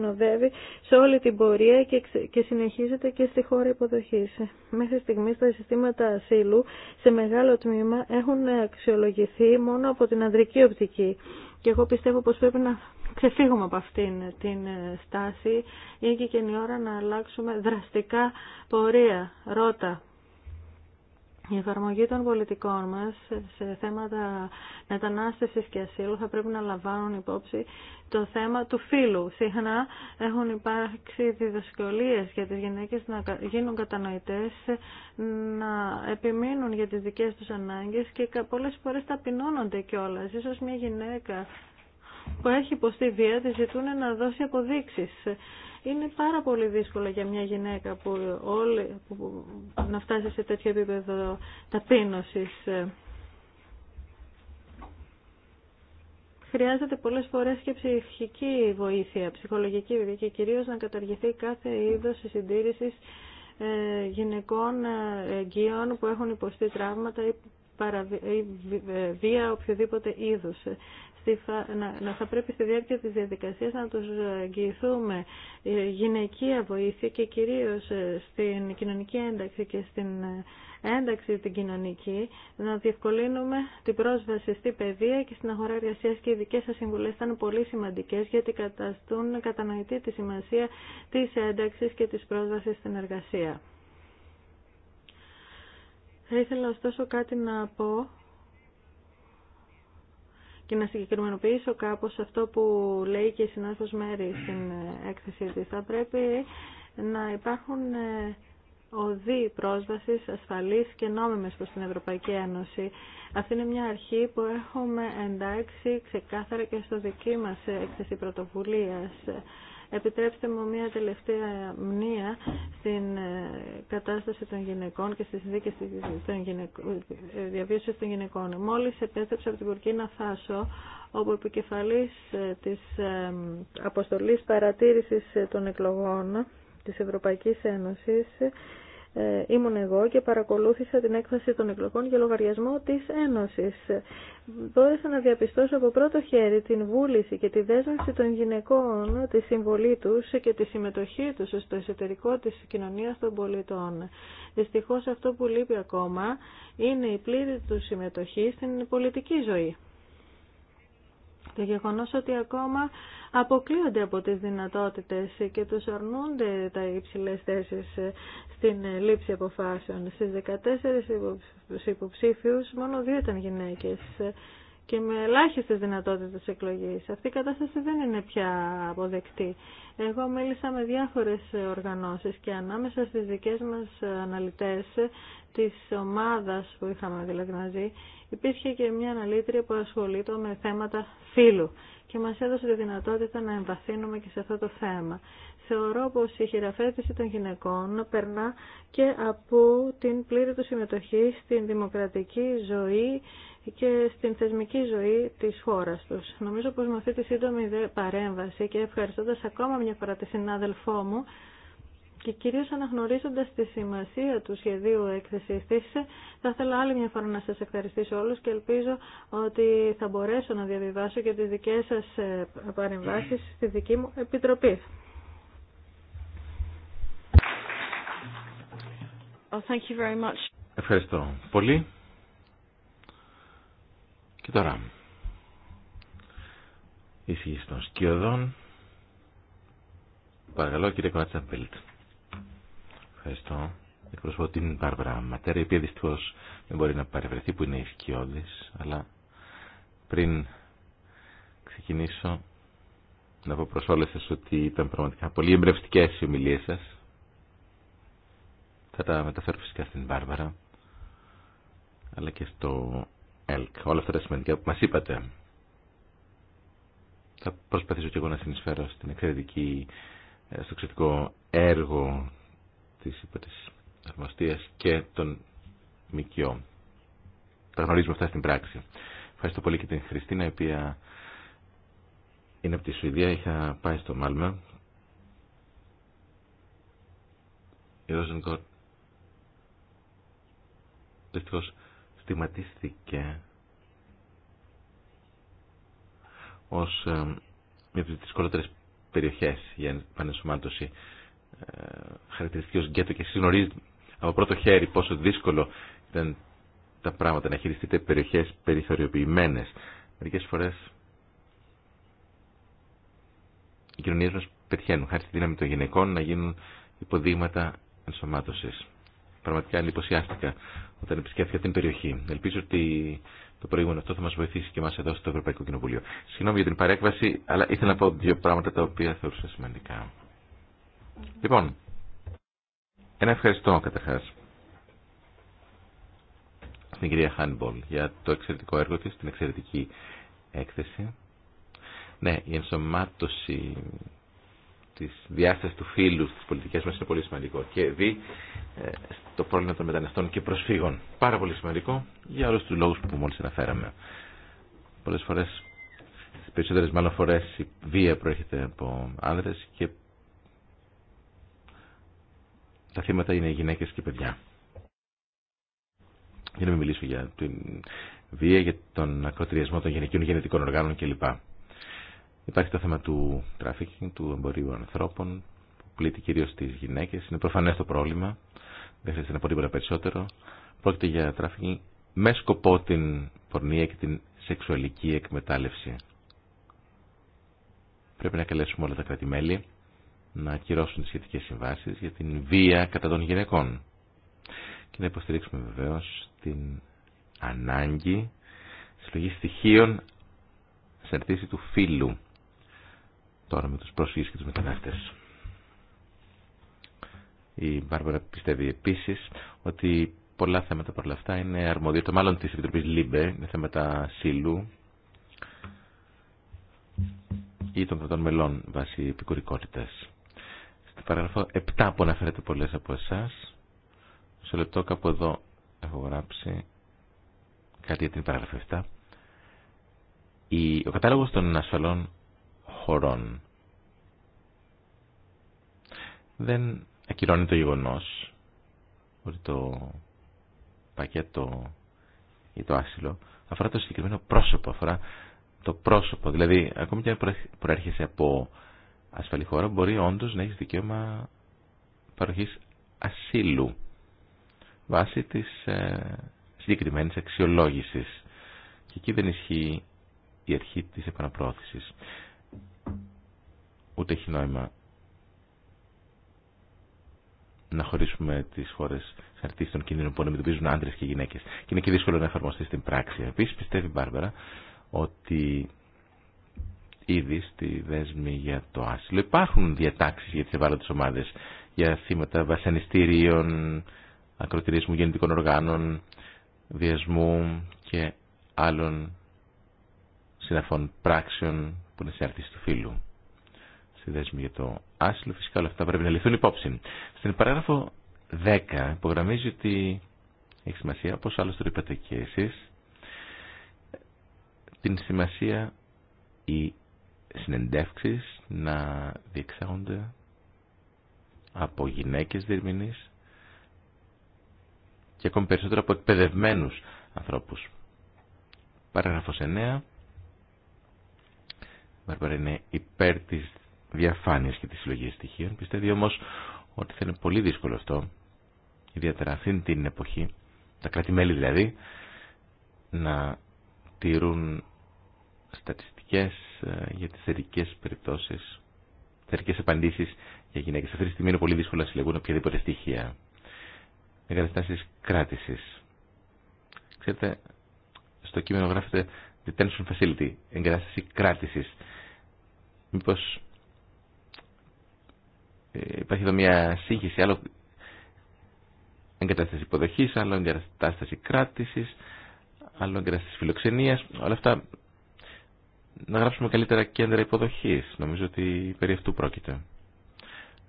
σε όλη την πορεία και συνεχίζεται και στη χώρα υποδοχής. Μέχρι στιγμή τα συστήματα ασύλου σε μεγάλο τμήμα έχουν αξιολογηθεί μόνο από την ανδρική οπτική. Και εγώ πιστεύω πως πρέπει να ξεφύγουμε από αυτήν την ε, στάση. ή και, η ώρα να αλλάξουμε δραστικά πορεία, Ρώτα. Η εφαρμογή των πολιτικών μας σε θέματα μετανάστευσης και ασύλου θα πρέπει να λαμβάνουν υπόψη το θέμα του φύλου. Συχνά έχουν υπάρξει διδασκολίες για τις γυναίκες να γίνουν κατανοητές, να επιμείνουν για τις δικές τους ανάγκες και πολλές φορές ταπεινώνονται κιόλα. Ίσως μια γυναίκα που έχει υποστεί βία τη ζητούν να δώσει αποδείξεις είναι πάρα πολύ δύσκολο για μια γυναίκα που, όλη, που να φτάσει σε τέτοιο επίπεδο ταπείνωσης. Χρειάζεται πολλές φορές και ψυχική βοήθεια, ψυχολογική βοήθεια και κυρίως να καταργηθεί κάθε είδος συντήρησης ε, γυναικών ε, εγγύων που έχουν υποστεί τραύματα ή ε, βία οποιοδήποτε είδους να, θα πρέπει στη διάρκεια της διαδικασίας να τους εγγυηθούμε ε, γυναικεία βοήθεια και κυρίως ε, στην κοινωνική ένταξη και στην ε, ένταξη την κοινωνική, να διευκολύνουμε την πρόσβαση στη παιδεία και στην αγορά εργασία και οι δικέ σα συμβουλέ ήταν πολύ σημαντικέ γιατί καταστούν κατανοητή τη σημασία της ένταξη και τη πρόσβαση στην εργασία. Θα ήθελα ωστόσο κάτι να πω και να συγκεκριμενοποιήσω κάπως αυτό που λέει και η συνάδελφος Μέρη στην ε, έκθεσή της. Θα πρέπει να υπάρχουν ε, οδοί πρόσβασης ασφαλής και νόμιμες προς την Ευρωπαϊκή Ένωση. Αυτή είναι μια αρχή που έχουμε εντάξει ξεκάθαρα και στο δική μας ε, έκθεση πρωτοβουλίας. Επιτρέψτε μου μια τελευταία μνήμα στην ε, κατάσταση των γυναικών και στις δίκες των γυναικών, ε, των γυναικών. Μόλις επέστρεψα από την Κουρκίνα Φάσο, όπου επικεφαλής ε, της αποστολής παρατήρησης των εκλογών της Ευρωπαϊκής Ένωσης ε, ήμουν εγώ και παρακολούθησα την έκφαση των εκλογών για λογαριασμό της Ένωσης. Μπόρεσα να διαπιστώσω από πρώτο χέρι την βούληση και τη δέσμευση των γυναικών, τη συμβολή τους και τη συμμετοχή τους στο εσωτερικό της κοινωνίας των πολιτών. Δυστυχώς αυτό που λείπει ακόμα είναι η πλήρη του συμμετοχή στην πολιτική ζωή. Το γεγονός ότι ακόμα αποκλείονται από τις δυνατότητες και τους αρνούνται τα υψηλές θέσεις στην λήψη αποφάσεων. Στις 14 υποψήφιους μόνο δύο ήταν γυναίκες και με ελάχιστε δυνατότητε εκλογή. Αυτή η κατάσταση δεν είναι πια αποδεκτή. Εγώ μίλησα με διάφορε οργανώσει και ανάμεσα στι δικέ μα αναλυτέ τη ομάδα που είχαμε δηλαδή μαζί, υπήρχε και μια αναλύτρια που ασχολείται με θέματα φύλου και μα έδωσε τη δυνατότητα να εμβαθύνουμε και σε αυτό το θέμα. Θεωρώ πως η χειραφέτηση των γυναικών περνά και από την πλήρη του συμμετοχή στην δημοκρατική ζωή και στην θεσμική ζωή της χώρας τους. Νομίζω πως με αυτή τη σύντομη παρέμβαση και ευχαριστώντας ακόμα μια φορά τη συνάδελφό μου και κυρίως αναγνωρίζοντας τη σημασία του σχεδίου έκθεσης της, θα ήθελα άλλη μια φορά να σας ευχαριστήσω όλους και ελπίζω ότι θα μπορέσω να διαβιβάσω και τις δικές σας ε, παρεμβάσεις στη δική μου επιτροπή. Oh, thank you very much. Ευχαριστώ πολύ. Και τώρα, εισηγήση των σκιωδών. Παρακαλώ κύριε Κόατσα Ευχαριστώ. Εκπροσωπώ την Μπάρμπαρα Ματέρα, η οποία δυστυχώ δεν μπορεί να παρευρεθεί που είναι η σκιώδη, αλλά πριν ξεκινήσω να πω προς όλες σας ότι ήταν πραγματικά πολύ εμπρευστικές οι ομιλίε. σας. Θα τα μεταφέρω φυσικά στην Βάρβαρα αλλά και στο ΕΛΚ. Όλα αυτά τα σημαντικά που μα είπατε. Θα προσπαθήσω και εγώ να συνεισφέρω στην εξαιρετική, ε, στο εξαιρετικό έργο της υπότης και των ΜΚΟ. Τα γνωρίζουμε αυτά στην πράξη. Ευχαριστώ πολύ και την Χριστίνα, η οποία είναι από τη Σουηδία. Είχα πάει στο Μάλμα. Η Ροζενκορ στιγματίστηκε ως ε, μια από τις δυσκολότερες περιοχές για επανεσωμάτωση ε, χαρακτηριστική ως γκέτο και εσείς από πρώτο χέρι πόσο δύσκολο ήταν τα πράγματα να χειριστείτε περιοχές περιθωριοποιημένες. Μερικές φορές οι κοινωνίες μας πετυχαίνουν χάρη στη δύναμη των γυναικών να γίνουν υποδείγματα ενσωμάτωσης πραγματικά εντυπωσιάστηκα όταν επισκέφθηκα την περιοχή. Ελπίζω ότι το προηγούμενο αυτό θα μα βοηθήσει και εμά εδώ στο Ευρωπαϊκό Κοινοβούλιο. Συγγνώμη για την παρέκβαση, αλλά ήθελα να πω δύο πράγματα τα οποία θεωρούσα σημαντικά. Λοιπόν, ένα ευχαριστώ καταρχά στην κυρία Χάνιμπολ για το εξαιρετικό έργο τη, την εξαιρετική έκθεση. Ναι, η ενσωμάτωση τη διάσταση του φίλου στι πολιτικέ μα είναι πολύ σημαντικό. Και δι, ε, το πρόβλημα των μεταναστών και προσφύγων. Πάρα πολύ σημαντικό για όλου του λόγου που μόλι αναφέραμε. Πολλέ φορέ, τι περισσότερε μάλλον φορέ, η βία προέρχεται από άνδρε και τα θύματα είναι γυναίκε και παιδιά. Για να μην μιλήσω για την βία, για τον ακροτηριασμό των γενικών γενετικών οργάνων κλπ. Υπάρχει το θέμα του τράφικινγκ, του εμπορίου ανθρώπων, που πλήττει κυρίω τι γυναίκε, Είναι προφανέ το πρόβλημα, δεν χρειάζεται να πω τίποτα περισσότερο. Πρόκειται για τράφικινγκ με σκοπό την πορνεία και την σεξουαλική εκμετάλλευση. Πρέπει να καλέσουμε όλα τα κρατημέλη να ακυρώσουν τι σχετικέ συμβάσει για την βία κατά των γυναικών. Και να υποστηρίξουμε βεβαίω την ανάγκη συλλογή στοιχείων σε αρτήση του φίλου τώρα με τους πρόσφυγες και τους μετανάστες. Η Μπάρμπαρα πιστεύει επίσης ότι πολλά θέματα παρ' όλα αυτά είναι το μάλλον της Επιτροπής ΛΥΜΠΕ, είναι θέματα σύλλου ή των κρατών μελών βάσει επικουρικότητας. Στην παράγραφο 7 που αναφέρεται πολλές από εσάς, σε λεπτό κάπου εδώ έχω γράψει κάτι για την παραγραφή 7. ο κατάλογος των ασφαλών χωρών. Δεν ακυρώνει το γεγονός ότι το πακέτο ή το άσυλο αφορά το συγκεκριμένο πρόσωπο, αφορά το πρόσωπο. Δηλαδή, ακόμη και αν προέρχεσαι από ασφαλή χώρα, μπορεί όντως να έχει δικαίωμα παροχής ασύλου βάσει της ε, συγκεκριμένη αξιολόγηση. Και εκεί δεν ισχύει η αρχή της επαναπρόθεσης ούτε έχει νόημα να χωρίσουμε τι χώρε σε των κινδύνων που αντιμετωπίζουν άντρε και γυναίκε. Και είναι και δύσκολο να εφαρμοστεί στην πράξη. Επίση, πιστεύει η Μπάρμπαρα ότι ήδη στη δέσμη για το άσυλο υπάρχουν διατάξει για τι ευάλωτε ομάδε για θύματα βασανιστήριων, ακροτηρισμού γεννητικών οργάνων, βιασμού και άλλων συναφών πράξεων που είναι σε αρτήση του φύλου στη για το άσυλο. Φυσικά όλα αυτά πρέπει να λυθούν υπόψη. Στην παράγραφο 10 υπογραμμίζει ότι έχει σημασία, όπως άλλωστε το είπατε και εσεί, την σημασία οι συνεντεύξεις να διεξάγονται από γυναίκες διερμηνεί και ακόμη περισσότερο από εκπαιδευμένου ανθρώπους. Παράγραφο 9. Βαρβαρά είναι υπέρ της διαφάνειας και τη συλλογή στοιχείων. Πιστεύει όμω ότι θα είναι πολύ δύσκολο αυτό, ιδιαίτερα αυτή την εποχή, τα κράτη-μέλη δηλαδή, να τηρούν στατιστικέ ε, για τι θετικέ περιπτώσει, θετικέ απαντήσει για γυναίκες. Αυτή τη στιγμή είναι πολύ δύσκολο να συλλογούν οποιαδήποτε στοιχεία. καταστάσει κράτηση. Ξέρετε, στο κείμενο γράφεται detention facility, εγκατάσταση κράτηση Μήπως υπάρχει εδώ μια σύγχυση, άλλο εγκατάσταση υποδοχής, άλλο εγκατάσταση κράτησης, άλλο εγκατάσταση φιλοξενίας, όλα αυτά να γράψουμε καλύτερα κέντρα υποδοχής. Νομίζω ότι περί αυτού πρόκειται.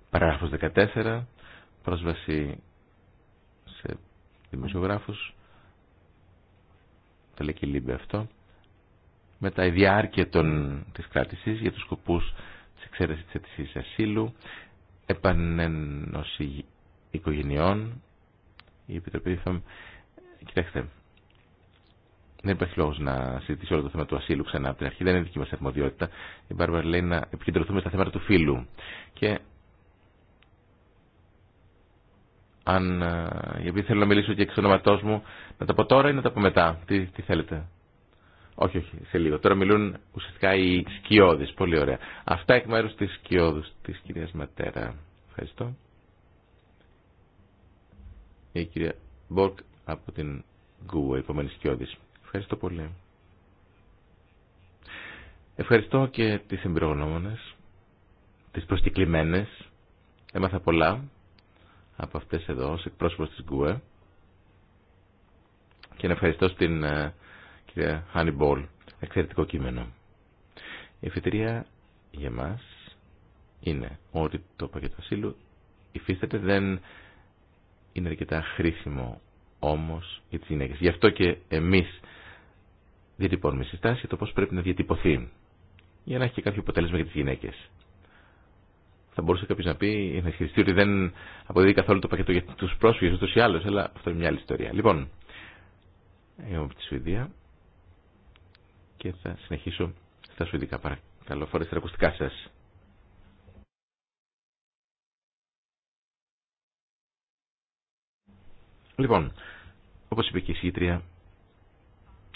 Παράγραφος 14, πρόσβαση σε δημοσιογράφους, το λέει και η αυτό, μετά η διάρκεια των, της κράτησης για τους σκοπούς της εξαίρεσης της αιτησίας ασύλου, επανένωση οικογενειών, η Επιτροπή θα... Κοιτάξτε, δεν υπάρχει λόγο να συζητήσει όλο το θέμα του ασύλου ξανά από την αρχή. Δεν είναι δική μα αρμοδιότητα. Η Μπάρμπαρα λέει να επικεντρωθούμε στα θέματα του φίλου. Και αν. Ε, γιατί θέλω να μιλήσω και εξ ονόματό μου, να τα πω τώρα ή να τα πω μετά. Τι, τι θέλετε. Όχι, όχι, σε λίγο. Τώρα μιλούν ουσιαστικά οι σκιώδει. Πολύ ωραία. Αυτά εκ μέρου τη σκιώδου τη κυρία Ματέρα. Ευχαριστώ. Η κυρία Μπορκ από την Γκουα, επόμενη σκιώδη. Ευχαριστώ πολύ. Ευχαριστώ και τι εμπειρογνώμονε, τι προσκεκλημένε. Έμαθα πολλά από αυτέ εδώ, ω εκπρόσωπο της Γκουε. Και να ευχαριστώ στην ε, κυρία Μπόλ, Εξαιρετικό κείμενο. Η εφητερία για μας είναι ότι το πακέτο ασύλου υφίσταται, δεν είναι αρκετά χρήσιμο όμως για τις γυναίκες. Γι' αυτό και εμείς διατυπώνουμε συστάσεις για το πώς πρέπει να διατυπωθεί για να έχει και κάποιο αποτέλεσμα για τις γυναίκες. Θα μπορούσε κάποιο να πει, να ισχυριστεί ότι δεν αποδίδει καθόλου το πακέτο για τους πρόσφυγες ούτως ή άλλως, αλλά αυτό είναι μια άλλη ιστορία. Λοιπόν, εγώ από τη Σουηδία και θα συνεχίσω στα σουηδικά. Παρακαλώ, φορέστε τα ακουστικά σας. Λοιπόν, όπως είπε και η Σίτρια,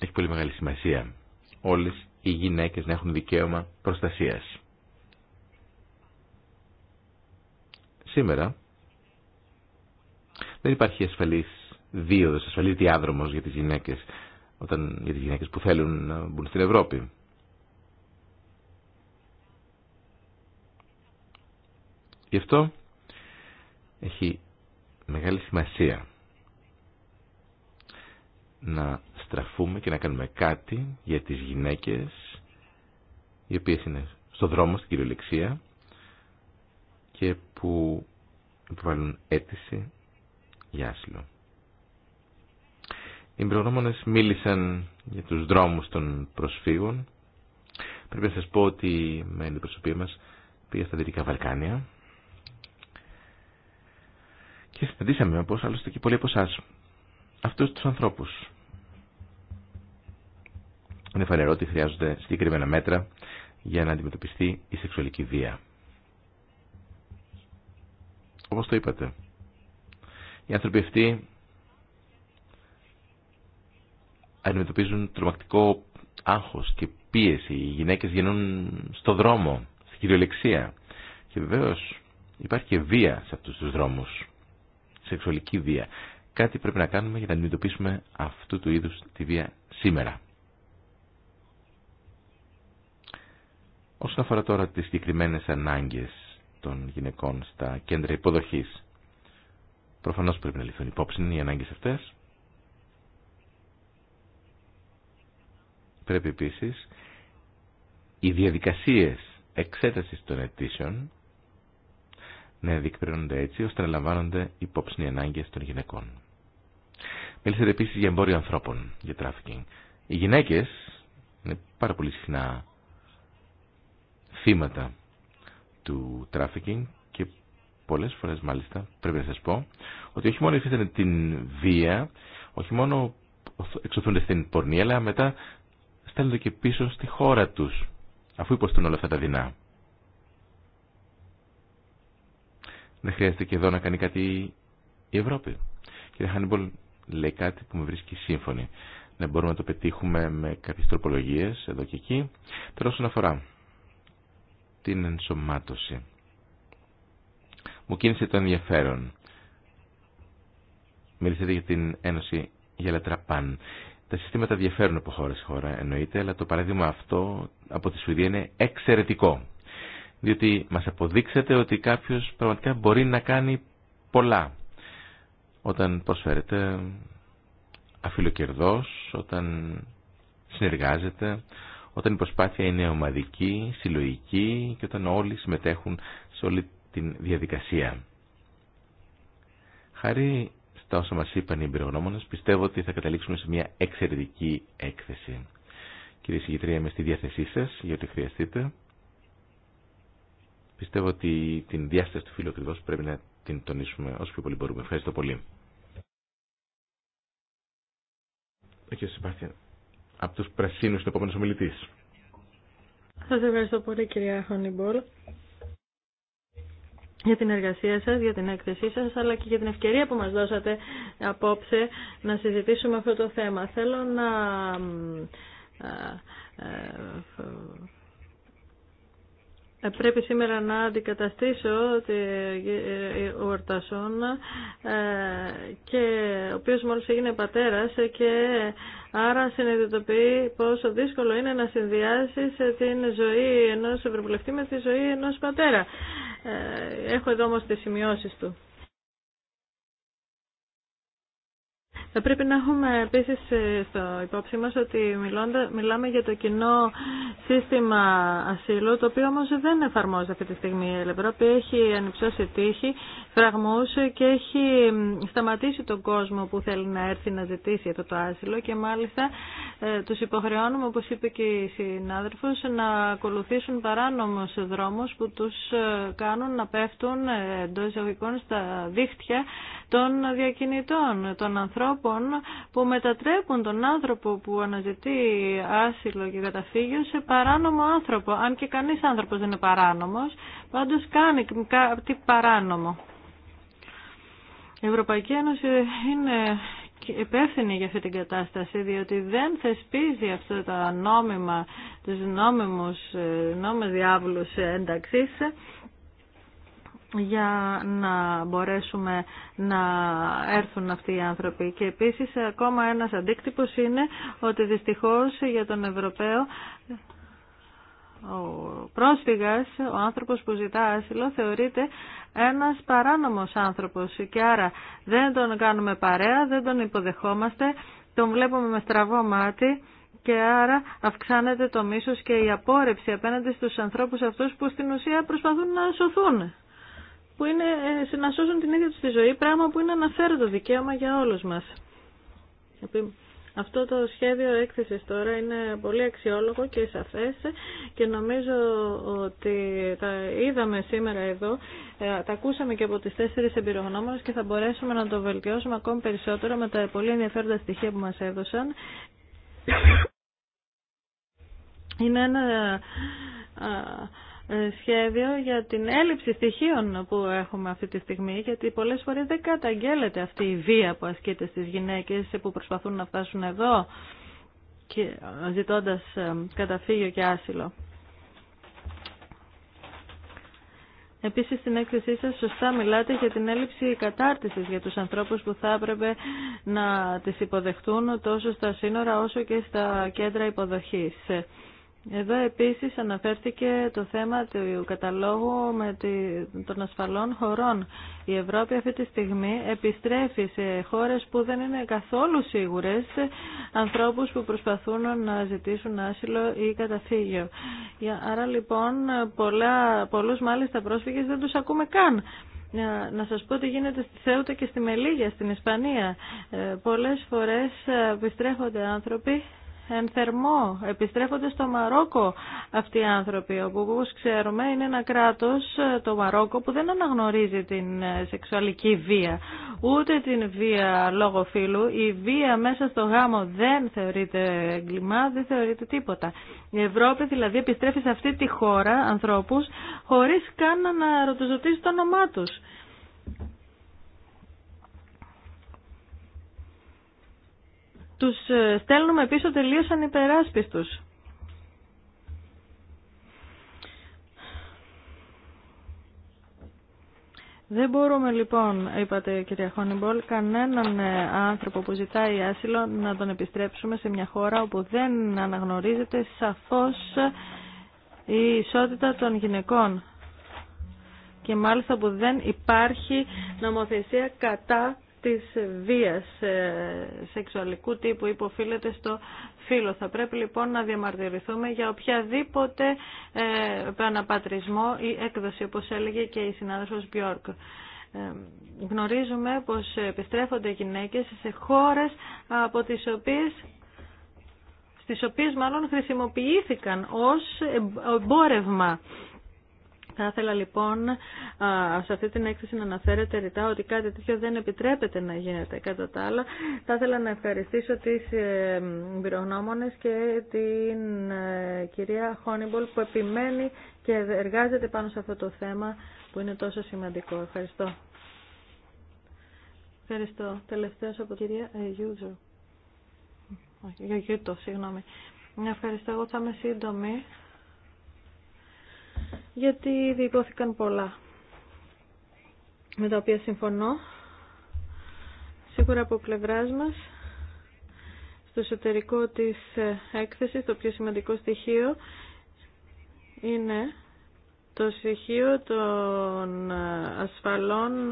έχει πολύ μεγάλη σημασία όλες οι γυναίκες να έχουν δικαίωμα προστασίας. Σήμερα δεν υπάρχει ασφαλής δίωδος, ασφαλή διάδρομος για τις γυναίκες όταν, για τις γυναίκες που θέλουν να μπουν στην Ευρώπη. Γι' αυτό έχει μεγάλη σημασία να στραφούμε και να κάνουμε κάτι για τις γυναίκες οι οποίες είναι στο δρόμο στην κυριολεξία και που υποβάλλουν αίτηση για άσυλο. Οι προγνώμονες μίλησαν για τους δρόμους των προσφύγων. Πρέπει να σας πω ότι με την προσωπία μας πήγα στα Δυτικά Βαλκάνια και συναντήσαμε όπως άλλωστε και πολλοί από εσά. αυτούς τους ανθρώπους. Είναι φανερό ότι χρειάζονται συγκεκριμένα μέτρα για να αντιμετωπιστεί η σεξουαλική βία. Όπως το είπατε, οι άνθρωποι αυτοί αντιμετωπίζουν τρομακτικό άγχος και πίεση. Οι γυναίκες γεννούν στο δρόμο, στη κυριολεξία. Και βεβαίω υπάρχει και βία σε αυτούς τους δρόμους. Σεξουαλική βία. Κάτι πρέπει να κάνουμε για να αντιμετωπίσουμε αυτού του είδους τη βία σήμερα. Όσον αφορά τώρα τις συγκεκριμένε ανάγκες των γυναικών στα κέντρα υποδοχής, προφανώς πρέπει να λυθούν υπόψη οι ανάγκες αυτές. Πρέπει επίσης οι διαδικασίες εξέτασης των αιτήσεων να διεκπαιρώνονται έτσι ώστε να λαμβάνονται υπόψη οι ανάγκες των γυναικών. Μίλησε επίσης για εμπόριο ανθρώπων, για τράφικινγκ. Οι γυναίκες είναι πάρα πολύ συχνά θύματα του τράφικινγκ και πολλές φορές μάλιστα πρέπει να σας πω ότι όχι μόνο υφίστανται την βία, όχι μόνο εξωθούνται στην πορνεία, αλλά μετά στέλνονται και πίσω στη χώρα τους, αφού υποστούν όλα αυτά τα δεινά. Δεν χρειάζεται και εδώ να κάνει κάτι η Ευρώπη. Κύριε Χάνιμπολ, λέει κάτι που με βρίσκει σύμφωνη. Να μπορούμε να το πετύχουμε με κάποιες τροπολογίες εδώ και εκεί. Τώρα όσον αφορά την ενσωμάτωση. Μου κίνησε το ενδιαφέρον. Μιλήσατε για την Ένωση για Λατραπάν. Τα συστήματα διαφέρουν από χώρα σε χώρα εννοείται, αλλά το παράδειγμα αυτό από τη Σουηδία είναι εξαιρετικό. Διότι μας αποδείξατε ότι κάποιος πραγματικά μπορεί να κάνει πολλά όταν προσφέρεται αφιλοκερδός, όταν συνεργάζεται, όταν η προσπάθεια είναι ομαδική, συλλογική και όταν όλοι συμμετέχουν σε όλη την διαδικασία. Χάρη τα όσα μας είπαν οι εμπειρογνώμονες, πιστεύω ότι θα καταλήξουμε σε μια εξαιρετική έκθεση. Κύριε Συγητρία, είμαι στη διάθεσή σας για ό,τι χρειαστείτε. Πιστεύω ότι την διάσταση του φίλου ακριβώς πρέπει να την τονίσουμε όσο πιο πολύ μπορούμε. Ευχαριστώ πολύ. Ο κ. από τους πρασίνους, είναι ο επόμενος ομιλητής. ευχαριστώ πολύ κυρία Χονιμπόλ για την εργασία σας, για την έκθεσή σας, αλλά και για την ευκαιρία που μας δώσατε απόψε να συζητήσουμε αυτό το θέμα. Θέλω να ε, ε, πρέπει σήμερα να αντικαταστήσω τη ε, Ορτασόν και ο οποίος μόλις έγινε πατέρας και άρα συνειδητοποιεί πόσο δύσκολο είναι να συνδυάσεις την ζωή ενός ευρωβουλευτή με τη ζωή ενός πατέρα. Ε, έχω εδώ όμως τις σημειώσεις του. Θα πρέπει να έχουμε επίση ε, στο υπόψη μας ότι μιλώντα, μιλάμε για το κοινό σύστημα ασύλου, το οποίο όμως δεν εφαρμόζεται αυτή τη στιγμή. Η Ευρώπη έχει ανυψώσει τύχη φραγμούς και έχει σταματήσει τον κόσμο που θέλει να έρθει να ζητήσει αυτό το άσυλο και μάλιστα ε, τους υποχρεώνουμε, όπως είπε και η συνάδελφος, να ακολουθήσουν παράνομους δρόμους που τους ε, κάνουν να πέφτουν ε, εντό εισαγωγικών στα δίχτυα των διακινητών, των ανθρώπων που μετατρέπουν τον άνθρωπο που αναζητεί άσυλο και καταφύγιο σε παράνομο άνθρωπο. Αν και κανείς άνθρωπος δεν είναι παράνομος, πάντως κάνει κάτι παράνομο. Η Ευρωπαϊκή Ένωση είναι υπεύθυνη για αυτή την κατάσταση, διότι δεν θεσπίζει αυτά τα νόμιμα, τους νόμιμους, νόμους διάβλους ένταξης, για να μπορέσουμε να έρθουν αυτοί οι άνθρωποι. Και επίσης ακόμα ένας αντίκτυπος είναι ότι δυστυχώς για τον Ευρωπαίο ο πρόσφυγας, ο άνθρωπος που ζητά άσυλο, θεωρείται ένας παράνομος άνθρωπος και άρα δεν τον κάνουμε παρέα, δεν τον υποδεχόμαστε, τον βλέπουμε με στραβό μάτι και άρα αυξάνεται το μίσος και η απόρρεψη απέναντι στους ανθρώπους αυτούς που στην ουσία προσπαθούν να σωθούν που είναι ε, να σώσουν την ίδια τους τη ζωή, πράγμα που είναι αναφέροντο δικαίωμα για όλους μας. Αυτό το σχέδιο έκθεσης τώρα είναι πολύ αξιόλογο και σαφές και νομίζω ότι τα είδαμε σήμερα εδώ, ε, τα ακούσαμε και από τις τέσσερις εμπειρογνώμονες και θα μπορέσουμε να το βελτιώσουμε ακόμη περισσότερο με τα πολύ ενδιαφέροντα στοιχεία που μας έδωσαν. Είναι ένα ε, σχέδιο για την έλλειψη στοιχείων που έχουμε αυτή τη στιγμή, γιατί πολλές φορές δεν καταγγέλλεται αυτή η βία που ασκείται στις γυναίκες που προσπαθούν να φτάσουν εδώ και ζητώντας ε, καταφύγιο και άσυλο. Επίσης στην έκθεσή σας σωστά μιλάτε για την έλλειψη κατάρτισης για τους ανθρώπους που θα έπρεπε να τις υποδεχτούν τόσο στα σύνορα όσο και στα κέντρα υποδοχής. Εδώ επίσης αναφέρθηκε το θέμα του καταλόγου με των ασφαλών χωρών. Η Ευρώπη αυτή τη στιγμή επιστρέφει σε χώρες που δεν είναι καθόλου σίγουρες ανθρώπους που προσπαθούν να ζητήσουν άσυλο ή καταφύγιο. Άρα λοιπόν πολλά, πολλούς μάλιστα πρόσφυγες δεν τους ακούμε καν. Να σας πω ότι γίνεται στη Θεούτα και στη Μελίγια, στην Ισπανία. Ε, πολλές φορές ε, επιστρέφονται άνθρωποι εν θερμό. Επιστρέφονται στο Μαρόκο αυτοί οι άνθρωποι, όπου όπως ξέρουμε είναι ένα κράτος, ε, το Μαρόκο, που δεν αναγνωρίζει την ε, σεξουαλική βία, ούτε την βία λόγω φύλου. Η βία μέσα στο γάμο δεν θεωρείται εγκλημά, δεν θεωρείται τίποτα. Η Ευρώπη δηλαδή επιστρέφει σε αυτή τη χώρα ανθρώπους χωρίς καν να ρωτοζωτήσει το όνομά τους. τους ε, στέλνουμε πίσω τελείως ανυπεράσπιστους. Δεν μπορούμε λοιπόν, είπατε κυρία Χόνιμπολ, κανέναν ε, άνθρωπο που ζητάει άσυλο να τον επιστρέψουμε σε μια χώρα όπου δεν αναγνωρίζεται σαφώς ε, η ισότητα των γυναικών και μάλιστα που δεν υπάρχει νομοθεσία κατά της βίας ε, σεξουαλικού τύπου υποφίλεται στο φύλλο. Θα πρέπει λοιπόν να διαμαρτυρηθούμε για οποιαδήποτε ε, επαναπατρισμό ή έκδοση, όπως έλεγε και η συνάδελφος Μπιόρκ. Ε, γνωρίζουμε πως επιστρέφονται γυναίκες σε χώρες από τις οποίες στις οποίες μάλλον χρησιμοποιήθηκαν ως εμπόρευμα θα ήθελα λοιπόν σε αυτή την έκθεση να αναφέρετε ρητά ότι κάτι τέτοιο δεν επιτρέπεται να γίνεται. Κατά τα άλλα, θα ήθελα να ευχαριστήσω τις ε, πυρογνώμονες και την ε, κυρία Χόνιμπολ που επιμένει και εργάζεται πάνω σε αυτό το θέμα που είναι τόσο σημαντικό. Ευχαριστώ. Ευχαριστώ. Τελευταίος από την κυρία ε, Γιούζο. Γιούτο, συγγνώμη. Ευχαριστώ. Εγώ θα είμαι σύντομη γιατί διηγώθηκαν πολλά με τα οποία συμφωνώ. Σίγουρα από πλευρά μα στο εσωτερικό της έκθεσης, το πιο σημαντικό στοιχείο είναι το στοιχείο των ασφαλών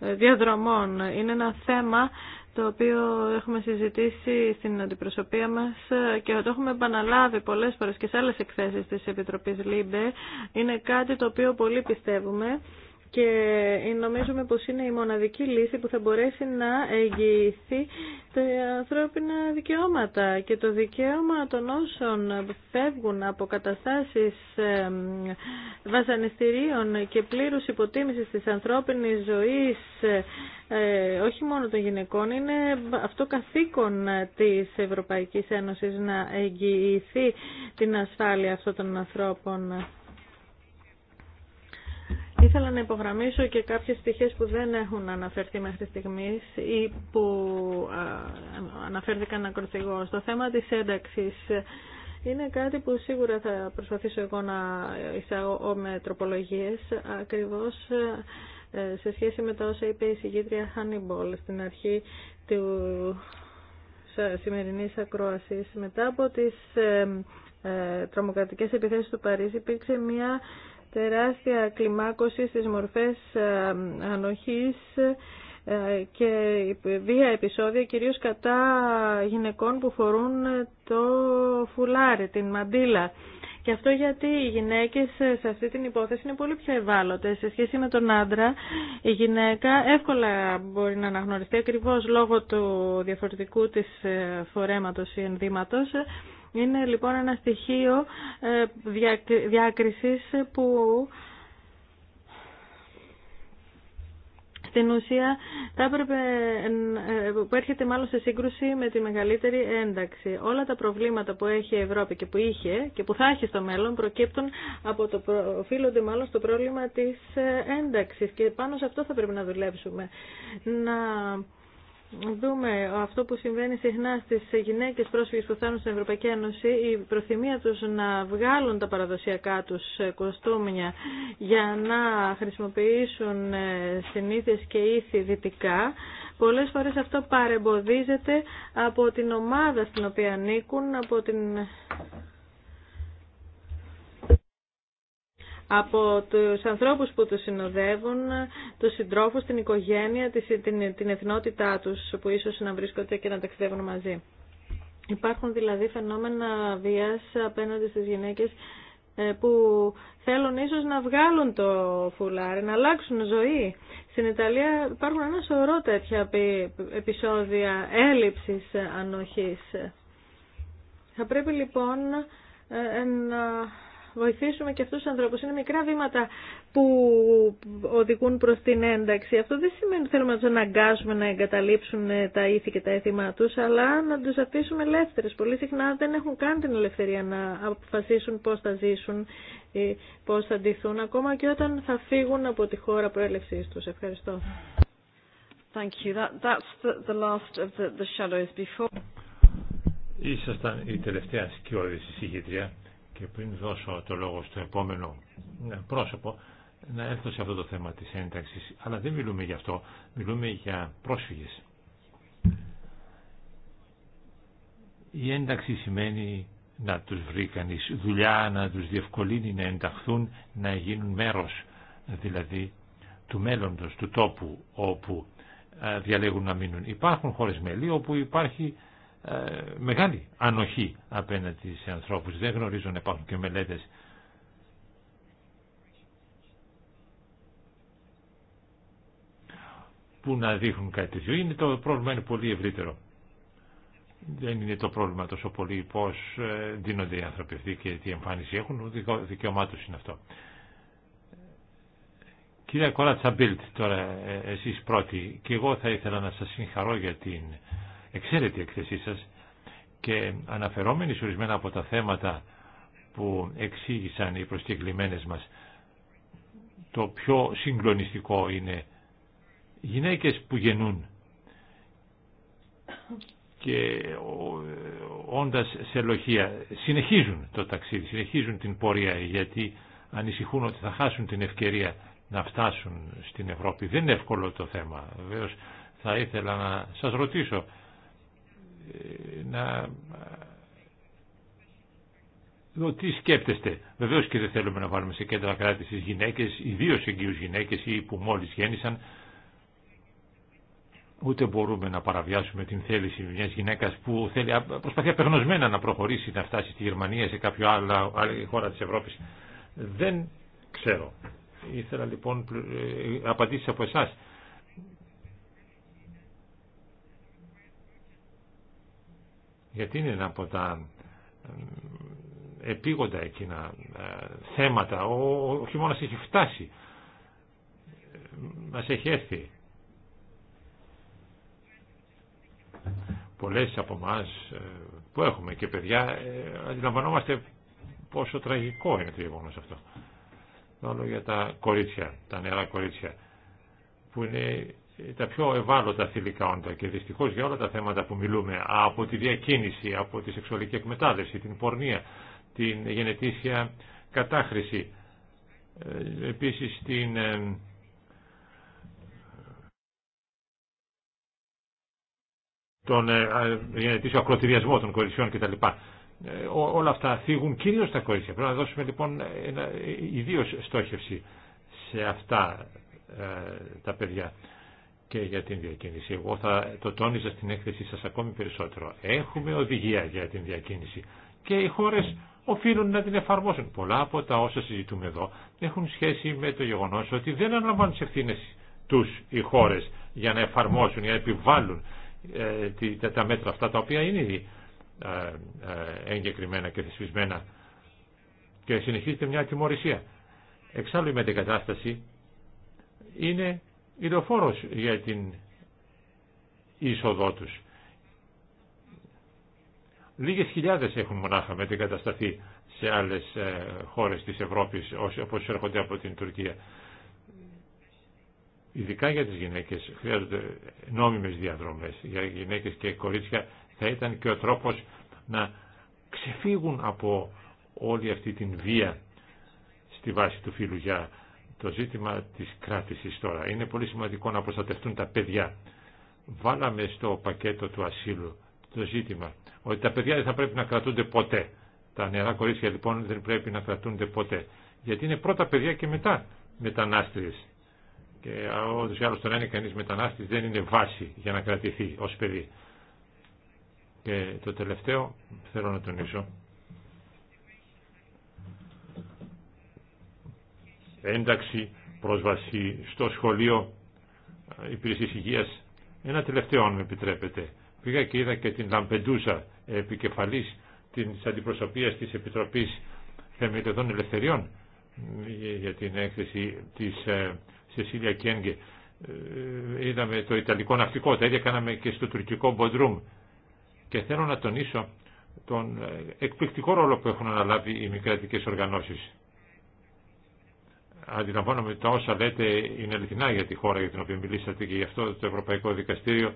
ε, διαδρομών. Είναι ένα θέμα το οποίο έχουμε συζητήσει στην αντιπροσωπεία μας και το έχουμε επαναλάβει πολλές φορές και σε άλλες εκθέσεις της Επιτροπής ΛΥΜΠΕ, είναι κάτι το οποίο πολύ πιστεύουμε και νομίζουμε πως είναι η μοναδική λύση που θα μπορέσει να εγγυηθεί τα ανθρώπινα δικαιώματα και το δικαίωμα των όσων φεύγουν από καταστάσεις βασανιστήριων και πλήρους υποτίμησης της ανθρώπινης ζωής ε, όχι μόνο των γυναικών, είναι αυτό καθήκον της Ευρωπαϊκής Ένωσης να εγγυηθεί την ασφάλεια αυτών των ανθρώπων. Ήθελα να υπογραμμίσω και κάποιες στοιχείες που δεν έχουν αναφερθεί μέχρι στιγμής ή που αναφέρθηκαν ακροθυγώς. Το θέμα της ένταξης είναι κάτι που σίγουρα θα προσπαθήσω εγώ να εισάγω με τροπολογίες, ακριβώς ε, σε σχέση με τα όσα είπε η συγγήτρια Χάνιμπολ στην αρχή του σημερινής ακρόασης. Μετά από τις ε, ε, τρομοκρατικές επιθέσεις του Παρίσι υπήρξε μια τεράστια κλιμάκωση στις μορφές ε, ανοχής ε, και βία επεισόδια κυρίως κατά γυναικών που φορούν ε, το φουλάρι, την μαντήλα. Και αυτό γιατί οι γυναίκες σε αυτή την υπόθεση είναι πολύ πιο ευάλωτες. Σε σχέση με τον άντρα, η γυναίκα εύκολα μπορεί να αναγνωριστεί ακριβώς λόγω του διαφορετικού της φορέματος ή ενδύματος είναι λοιπόν ένα στοιχείο ε, διάκρισης που στην ουσία θα έπρεπε, ε, ε, που έρχεται μάλλον σε σύγκρουση με τη μεγαλύτερη ένταξη. Όλα τα προβλήματα που έχει η Ευρώπη και που είχε και που θα έχει στο μέλλον προκύπτουν από το, οφείλονται μάλλον στο πρόβλημα της ένταξης και πάνω σε αυτό θα πρέπει να δουλέψουμε. Να δούμε αυτό που συμβαίνει συχνά στις γυναίκες πρόσφυγες που φτάνουν στην Ευρωπαϊκή Ένωση, η προθυμία τους να βγάλουν τα παραδοσιακά τους κοστούμια για να χρησιμοποιήσουν ε, συνήθειες και ήθη δυτικά, πολλές φορές αυτό παρεμποδίζεται από την ομάδα στην οποία ανήκουν, από την από τους ανθρώπους που τους συνοδεύουν, τους συντρόφους, την οικογένεια, την, την εθνότητά τους που ίσως να βρίσκονται και να ταξιδεύουν μαζί. Υπάρχουν δηλαδή φαινόμενα βίας απέναντι στις γυναίκες ε, που θέλουν ίσως να βγάλουν το φουλάρι, να αλλάξουν ζωή. Στην Ιταλία υπάρχουν ένα σωρό τέτοια επεισόδια έλλειψης ανοχής. Θα πρέπει λοιπόν ε, να βοηθήσουμε και αυτούς τους ανθρώπους. Είναι μικρά βήματα που οδηγούν προς την ένταξη. Αυτό δεν σημαίνει ότι θέλουμε να τους αναγκάσουμε να εγκαταλείψουν ε, τα ήθη και τα έθιμά τους, αλλά να τους αφήσουμε ελεύθερες. Πολύ συχνά δεν έχουν καν την ελευθερία να αποφασίσουν πώς θα ζήσουν, ε, πώς θα αντιθούν ακόμα και όταν θα φύγουν από τη χώρα προέλευσής τους. Ευχαριστώ. Thank you. That, that's η τελευταία σκιώδηση και πριν δώσω το λόγο στο επόμενο ναι, πρόσωπο να έρθω σε αυτό το θέμα της ένταξης αλλά δεν μιλούμε για αυτό μιλούμε για πρόσφυγες η ένταξη σημαίνει να τους βρει κανείς δουλειά να τους διευκολύνει να ενταχθούν να γίνουν μέρος δηλαδή του μέλλοντος του τόπου όπου διαλέγουν να μείνουν υπάρχουν χώρες μέλη όπου υπάρχει ε, μεγάλη ανοχή απέναντι σε ανθρώπους. Δεν γνωρίζω να υπάρχουν και μελέτες που να δείχνουν κάτι τέτοιο. Είναι το πρόβλημα είναι πολύ ευρύτερο. Δεν είναι το πρόβλημα τόσο πολύ πώς ε, δίνονται οι άνθρωποι και τι εμφάνιση έχουν, Ο τους είναι αυτό. Κυρία Κοράτσα Μπίλτ, τώρα ε, εσείς πρώτοι, και εγώ θα ήθελα να σας συγχαρώ για την εξαίρετη εκθεσή σας και αναφερόμενοι σε ορισμένα από τα θέματα που εξήγησαν οι προσκεκλημένες μας το πιο συγκλονιστικό είναι γυναίκες που γεννούν και όντας σε λοχεία συνεχίζουν το ταξίδι, συνεχίζουν την πορεία γιατί ανησυχούν ότι θα χάσουν την ευκαιρία να φτάσουν στην Ευρώπη. Δεν είναι εύκολο το θέμα. Βεβαίως θα ήθελα να σας ρωτήσω να ε, δω τι σκέπτεστε. Βεβαίω και δεν θέλουμε να βάλουμε σε κέντρα κράτηση γυναίκε, ιδίω εγγύου γυναίκε ή που μόλι γέννησαν. Ούτε μπορούμε να παραβιάσουμε την θέληση μια γυναίκα που θέλει, προσπαθεί απεγνωσμένα να προχωρήσει, να φτάσει στη Γερμανία, σε κάποια άλλη χώρα τη Ευρώπη. Δεν ξέρω. Ήθελα λοιπόν ε, απαντήσει από εσά. γιατί είναι ένα από τα επίγοντα εκείνα ε, θέματα. Ο, ο χειμώνας έχει φτάσει. Ε, μας έχει έρθει. Πολλές από εμά που έχουμε και παιδιά ε, αντιλαμβανόμαστε πόσο τραγικό είναι το γεγονό αυτό. Όλο για τα κορίτσια, τα νεαρά κορίτσια που είναι τα πιο ευάλωτα θηλυκά όντα και δυστυχώς για όλα τα θέματα που μιλούμε από τη διακίνηση, από τη σεξουαλική εκμετάλλευση, την πορνεία, την γενετήσια κατάχρηση, ε, επίσης την ε, τον ε, γενετήσιο ακροτηριασμό των κοριτσιών κτλ. Όλα αυτά θίγουν κυρίως τα κορίτσια. Πρέπει να δώσουμε λοιπόν ιδίω στόχευση σε αυτά τα παιδιά και για την διακίνηση. Εγώ θα το τόνιζα στην έκθεσή σας ακόμη περισσότερο. Έχουμε οδηγία για την διακίνηση και οι χώρες οφείλουν να την εφαρμόσουν. Πολλά από τα όσα συζητούμε εδώ έχουν σχέση με το γεγονός ότι δεν αναλαμβάνουν τις ευθύνες τους οι χώρες για να εφαρμόσουν, για να επιβάλλουν ε, τα μέτρα αυτά τα οποία είναι ήδη ε, ε, εγκεκριμένα και θεσπισμένα και συνεχίζεται μια τιμωρησία. Εξάλλου η μετεγκατάσταση είναι ηλεοφόρος για την είσοδό τους. Λίγες χιλιάδες έχουν μονάχα μετεγκατασταθεί σε άλλες ε, χώρες της Ευρώπης όπως έρχονται από την Τουρκία. Ειδικά για τις γυναίκες χρειάζονται νόμιμες διαδρομές. Για γυναίκες και κορίτσια θα ήταν και ο τρόπος να ξεφύγουν από όλη αυτή την βία στη βάση του φίλου το ζήτημα της κράτησης τώρα είναι πολύ σημαντικό να προστατευτούν τα παιδιά. Βάλαμε στο πακέτο του ασύλου το ζήτημα ότι τα παιδιά δεν θα πρέπει να κρατούνται ποτέ. Τα νεαρά κορίτσια λοιπόν δεν πρέπει να κρατούνται ποτέ. Γιατί είναι πρώτα παιδιά και μετά μετανάστριες. Και όντως ή άλλως το να είναι κανείς μετανάστης δεν είναι βάση για να κρατηθεί ως παιδί. Και το τελευταίο θέλω να τονίσω ένταξη, πρόσβαση στο σχολείο, ε, υπηρεσίας υγείας. Ένα τελευταίο αν με επιτρέπετε. Πήγα και είδα και την Λαμπεντούσα επικεφαλής της αντιπροσωπείας της Επιτροπής Θεμελιωδών Ελευθεριών ε, για την έκθεση της Σεσίλια Κένγκε. Ε, είδαμε το Ιταλικό ναυτικό, τα ίδια κάναμε και στο τουρκικό Μποντρούμ. Και θέλω να τονίσω τον εκπληκτικό ρόλο που έχουν αναλάβει οι μη κρατικές οργανώσεις αντιλαμβάνομαι τα όσα λέτε είναι αληθινά για τη χώρα για την οποία μιλήσατε και γι' αυτό το Ευρωπαϊκό Δικαστήριο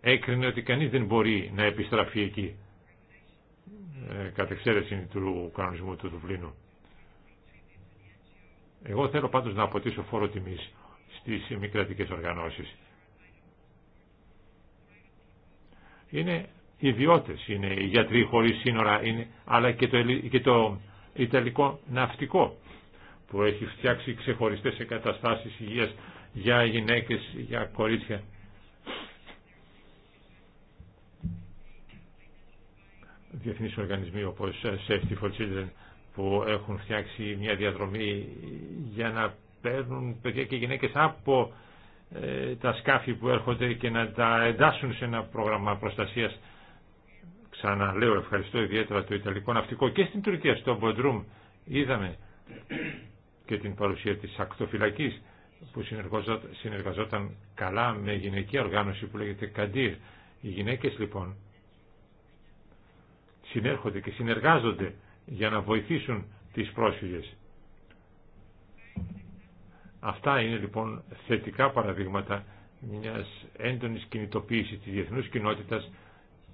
έκρινε ότι κανείς δεν μπορεί να επιστραφεί εκεί ε, κατ' εξαίρεση του κανονισμού του Δουβλίνου. Εγώ θέλω πάντως να αποτίσω φόρο τιμής στις μη κρατικές οργανώσεις. Είναι ιδιώτες, είναι οι γιατροί χωρίς σύνορα, είναι, αλλά και το, και το Ιταλικό ναυτικό που έχει φτιάξει ξεχωριστές εγκαταστάσεις υγείας για γυναίκες, για κορίτσια. Διεθνείς οργανισμοί όπως Safety for Children που έχουν φτιάξει μια διαδρομή για να παίρνουν παιδιά και γυναίκες από ε, τα σκάφη που έρχονται και να τα εντάσσουν σε ένα πρόγραμμα προστασίας. Ξαναλέω ευχαριστώ ιδιαίτερα το Ιταλικό Ναυτικό και στην Τουρκία, στο Μποντρούμ. Είδαμε και την παρουσία της ακτοφυλακής που συνεργαζόταν καλά με γυναική οργάνωση που λέγεται Καντήρ. Οι γυναίκες λοιπόν συνέρχονται και συνεργάζονται για να βοηθήσουν τις πρόσφυγες. Αυτά είναι λοιπόν θετικά παραδείγματα μιας έντονης κινητοποίησης της διεθνούς κοινότητας,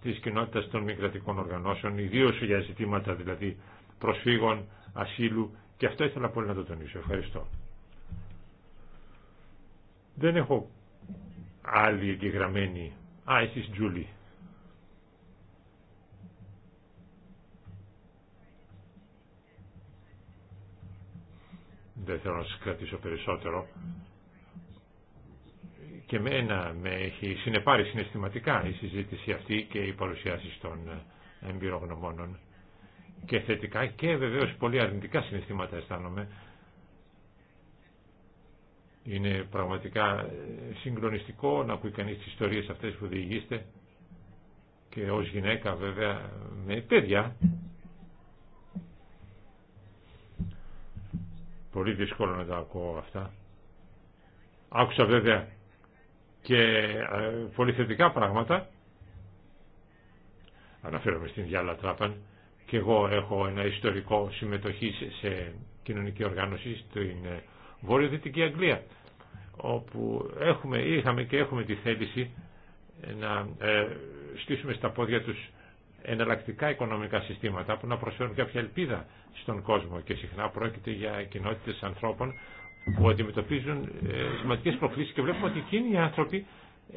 της κοινότητας των μη κρατικών οργανώσεων, ιδίως για ζητήματα δηλαδή προσφύγων, ασύλου και αυτό ήθελα πολύ να το τονίσω. Ευχαριστώ. Δεν έχω άλλη εγγεγραμμένη. Α, εσείς Τζούλη. Δεν θέλω να σας κρατήσω περισσότερο. Και μένα με έχει συνεπάρει συναισθηματικά η συζήτηση αυτή και οι παρουσιάσεις των εμπειρογνωμόνων και θετικά και βεβαίως πολύ αρνητικά συναισθήματα αισθάνομαι. Είναι πραγματικά ε, συγκλονιστικό να ακούει κανείς τις ιστορίες αυτές που διηγείστε και ω γυναίκα βέβαια με παιδιά. Πολύ δύσκολο να τα ακούω αυτά. Άκουσα βέβαια και ε, πολύ θετικά πράγματα. Αναφέρομαι στην Γιάλα Τράπαν και εγώ έχω ένα ιστορικό συμμετοχή σε κοινωνική οργάνωση στην ε, Βόρειο-Δυτική Αγγλία όπου έχουμε, είχαμε και έχουμε τη θέληση να ε, στήσουμε στα πόδια τους εναλλακτικά οικονομικά συστήματα που να προσφέρουν κάποια ελπίδα στον κόσμο και συχνά πρόκειται για κοινότητες ανθρώπων που αντιμετωπίζουν ε, σημαντικές προκλήσεις και βλέπουμε ότι εκείνοι οι άνθρωποι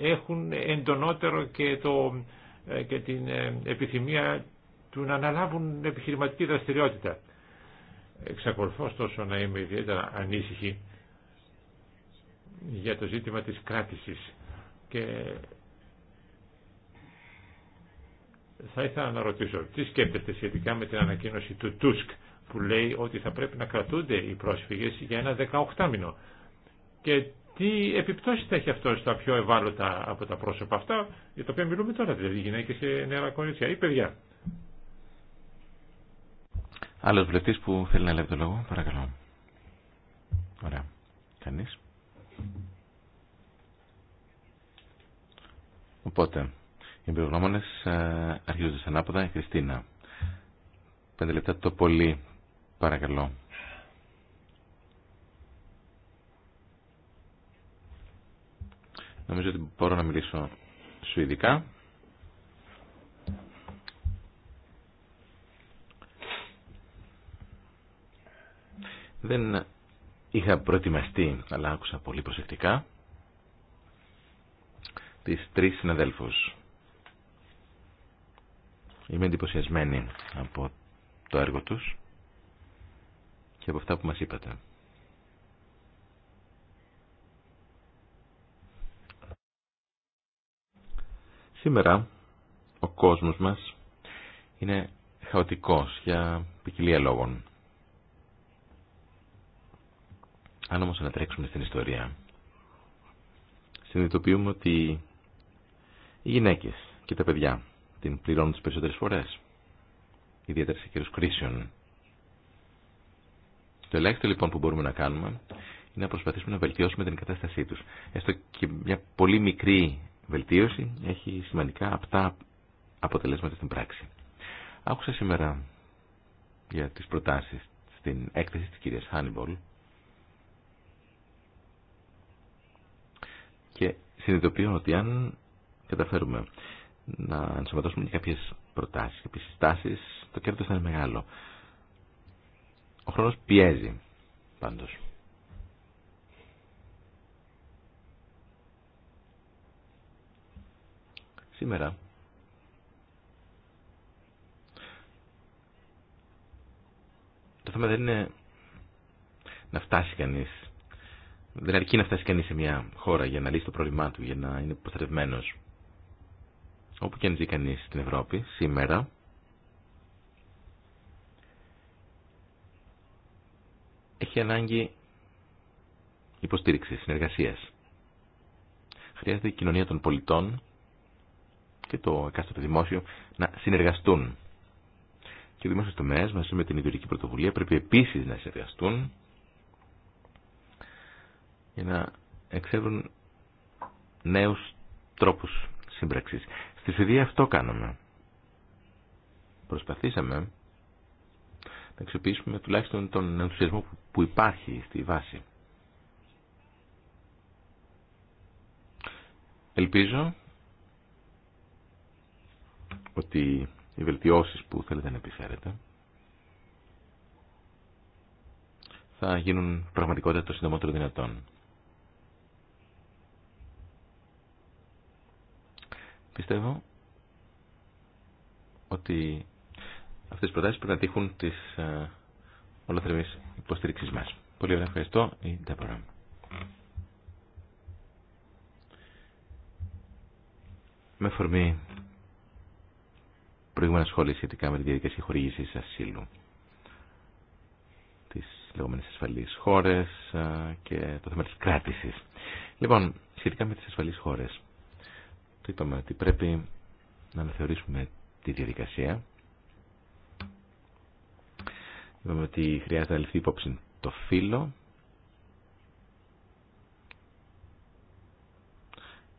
έχουν εντονότερο και, το, ε, και την επιθυμία του να αναλάβουν επιχειρηματική δραστηριότητα. Εξακολουθώ ωστόσο να είμαι ιδιαίτερα ανήσυχη για το ζήτημα της κράτησης και θα ήθελα να ρωτήσω τι σκέπτεται σχετικά με την ανακοίνωση του Τούσκ που λέει ότι θα πρέπει να κρατούνται οι πρόσφυγες για ένα 18 μήνο και τι επιπτώσεις θα έχει αυτό στα πιο ευάλωτα από τα πρόσωπα αυτά για τα οποία μιλούμε τώρα δηλαδή γυναίκες και νεαρά κορίτσια ή παιδιά. Άλλος βουλευτής που θέλει να λέει το λόγο, παρακαλώ. Ωραία. Κανείς. Οπότε, οι προγνώμονες ε, αρχίζονται σαν Η Χριστίνα. Πέντε λεπτά το πολύ, παρακαλώ. Νομίζω ότι μπορώ να μιλήσω σου ειδικά. Δεν είχα προετοιμαστεί, αλλά άκουσα πολύ προσεκτικά τις τρεις συναδέλφους. Είμαι εντυπωσιασμένη από το έργο τους και από αυτά που μας είπατε. Σήμερα ο κόσμος μας είναι χαοτικός για ποικιλία λόγων. Αν όμως ανατρέξουμε στην ιστορία, συνειδητοποιούμε ότι οι γυναίκες και τα παιδιά την πληρώνουν τις περισσότερες φορές, ιδιαίτερα σε καιρούς κρίσεων. Το ελάχιστο λοιπόν που μπορούμε να κάνουμε είναι να προσπαθήσουμε να βελτιώσουμε την κατάστασή τους. Έστω και μια πολύ μικρή βελτίωση έχει σημαντικά απτά αποτελέσματα στην πράξη. Άκουσα σήμερα για τις προτάσεις στην έκθεση της κυρίας Χάνιμπολ και συνειδητοποιώ ότι αν καταφέρουμε να ενσωματώσουμε και κάποιες προτάσεις, και συστάσεις, το κέρδος θα είναι μεγάλο. Ο χρόνος πιέζει πάντως. Σήμερα το θέμα δεν είναι να φτάσει κανείς δεν αρκεί να φτάσει κανεί σε μια χώρα για να λύσει το πρόβλημά του, για να είναι προστατευμένος. Όπου και αν ζει κανεί στην Ευρώπη, σήμερα, έχει ανάγκη υποστήριξη, συνεργασία. Χρειάζεται η κοινωνία των πολιτών και το εκάστοτε δημόσιο να συνεργαστούν. Και οι δημόσιο τομέα μαζί με την ιδιωτική πρωτοβουλία πρέπει επίση να συνεργαστούν να εξεύρουν νέους τρόπους σύμπραξης. Στη Σουηδία αυτό κάναμε. Προσπαθήσαμε να αξιοποιήσουμε τουλάχιστον τον ενθουσιασμό που υπάρχει στη βάση. Ελπίζω ότι οι βελτιώσεις που θέλετε να επιφέρετε θα γίνουν πραγματικότητα το συντομότερο δυνατόν. Πιστεύω ότι αυτές οι προτάσεις πρέπει να τύχουν τις ε, ολοθερμής υποστήριξης μας. Πολύ ωραία, ευχαριστώ. Η Ντέπορα. Με φορμή προηγούμενα σχόλια σχετικά με τη διαδικασία χορηγήσης ασύλου τις λεγόμενες ασφαλείς χώρες ε, και το θέμα της κράτησης. Λοιπόν, σχετικά με τις ασφαλείς χώρες είπαμε ότι πρέπει να αναθεωρήσουμε τη διαδικασία. Είπαμε ότι χρειάζεται να ληφθεί υπόψη το φύλλο.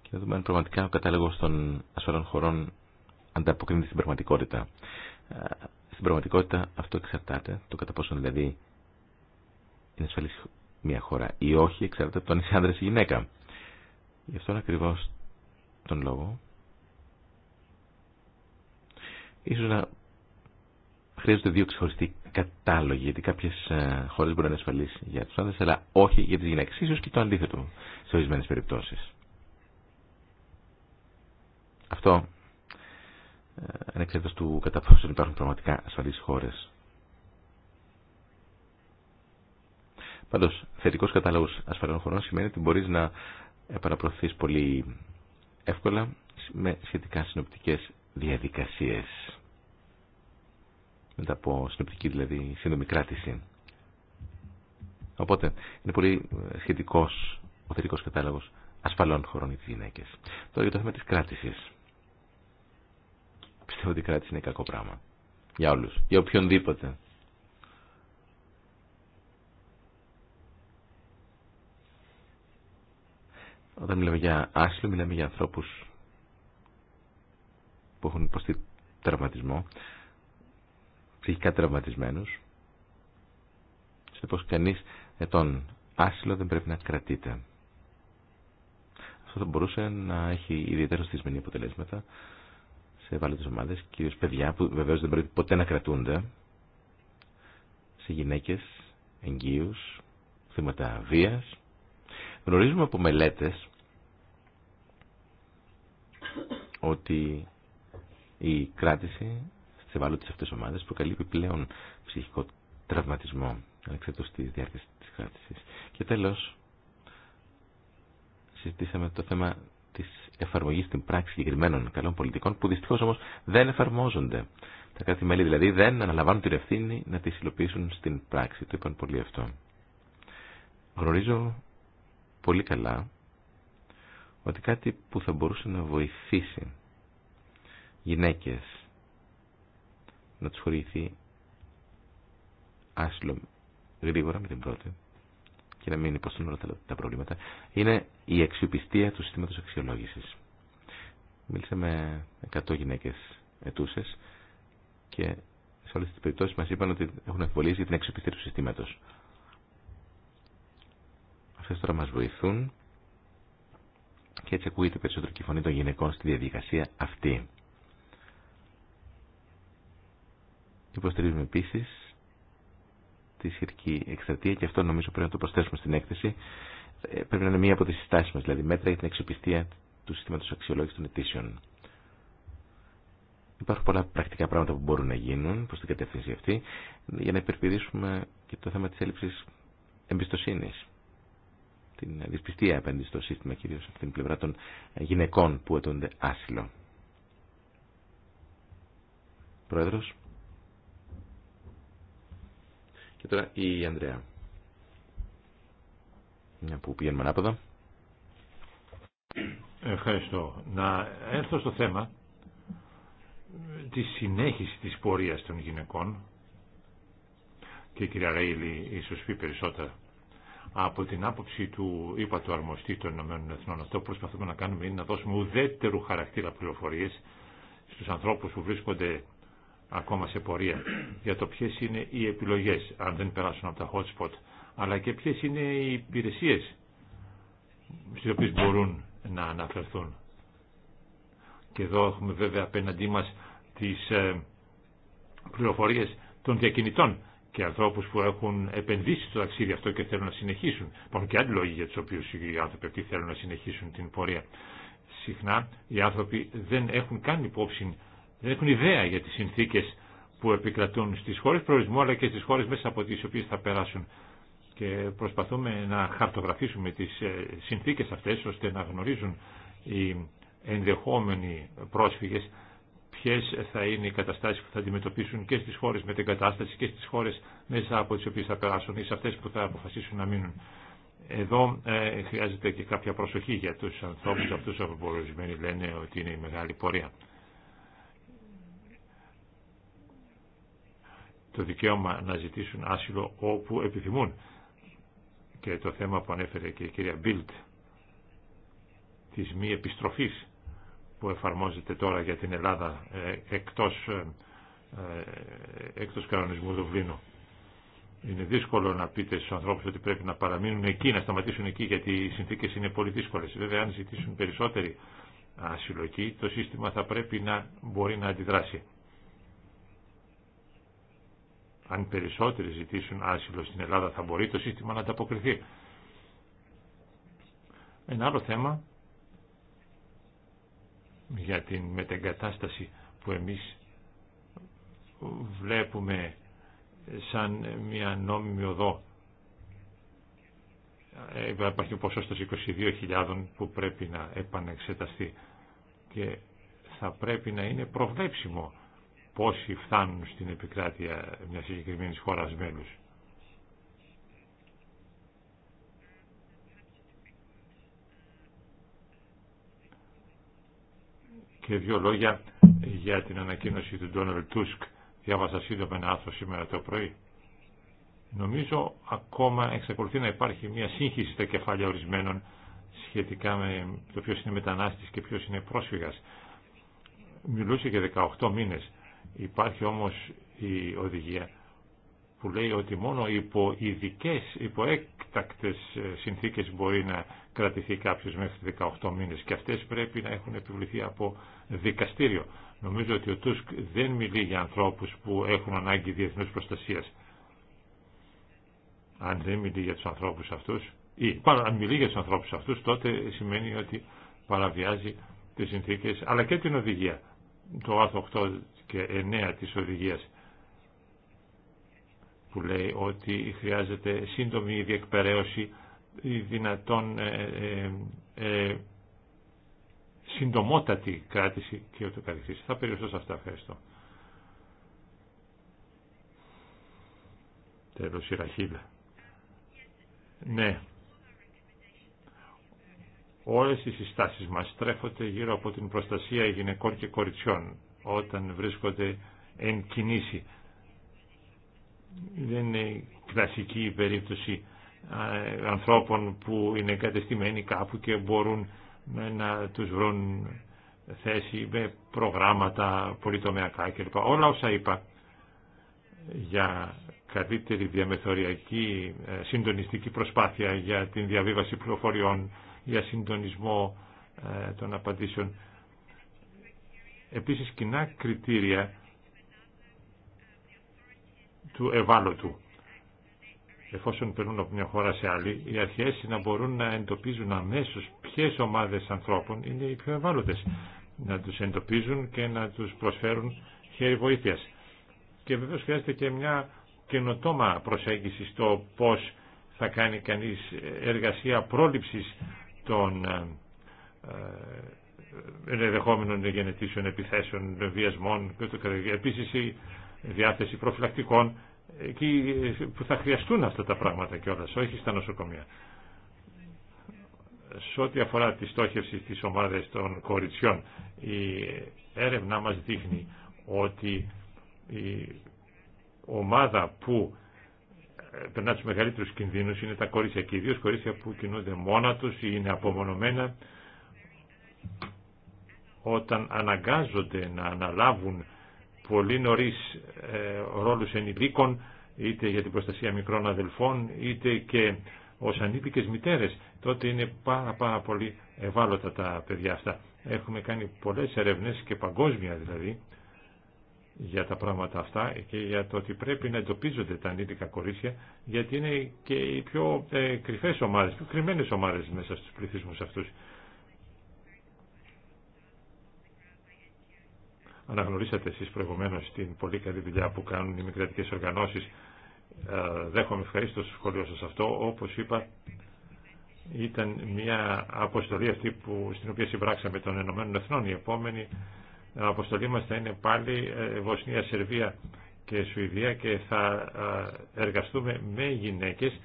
Και να δούμε αν πραγματικά ο κατάλογος των ασφαλών χωρών ανταποκρίνεται στην πραγματικότητα. Στην πραγματικότητα αυτό εξαρτάται, το κατά πόσο δηλαδή είναι ασφαλής μια χώρα ή όχι, εξαρτάται από το αν είσαι άντρας ή γυναίκα. Γι' αυτό ακριβώς τον λόγο. Ίσως να χρειάζονται δύο ξεχωριστοί κατάλογοι, γιατί κάποιες ε, χώρε μπορεί να είναι ασφαλεί για του άνθρωπους αλλά όχι για τις γυναίκες. Ίσως και το αντίθετο σε ορισμένες περιπτώσεις. Αυτό ε, ανεξαρτήτω του κατά πόσο υπάρχουν πραγματικά ασφαλείς χώρε. Πάντω, θετικός κατάλογος ασφαλών χωρών σημαίνει ότι μπορεί να επαναπροωθεί πολύ εύκολα με σχετικά συνοπτικές διαδικασίες. Μετά από συνοπτική δηλαδή σύντομη κράτηση. Οπότε είναι πολύ ε, σχετικός ο θετικός κατάλογος ασφαλών χωρών για τις Τώρα για το θέμα της κράτησης. Πιστεύω ότι η κράτηση είναι κακό πράγμα. Για όλους. Για οποιονδήποτε. Όταν μιλάμε για άσυλο, μιλάμε για ανθρώπους που έχουν υποστεί τραυματισμό, ψυχικά τραυματισμένους. Σε πως κανείς ετών άσυλο δεν πρέπει να κρατείται. Αυτό θα μπορούσε να έχει ιδιαίτερα στισμένη αποτελέσματα σε ευάλωτες ομάδες, κυρίως παιδιά που βεβαίως δεν πρέπει ποτέ να κρατούνται, σε γυναίκες, εγγύους, θύματα βίας, Γνωρίζουμε από μελέτες ότι η κράτηση στις ευάλωτες αυτές ομάδες προκαλεί επιπλέον ψυχικό τραυματισμό ανεξαρτήτως τη διάρκεια της κράτησης. Και τέλος, συζητήσαμε το θέμα της εφαρμογής στην πράξη συγκεκριμένων καλών πολιτικών που δυστυχώς όμως δεν εφαρμόζονται. Τα κράτη-μέλη δηλαδή δεν αναλαμβάνουν την ευθύνη να τις υλοποιήσουν στην πράξη. Το είπαν πολύ αυτό. Γνωρίζω πολύ καλά ότι κάτι που θα μπορούσε να βοηθήσει γυναίκες να τους χορηγηθεί άσυλο γρήγορα με την πρώτη και να μην υποστούν όλα τα προβλήματα είναι η αξιοπιστία του συστήματος αξιολόγησης. Μίλησα με 100 γυναίκες ετούσες και σε όλες τις περιπτώσεις μας είπαν ότι έχουν αμφιβολίες την αξιοπιστία του συστήματος. Αυτές τώρα μας βοηθούν και έτσι ακούγεται περισσότερο και η φωνή των γυναικών στη διαδικασία αυτή. Υποστηρίζουμε επίση τη σχετική εκστρατεία και αυτό νομίζω πρέπει να το προσθέσουμε στην έκθεση. Ε, πρέπει να είναι μία από τι συστάσεις μας, δηλαδή μέτρα για την αξιοπιστία του σύστηματος αξιολόγηση των αιτήσεων. Υπάρχουν πολλά πρακτικά πράγματα που μπορούν να γίνουν προ την κατεύθυνση αυτή για να υπερπηρήσουμε και το θέμα τη έλλειψη εμπιστοσύνη την δυσπιστία απέναντι στο σύστημα, κυρίως από την πλευρά των γυναικών που αιτούνται άσυλο. Πρόεδρος. Και τώρα η Ανδρέα. Μια που πηγαίνουμε ανάποδα. Ευχαριστώ. Να έρθω στο θέμα τη συνέχιση της πορείας των γυναικών και η κυρία Ρέιλι ίσως πει περισσότερα από την άποψη του είπα του αρμοστή των Ηνωμένων αυτό που προσπαθούμε να κάνουμε είναι να δώσουμε ουδέτερου χαρακτήρα πληροφορίε στους ανθρώπους που βρίσκονται ακόμα σε πορεία για το ποιε είναι οι επιλογές αν δεν περάσουν από τα hotspot αλλά και ποιε είναι οι υπηρεσίε στι οποίες μπορούν να αναφερθούν. Και εδώ έχουμε βέβαια απέναντί μας τις ε, πληροφορίε των διακινητών και ανθρώπου που έχουν επενδύσει στο ταξίδι αυτό και θέλουν να συνεχίσουν. Υπάρχουν και άλλοι λόγοι για του οποίου οι άνθρωποι αυτοί θέλουν να συνεχίσουν την πορεία. Συχνά οι άνθρωποι δεν έχουν καν υπόψη, δεν έχουν ιδέα για τι συνθήκε που επικρατούν στι χώρε προορισμού αλλά και στι χώρε μέσα από τι οποίε θα περάσουν. Και προσπαθούμε να χαρτογραφήσουμε τι ε, συνθήκε αυτέ, ώστε να γνωρίζουν οι ενδεχόμενοι πρόσφυγες ποιε θα είναι οι καταστάσεις που θα αντιμετωπίσουν και στις χώρες με την κατάσταση και στις χώρες μέσα από τις οποίες θα περάσουν ή σε αυτές που θα αποφασίσουν να μείνουν. Εδώ ε, χρειάζεται και κάποια προσοχή για του ανθρώπου αυτού που ορισμένοι λένε ότι είναι η μεγάλη πορεία. Το δικαίωμα να ζητήσουν άσυλο όπου επιθυμούν. Και το θέμα που ανέφερε και η κυρία Μπίλτ τη μη επιστροφή που εφαρμόζεται τώρα για την Ελλάδα ε, εκτός, ε, ε, εκτός κανονισμού Δουβλίνου. Είναι δύσκολο να πείτε στους ανθρώπους ότι πρέπει να παραμείνουν εκεί, να σταματήσουν εκεί, γιατί οι συνθήκες είναι πολύ δύσκολες. Βέβαια, αν ζητήσουν περισσότερη άσυλο το σύστημα θα πρέπει να μπορεί να αντιδράσει. Αν περισσότεροι ζητήσουν άσυλο στην Ελλάδα θα μπορεί το σύστημα να ανταποκριθεί. Ένα άλλο θέμα για την μετεγκατάσταση που εμείς βλέπουμε σαν μια νόμιμη οδό. Ε, υπάρχει ποσόστος 22.000 που πρέπει να επανεξεταστεί και θα πρέπει να είναι προβλέψιμο πόσοι φτάνουν στην επικράτεια μιας συγκεκριμένης χώρας μέλους. και δύο λόγια για την ανακοίνωση του Ντόναλτ Τούσκ. Διάβασα σύντομα ένα άρθρο σήμερα το πρωί. Νομίζω ακόμα εξακολουθεί να υπάρχει μια σύγχυση στα κεφάλια ορισμένων σχετικά με το ποιος είναι μετανάστης και ποιος είναι πρόσφυγας. Μιλούσε για 18 μήνες. Υπάρχει όμως η οδηγία που λέει ότι μόνο υπό ειδικέ, υπό έκτακτες ε, συνθήκες μπορεί να κρατηθεί κάποιος μέχρι 18 μήνες και αυτές πρέπει να έχουν επιβληθεί από δικαστήριο. Νομίζω ότι ο Τούσκ δεν μιλεί για ανθρώπους που έχουν ανάγκη διεθνούς προστασίας. Αν δεν μιλεί για τους ανθρώπους αυτούς, ή πάνω, αν μιλεί για τους ανθρώπους αυτούς, τότε σημαίνει ότι παραβιάζει τις συνθήκες, αλλά και την οδηγία, το άρθρο 8 και 9 της οδηγίας που λέει ότι χρειάζεται σύντομη διεκπαιρέωση δυνατόν ε, ε, ε, συντομότατη κράτηση και ούτω καθεξής. Θα περιοριστώ σε αυτά. Ευχαριστώ. Τέλος η Ναι. Όλες οι συστάσεις μας τρεφονται γύρω από την προστασία γυναικών και κοριτσιών όταν βρίσκονται εν κινήσει δεν είναι κλασική η περίπτωση ανθρώπων που είναι εγκατεστημένοι κάπου και μπορούν να τους βρουν θέση με προγράμματα πολυτομιακά κλπ. Όλα όσα είπα για καλύτερη διαμεθοριακή ε, συντονιστική προσπάθεια για την διαβίβαση πληροφοριών, για συντονισμό ε, των απαντήσεων. Επίσης κοινά κριτήρια του ευάλωτου. Εφόσον περνούν από μια χώρα σε άλλη, οι αρχές να μπορούν να εντοπίζουν αμέσως ποιες ομάδες ανθρώπων είναι οι πιο ευάλωτες. Να τους εντοπίζουν και να τους προσφέρουν χέρι βοήθειας. Και βεβαίως χρειάζεται και μια καινοτόμα προσέγγιση στο πώς θα κάνει κανείς εργασία πρόληψης των ε, ε, ενδεχόμενων γενετήσεων επιθέσεων, βιασμών κ.ο.κ. Επίσης διάθεση προφυλακτικών, εκεί που θα χρειαστούν αυτά τα πράγματα όλα. όχι στα νοσοκομεία. Σε ό,τι αφορά τη στόχευση στις ομάδες των κοριτσιών, η έρευνά μας δείχνει ότι η ομάδα που ε, περνά τους μεγαλύτερους κινδύνους είναι τα κορίτσια και ιδίως κορίτσια που κινούνται μόνα τους ή είναι απομονωμένα όταν αναγκάζονται να αναλάβουν πολύ νωρίς ε, ρόλους ενηλίκων, είτε για την προστασία μικρών αδελφών, είτε και ως ανήπικες μητέρε, τότε είναι πάρα πάρα πολύ ευάλωτα τα παιδιά αυτά. Έχουμε κάνει πολλέ έρευνε και παγκόσμια δηλαδή για τα πράγματα αυτά και για το ότι πρέπει να εντοπίζονται τα ανήλικα κορίτσια γιατί είναι και οι πιο ε, κρυφές ομάδες, πιο κρυμμένες ομάδες μέσα στους πληθυσμούς αυτούς. Αναγνωρίσατε εσείς προηγουμένως την πολύ καλή δουλειά που κάνουν οι μικρατικές οργανώσεις. Ε, δέχομαι ευχαριστώ το σχολείο σας αυτό. Όπως είπα, ήταν μια αποστολή αυτή που, στην οποία συμπράξαμε των Ηνωμένων Εθνών. Η επόμενη αποστολή μας θα είναι πάλι ε, Βοσνία, Σερβία και Σουηδία και θα ε, εργαστούμε με γυναίκες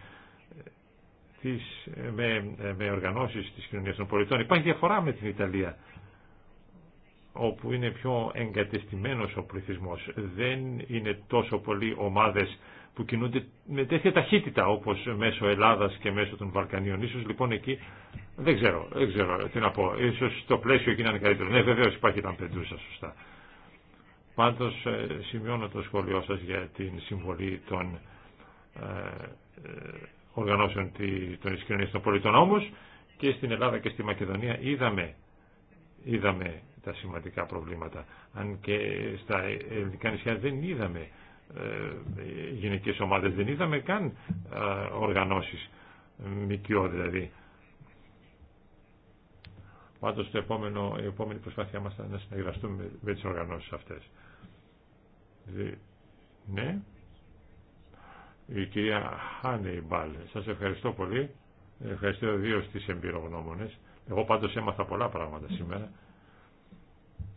τις, με, με οργανώσεις της κοινωνίας των πολιτών. Υπάρχει διαφορά με την Ιταλία όπου είναι πιο εγκατεστημένος ο πληθυσμός. Δεν είναι τόσο πολλοί ομάδες που κινούνται με τέτοια ταχύτητα όπως μέσω Ελλάδας και μέσω των Βαλκανίων. Ίσως λοιπόν εκεί δεν ξέρω, δεν ξέρω τι να πω. Ίσως το πλαίσιο εκεί να είναι καλύτερο. Ναι βεβαίως υπάρχει πεντούσα σωστά. Πάντως ε, σημειώνω το σχόλιο σας για την συμβολή των ε, ε, οργανώσεων των ισχυρών των πολιτών όμως και στην Ελλάδα και στη Μακεδονία είδαμε, είδαμε τα σημαντικά προβλήματα. Αν και στα ελληνικά νησιά δεν είδαμε ε, γυναικείες ομάδες, δεν είδαμε καν ε, οργανώσεις μικιό δηλαδή. Πάντως το επόμενο, η επόμενη προσπάθειά μας θα να συνεργαστούμε με τις οργανώσεις αυτές. Ναι. Η κυρία Μπάλ σας ευχαριστώ πολύ. Ευχαριστώ δύο στις εμπειρογνώμονες. Εγώ πάντως έμαθα πολλά πράγματα σήμερα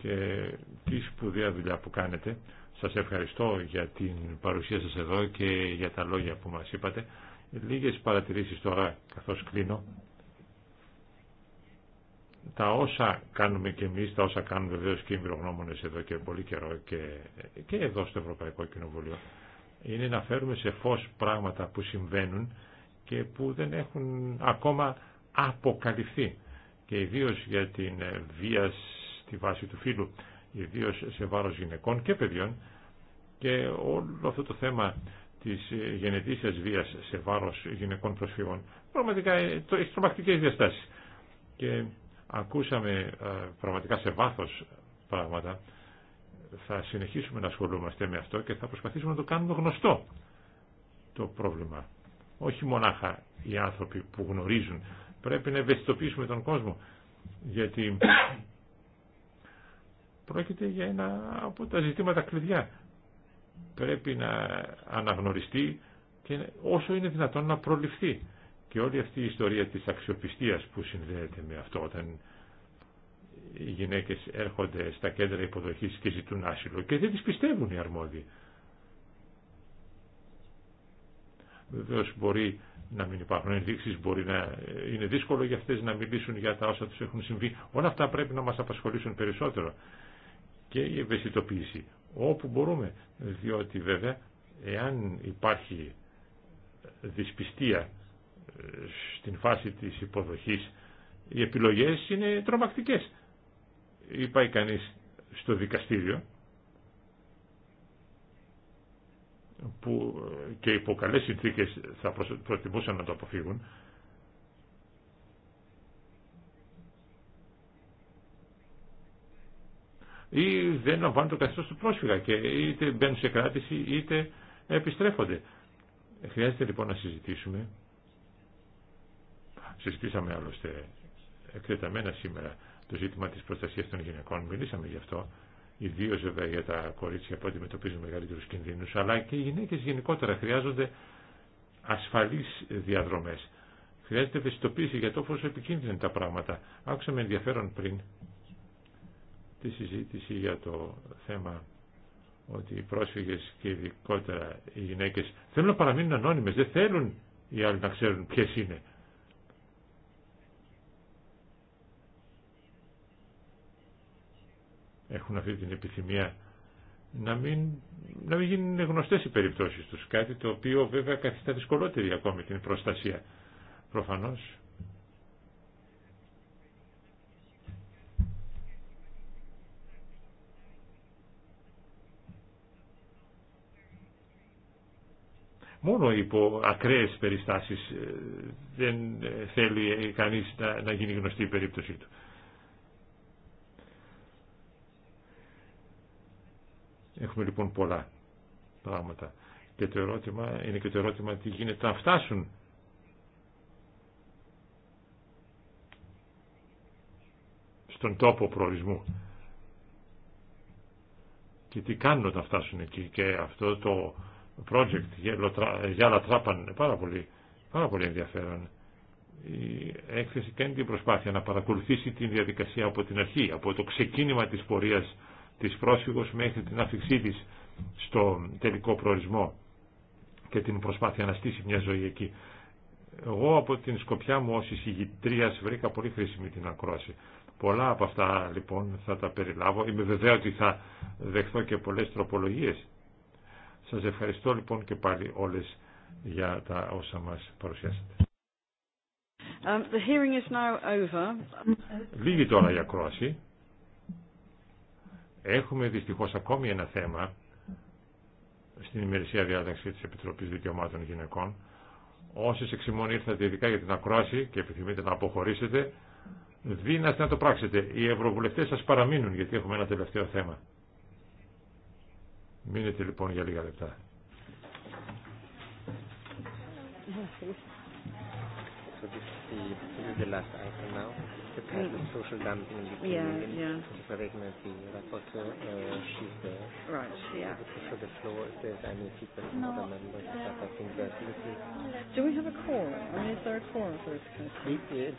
και τη σπουδαία δουλειά που κάνετε. Σας ευχαριστώ για την παρουσία σας εδώ και για τα λόγια που μας είπατε. Λίγες παρατηρήσεις τώρα, καθώς κλείνω. Τα όσα κάνουμε και εμείς, τα όσα κάνουν βεβαίω και οι μυρογνώμονες εδώ και πολύ καιρό και, και εδώ στο Ευρωπαϊκό Κοινοβούλιο, είναι να φέρουμε σε φως πράγματα που συμβαίνουν και που δεν έχουν ακόμα αποκαλυφθεί. Και ιδίως για την βίας τη βάση του φύλου, ιδίω σε βάρος γυναικών και παιδιών και όλο αυτό το θέμα της γενετήσιας βίας σε βάρος γυναικών προσφύγων πραγματικά ε, έχει τρομακτικές διαστάσεις και ακούσαμε ε, πραγματικά σε βάθος πράγματα θα συνεχίσουμε να ασχολούμαστε με αυτό και θα προσπαθήσουμε να το κάνουμε γνωστό το πρόβλημα όχι μονάχα οι άνθρωποι που γνωρίζουν πρέπει να ευαισθητοποιήσουμε τον κόσμο γιατί πρόκειται για ένα από τα ζητήματα κλειδιά. Πρέπει να αναγνωριστεί και όσο είναι δυνατόν να προληφθεί. Και όλη αυτή η ιστορία της αξιοπιστίας που συνδέεται με αυτό όταν οι γυναίκες έρχονται στα κέντρα υποδοχής και ζητούν άσυλο και δεν τις πιστεύουν οι αρμόδιοι. Βεβαίω μπορεί να μην υπάρχουν ενδείξεις μπορεί να είναι δύσκολο για αυτέ να μιλήσουν για τα όσα του έχουν συμβεί. Όλα αυτά πρέπει να μας απασχολήσουν περισσότερο και η ευαισθητοποίηση όπου μπορούμε διότι βέβαια εάν υπάρχει δυσπιστία ε, στην φάση της υποδοχής οι επιλογές είναι τρομακτικές ή πάει κανείς στο δικαστήριο που ε, και υπό καλές συνθήκες θα προτιμούσαν να το αποφύγουν ή δεν λαμβάνουν το καθεστώς του πρόσφυγα και είτε μπαίνουν σε κράτηση είτε επιστρέφονται. Χρειάζεται λοιπόν να συζητήσουμε, συζητήσαμε άλλωστε εκτεταμένα σήμερα το ζήτημα της προστασίας των γυναικών, μιλήσαμε γι' αυτό, ιδίω βέβαια για τα κορίτσια που αντιμετωπίζουν μεγαλύτερου κινδύνου, αλλά και οι γυναίκε γενικότερα χρειάζονται ασφαλείς διαδρομέ. Χρειάζεται ευαισθητοποίηση για το πόσο επικίνδυνα τα πράγματα. Άκουσα με ενδιαφέρον πριν τη συζήτηση για το θέμα ότι οι πρόσφυγες και ειδικότερα οι γυναίκες θέλουν να παραμείνουν ανώνυμες, δεν θέλουν οι άλλοι να ξέρουν ποιες είναι. Έχουν αυτή την επιθυμία να μην, να μην γίνουν γνωστές οι περιπτώσεις τους, κάτι το οποίο βέβαια καθιστά δυσκολότερη ακόμη την προστασία. Προφανώς μόνο υπό ακραίες περιστάσεις ε, δεν ε, θέλει κανείς να γίνει γνωστή η περίπτωσή του. Έχουμε λοιπόν πολλά πράγματα. Και το ερώτημα είναι και το ερώτημα τι γίνεται να φτάσουν στον τόπο προορισμού και τι κάνουν όταν φτάσουν εκεί και αυτό το project για άλλα πάρα πολύ, πάρα πολύ ενδιαφέρον. Η έκθεση κάνει την προσπάθεια να παρακολουθήσει την διαδικασία από την αρχή, από το ξεκίνημα της πορείας της πρόσφυγος μέχρι την άφηξή της στο τελικό προορισμό και την προσπάθεια να στήσει μια ζωή εκεί. Εγώ από την σκοπιά μου ως εισηγητρίας βρήκα πολύ χρήσιμη την ακρόαση. Πολλά από αυτά λοιπόν θα τα περιλάβω. Είμαι βεβαίω ότι θα δεχθώ και πολλές τροπολογίες σας ευχαριστώ λοιπόν και πάλι όλες για τα όσα μας παρουσιάσατε. Um, Λίγη τώρα η ακρόαση. Έχουμε δυστυχώς ακόμη ένα θέμα στην ημερησία διάταξη της Επιτροπής Δικαιωμάτων Γυναικών. Όσοι εξημών ήρθατε ειδικά για την ακρόαση και επιθυμείτε να αποχωρήσετε, δύναστε να το πράξετε. Οι ευρωβουλευτές σας παραμείνουν γιατί έχουμε ένα τελευταίο θέμα. Μείνετε λοιπόν για λίγα λεπτά the past social dumping yeah, yeah. Right, yeah. the floor, Do we have a call? I mean, is there a quorum for this kind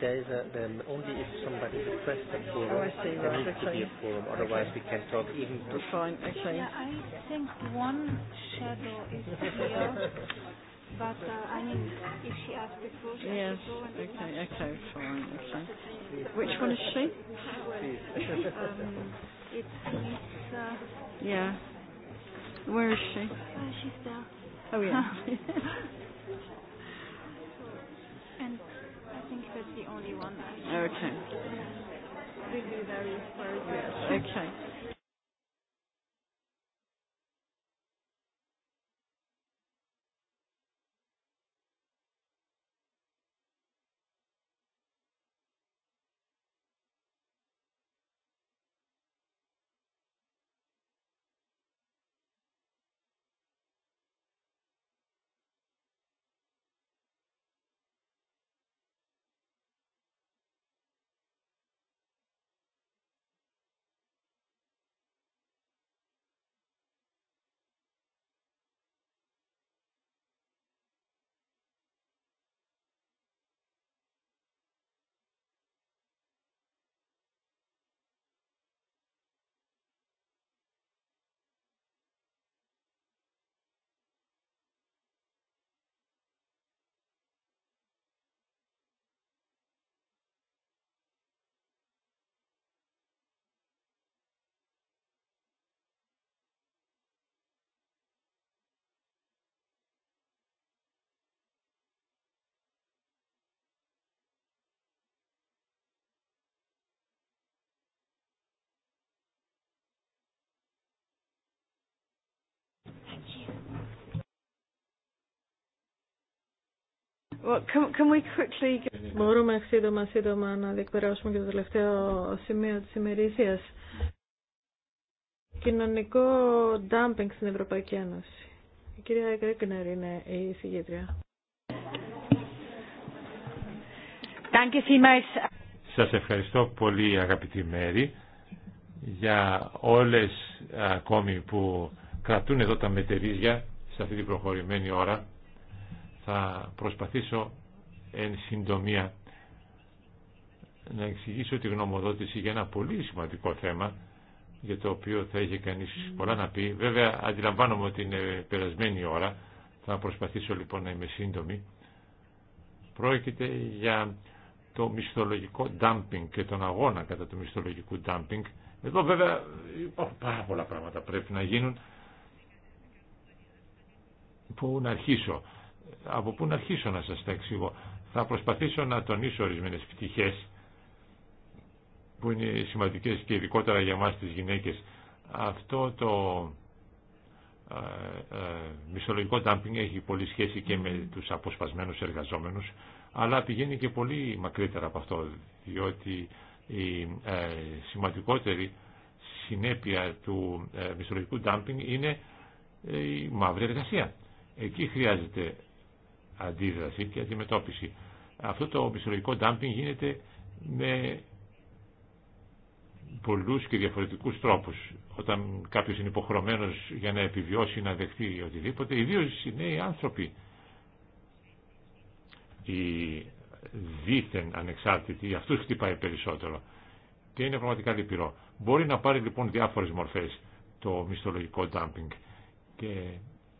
There is a, then only if somebody requests a quorum, to a Otherwise, we can talk even... To find okay. Yeah, I think one shadow is here. But uh, I mean, if she asked before, she yes. before. okay, okay, fine, okay. Which one is she? um, it's Uh, yeah. Where is she? Uh, she's there. Oh yeah. and I think that's the only one. Okay. Really very Okay. Μπορούμε σύντομα να διεκπαιρεώσουμε και το τελευταίο σημείο της ημερήσιας. Κοινωνικό ντάμπινγκ στην Ευρωπαϊκή Ένωση. Η κυρία Γκρέκνερ είναι η συγγήτρια. Σας ευχαριστώ πολύ αγαπητή Μέρη για όλες ακόμη που κρατούν εδώ τα μετερίζια σε αυτή την προχωρημένη ώρα θα προσπαθήσω εν συντομία να εξηγήσω τη γνωμοδότηση για ένα πολύ σημαντικό θέμα για το οποίο θα είχε κανείς πολλά να πει. Βέβαια αντιλαμβάνομαι ότι είναι περασμένη ώρα. Θα προσπαθήσω λοιπόν να είμαι σύντομη. Πρόκειται για το μισθολογικό dumping και τον αγώνα κατά του μισθολογικού dumping. Εδώ βέβαια υπάρχουν πάρα πολλά πράγματα πρέπει να γίνουν. Πού να αρχίσω από πού να αρχίσω να σας τα εξηγώ. Θα προσπαθήσω να τονίσω ορισμένες πτυχές που είναι σημαντικές και ειδικότερα για εμάς τις γυναίκες. Αυτό το ε, ε, μισολογικό ντάμπινγκ έχει πολύ σχέση και με τους αποσπασμένους εργαζόμενους, αλλά πηγαίνει και πολύ μακρύτερα από αυτό, διότι η ε, σημαντικότερη συνέπεια του ε, μισολογικού ντάμπινγκ είναι ε, η μαύρη εργασία. Εκεί χρειάζεται αντίδραση και αντιμετώπιση. Αυτό το μισολογικό ντάμπινγκ γίνεται με πολλούς και διαφορετικούς τρόπους. Όταν κάποιος είναι υποχρεωμένος για να επιβιώσει, να δεχτεί οτιδήποτε, ιδίως οι νέοι άνθρωποι, οι δίθεν ανεξάρτητοι, αυτούς χτυπάει περισσότερο. Και είναι πραγματικά λυπηρό. Μπορεί να πάρει λοιπόν διάφορες μορφές το μισθολογικό ντάμπινγκ. Και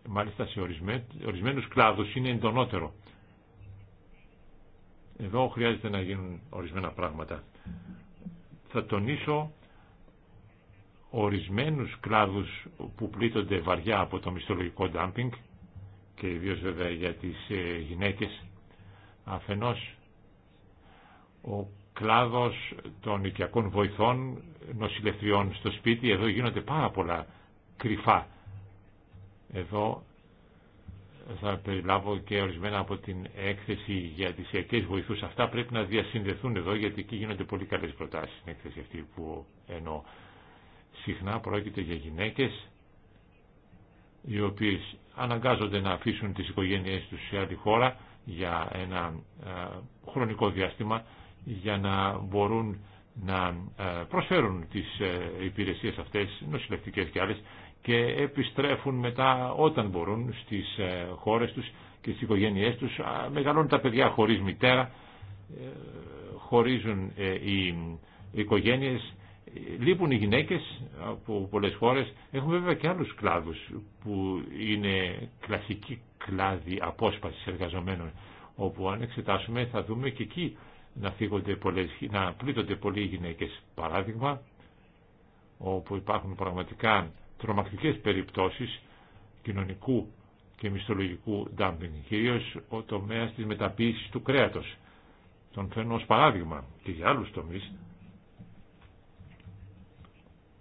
μάλιστα σε ορισμένους κλάδους είναι εντονότερο. Εδώ χρειάζεται να γίνουν ορισμένα πράγματα. Θα τονίσω ορισμένους κλάδους που πλήττονται βαριά από το μισθολογικό ντάμπινγκ και ιδίως βέβαια για τις ε, γυναίκες αφενός ο κλάδος των οικιακών βοηθών νοσηλευτριών στο σπίτι εδώ γίνονται πάρα πολλά κρυφά εδώ θα περιλάβω και ορισμένα από την έκθεση για τις ιατρικές βοηθούς. Αυτά πρέπει να διασυνδεθούν εδώ γιατί εκεί γίνονται πολύ καλές προτάσεις στην έκθεση αυτή που εννοώ. Συχνά πρόκειται για γυναίκες οι οποίες αναγκάζονται να αφήσουν τις οικογένειές τους σε άλλη χώρα για ένα ε, χρονικό διάστημα για να μπορούν να ε, προσφέρουν τις ε, υπηρεσίες αυτές, νοσηλευτικές και άλλες, και επιστρέφουν μετά όταν μπορούν στις ε, χώρες τους και στις οικογένειές τους. Μεγαλώνουν τα παιδιά χωρίς μητέρα, ε, χωρίζουν ε, οι οικογένειες, λείπουν οι γυναίκες από πολλές χώρες. Έχουμε βέβαια και άλλους κλάδους που είναι κλασική κλάδοι απόσπασης εργαζομένων όπου αν εξετάσουμε θα δούμε και εκεί να, να πλήττονται πολλοί γυναίκες. Παράδειγμα, όπου υπάρχουν πραγματικά τρομακτικές περιπτώσεις κοινωνικού και μισθολογικού ντάμπινγκ, κυρίως ο τομέας της μεταποίησης του κρέατος. Τον φέρνω ως παράδειγμα και για άλλους τομείς,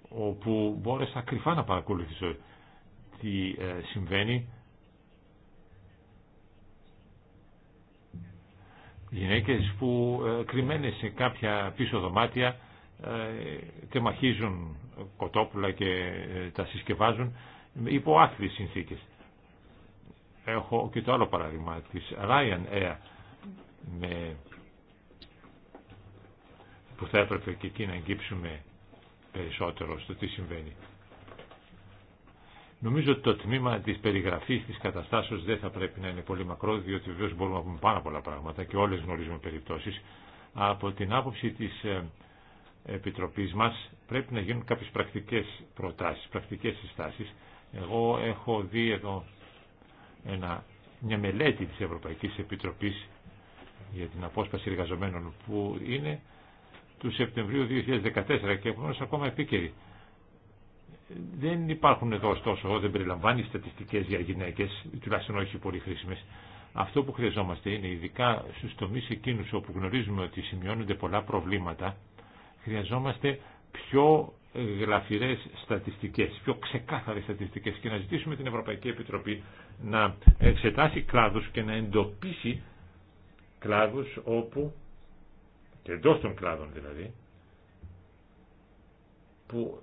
όπου μπόρεσα κρυφά να παρακολουθήσω τι ε, συμβαίνει. Γυναίκες που ε, κρυμμένες σε κάποια πίσω δωμάτια τεμαχίζουν κοτόπουλα και ε, τα συσκευάζουν υπό άθλιες συνθήκες. Έχω και το άλλο παράδειγμα της Ryan Air με... που θα έπρεπε και εκεί να εγγύψουμε περισσότερο στο τι συμβαίνει. Νομίζω ότι το τμήμα της περιγραφής της καταστάσεως δεν θα πρέπει να είναι πολύ μακρό, διότι βεβαίως μπορούμε να πούμε πάρα πολλά πράγματα και όλες γνωρίζουμε περιπτώσεις. Από την άποψη της ε, Επιτροπής μας πρέπει να γίνουν κάποιες πρακτικές προτάσεις, πρακτικές συστάσεις. Εγώ έχω δει εδώ ένα, μια μελέτη της Ευρωπαϊκής Επιτροπής για την απόσπαση εργαζομένων που είναι του Σεπτεμβρίου 2014 και έχουμε ακόμα επίκαιρη. Δεν υπάρχουν εδώ ωστόσο, δεν περιλαμβάνει στατιστικές για γυναίκες, τουλάχιστον όχι πολύ χρήσιμες. Αυτό που χρειαζόμαστε είναι ειδικά στους τομείς εκείνους όπου γνωρίζουμε ότι σημειώνονται πολλά προβλήματα Χρειαζόμαστε πιο γλαφυρές στατιστικές, πιο ξεκάθαρες στατιστικές και να ζητήσουμε την Ευρωπαϊκή Επιτροπή να εξετάσει κλάδους και να εντοπίσει κλάδους όπου και εντός των κλάδων δηλαδή που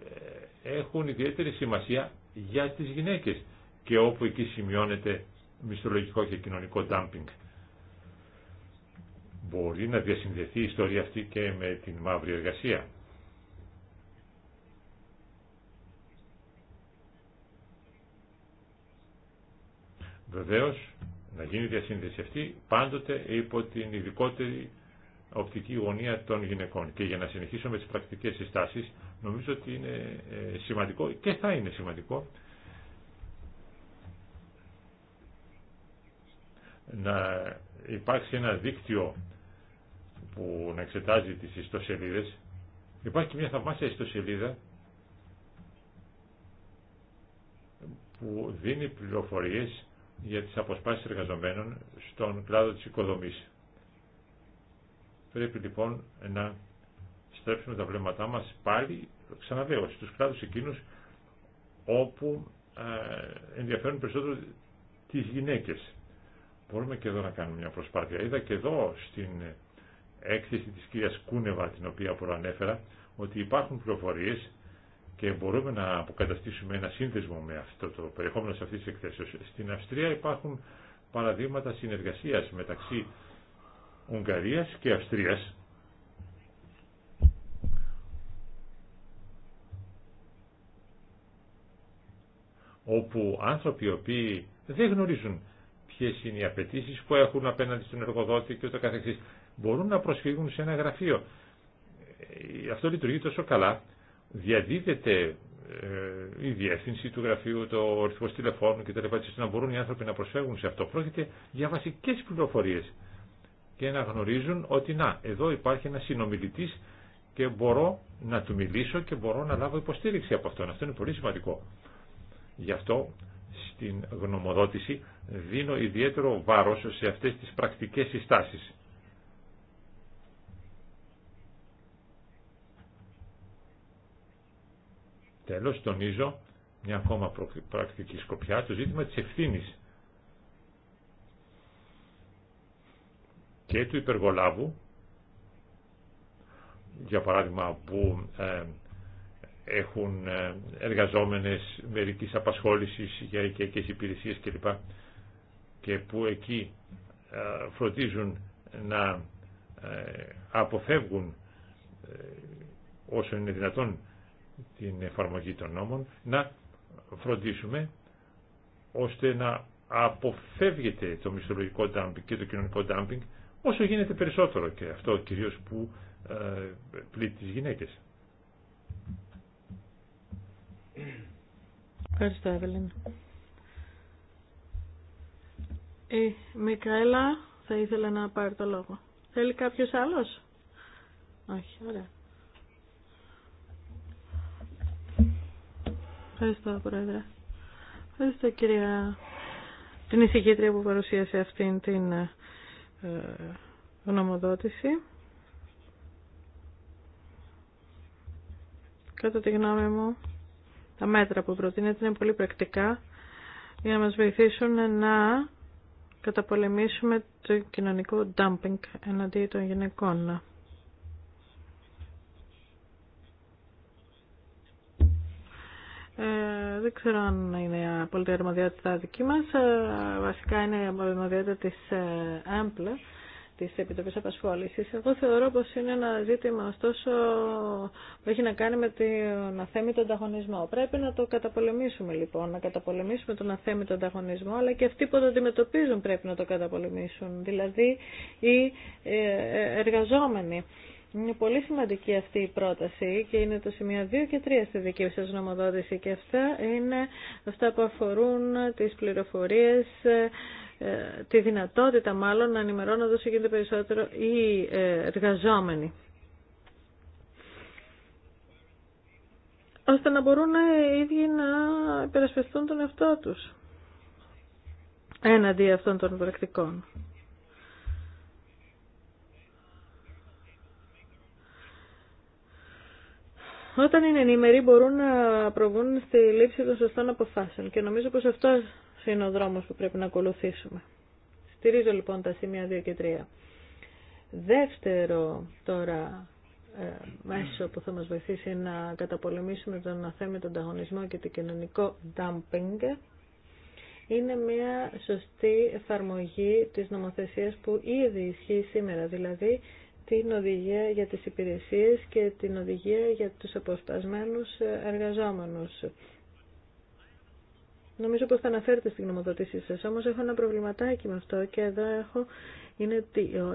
ε, έχουν ιδιαίτερη σημασία για τις γυναίκες και όπου εκεί σημειώνεται μισθολογικό και κοινωνικό ντάμπινγκ. Μπορεί να διασυνδεθεί η ιστορία αυτή και με την μαύρη εργασία. Βεβαίως, να γίνει η διασύνδεση αυτή πάντοτε υπό την ειδικότερη οπτική γωνία των γυναικών. Και για να συνεχίσω με τις πρακτικές συστάσεις, νομίζω ότι είναι ε, σημαντικό και θα είναι σημαντικό να υπάρξει ένα δίκτυο που να εξετάζει τις ιστοσελίδες. Υπάρχει και μια θαυμάσια ιστοσελίδα που δίνει πληροφορίες για τις αποσπάσεις εργαζομένων στον κλάδο της οικοδομής. Πρέπει λοιπόν να στρέψουμε τα βλέμματά μας πάλι, ξαναδέω στους κλάδους εκείνους όπου ε, ενδιαφέρουν περισσότερο τις γυναίκες. Μπορούμε και εδώ να κάνουμε μια προσπάθεια. Είδα και εδώ στην έκθεση της κυρίας Κούνεβα την οποία προανέφερα ότι υπάρχουν πληροφορίες και μπορούμε να αποκαταστήσουμε ένα σύνδεσμο με αυτό το περιεχόμενο σε αυτής της εκθέσεως. Στην Αυστρία υπάρχουν παραδείγματα συνεργασίας μεταξύ Ουγγαρίας και Αυστρίας όπου άνθρωποι οι οποίοι δεν γνωρίζουν ποιες είναι οι απαιτήσει που έχουν απέναντι στον εργοδότη και ούτω καθεξής μπορούν να προσφύγουν σε ένα γραφείο. Ε, αυτό λειτουργεί τόσο καλά, διαδίδεται ε, η διεύθυνση του γραφείου, το αριθμό τηλεφώνου κτλ. ώστε να μπορούν οι άνθρωποι να προσφέρουν σε αυτό. Πρόκειται για βασικέ πληροφορίε και να γνωρίζουν ότι να, εδώ υπάρχει ένα συνομιλητή και μπορώ να του μιλήσω και μπορώ να λάβω υποστήριξη από αυτόν. Αυτό είναι πολύ σημαντικό. Γι' αυτό στην γνωμοδότηση δίνω ιδιαίτερο βάρο σε αυτέ τι πρακτικέ συστάσει. Τέλος, τονίζω μια ακόμα πρακτική σκοπιά, το ζήτημα της ευθύνης και του υπεργολάβου, για παράδειγμα που ε, έχουν ε, εργαζόμενες μερικής απασχόλησης για οικιακές υπηρεσίες κλπ. και που εκεί ε, φροντίζουν να αποφεύγουν όσο είναι δυνατόν την εφαρμογή των νόμων, να φροντίσουμε ώστε να αποφεύγεται το μισθολογικό ντάμπινγκ και το κοινωνικό ντάμπινγκ όσο γίνεται περισσότερο και αυτό κυρίως που ε, πλήττει τις γυναίκες. Ευχαριστώ, Εύελεν. Η ε, Μικαέλα θα ήθελα να πάρει το λόγο. Θέλει κάποιος άλλος? Όχι, ωραία. Ευχαριστώ, Πρόεδρε. Ευχαριστώ, κυρία, την ησυχήτρια που παρουσίασε αυτήν την ε, γνωμοδότηση. Κατά τη γνώμη μου, τα μέτρα που προτείνεται είναι πολύ πρακτικά για να μας βοηθήσουν να καταπολεμήσουμε το κοινωνικό dumping εναντίον των γυναικών. Ε, δεν ξέρω αν είναι απόλυτη αρμοδιότητα δική μας. Ε, βασικά είναι αρμοδιότητα της ε, ΕΜΠΛΕ, της Επιτροπής Απασχόλησης. Εγώ θεωρώ πως είναι ένα ζήτημα, ωστόσο, που έχει να κάνει με τον αθέμητο ανταγωνισμό. Πρέπει να το καταπολεμήσουμε λοιπόν, να καταπολεμήσουμε τον αθέμητο ανταγωνισμό, αλλά και αυτοί που το αντιμετωπίζουν πρέπει να το καταπολεμήσουν, δηλαδή οι ε, εργαζόμενοι. Είναι πολύ σημαντική αυτή η πρόταση και είναι το σημείο 2 και 3 στη δική σας νομοδότηση και αυτά είναι αυτά που αφορούν τις πληροφορίες, ε, ε, τη δυνατότητα μάλλον να ενημερώνονται όσο γίνεται περισσότερο οι ε, εργαζόμενοι. ώστε να μπορούν οι ίδιοι να υπερασπιστούν τον εαυτό τους έναντι αυτών των πρακτικών. Όταν είναι ενήμεροι μπορούν να προβούν στη λήψη των σωστών αποφάσεων και νομίζω πως αυτό είναι ο δρόμος που πρέπει να ακολουθήσουμε. Στηρίζω λοιπόν τα σημεία 2 και 3. Δεύτερο τώρα ε, μέσο που θα μας βοηθήσει να καταπολεμήσουμε τον αθέμητο ανταγωνισμό και το κοινωνικό dumping είναι μια σωστή εφαρμογή της νομοθεσίας που ήδη ισχύει σήμερα, δηλαδή την οδηγία για τις υπηρεσίες και την οδηγία για τους αποσπασμένους εργαζόμενους. Νομίζω πως θα αναφέρετε στην γνωμοδότησή σας, όμως έχω ένα προβληματάκι με αυτό και εδώ έχω είναι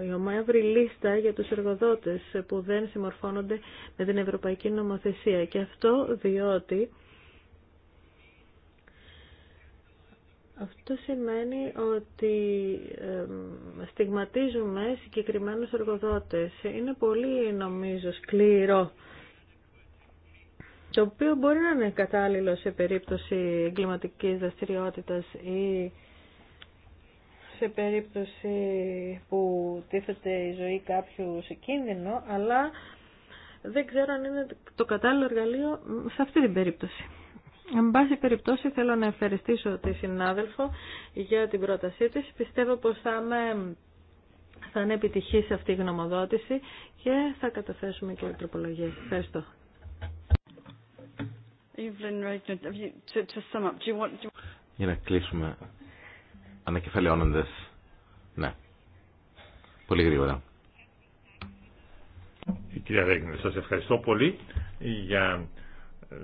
η ομαύρη λίστα για τους εργοδότες που δεν συμμορφώνονται με την Ευρωπαϊκή Νομοθεσία και αυτό διότι Αυτό σημαίνει ότι στιγματίζουμε συγκεκριμένους εργοδότες. Είναι πολύ, νομίζω, σκληρό το οποίο μπορεί να είναι κατάλληλο σε περίπτωση εγκληματικής δραστηριότητας ή σε περίπτωση που τίθεται η ζωή κάποιου σε κίνδυνο, αλλά δεν ξέρω αν είναι το κατάλληλο εργαλείο σε αυτή την περίπτωση. Εν πάση περιπτώσει θέλω να ευχαριστήσω τη συνάδελφο για την πρότασή της. Πιστεύω πως θα, με, θα είναι επιτυχής αυτή η γνωμοδότηση και θα καταθέσουμε και τροπολογίες. Ευχαριστώ. Για να κλείσουμε ανακεφαλαιώνοντας. Ναι. Πολύ γρήγορα. Κυρία Ρέγνη, σας ευχαριστώ πολύ για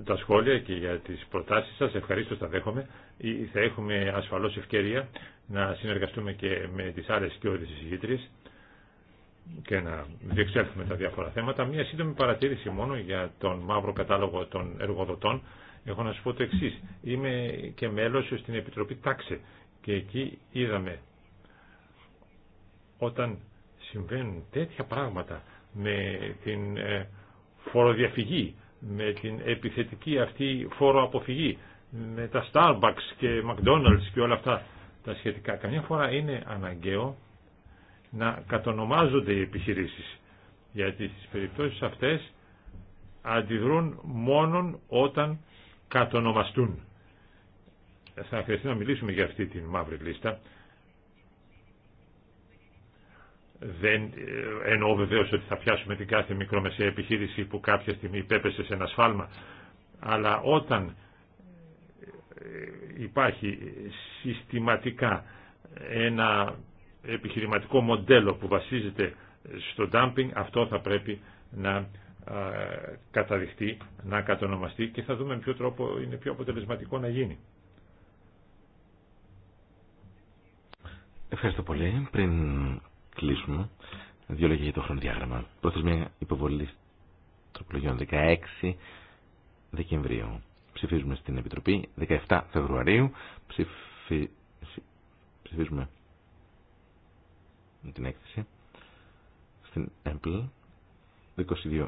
τα σχόλια και για τις προτάσεις σας. Ευχαρίστω τα δέχομαι. Ε, θα έχουμε ασφαλώς ευκαιρία να συνεργαστούμε και με τις άλλες και όλες τις και να διεξέλθουμε τα διάφορα θέματα. Μία σύντομη παρατήρηση μόνο για τον μαύρο κατάλογο των εργοδοτών. Έχω να σου πω το εξή. Είμαι και μέλος στην Επιτροπή Τάξε και εκεί είδαμε όταν συμβαίνουν τέτοια πράγματα με την ε, φοροδιαφυγή με την επιθετική αυτή φόρο αποφυγή, με τα Starbucks και McDonald's και όλα αυτά τα σχετικά. Καμιά φορά είναι αναγκαίο να κατονομάζονται οι επιχειρήσεις, γιατί στις περιπτώσεις αυτές αντιδρούν μόνον όταν κατονομαστούν. Θα χρειαστεί να μιλήσουμε για αυτή την μαύρη λίστα δεν ε, εννοώ βεβαίω ότι θα πιάσουμε την κάθε μικρομεσαία επιχείρηση που κάποια στιγμή πέπεσε σε ένα σφάλμα. Αλλά όταν ε, υπάρχει συστηματικά ένα επιχειρηματικό μοντέλο που βασίζεται στο dumping, αυτό θα πρέπει να ε, καταδειχτεί, να κατονομαστεί και θα δούμε με ποιο τρόπο είναι πιο αποτελεσματικό να γίνει. Ευχαριστώ πολύ. Πριν κλείσουμε. Δύο λόγια για το χρονοδιάγραμμα. μία υποβολή τροπολογιών 16 Δεκεμβρίου. Ψηφίζουμε στην Επιτροπή 17 Φεβρουαρίου. Ψηφι... Ψηφίζουμε την έκθεση στην ΕΜΠΛ 22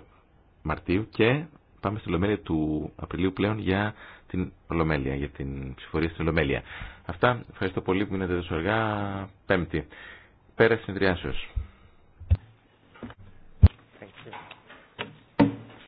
Μαρτίου και πάμε στη Ολομέλεια του Απριλίου πλέον για την Ολομέλεια, για την ψηφορία στην Ολομέλεια. Αυτά. Ευχαριστώ πολύ που μείνετε τόσο αργά. Πέμπτη. Πέρα συνδυάσεως.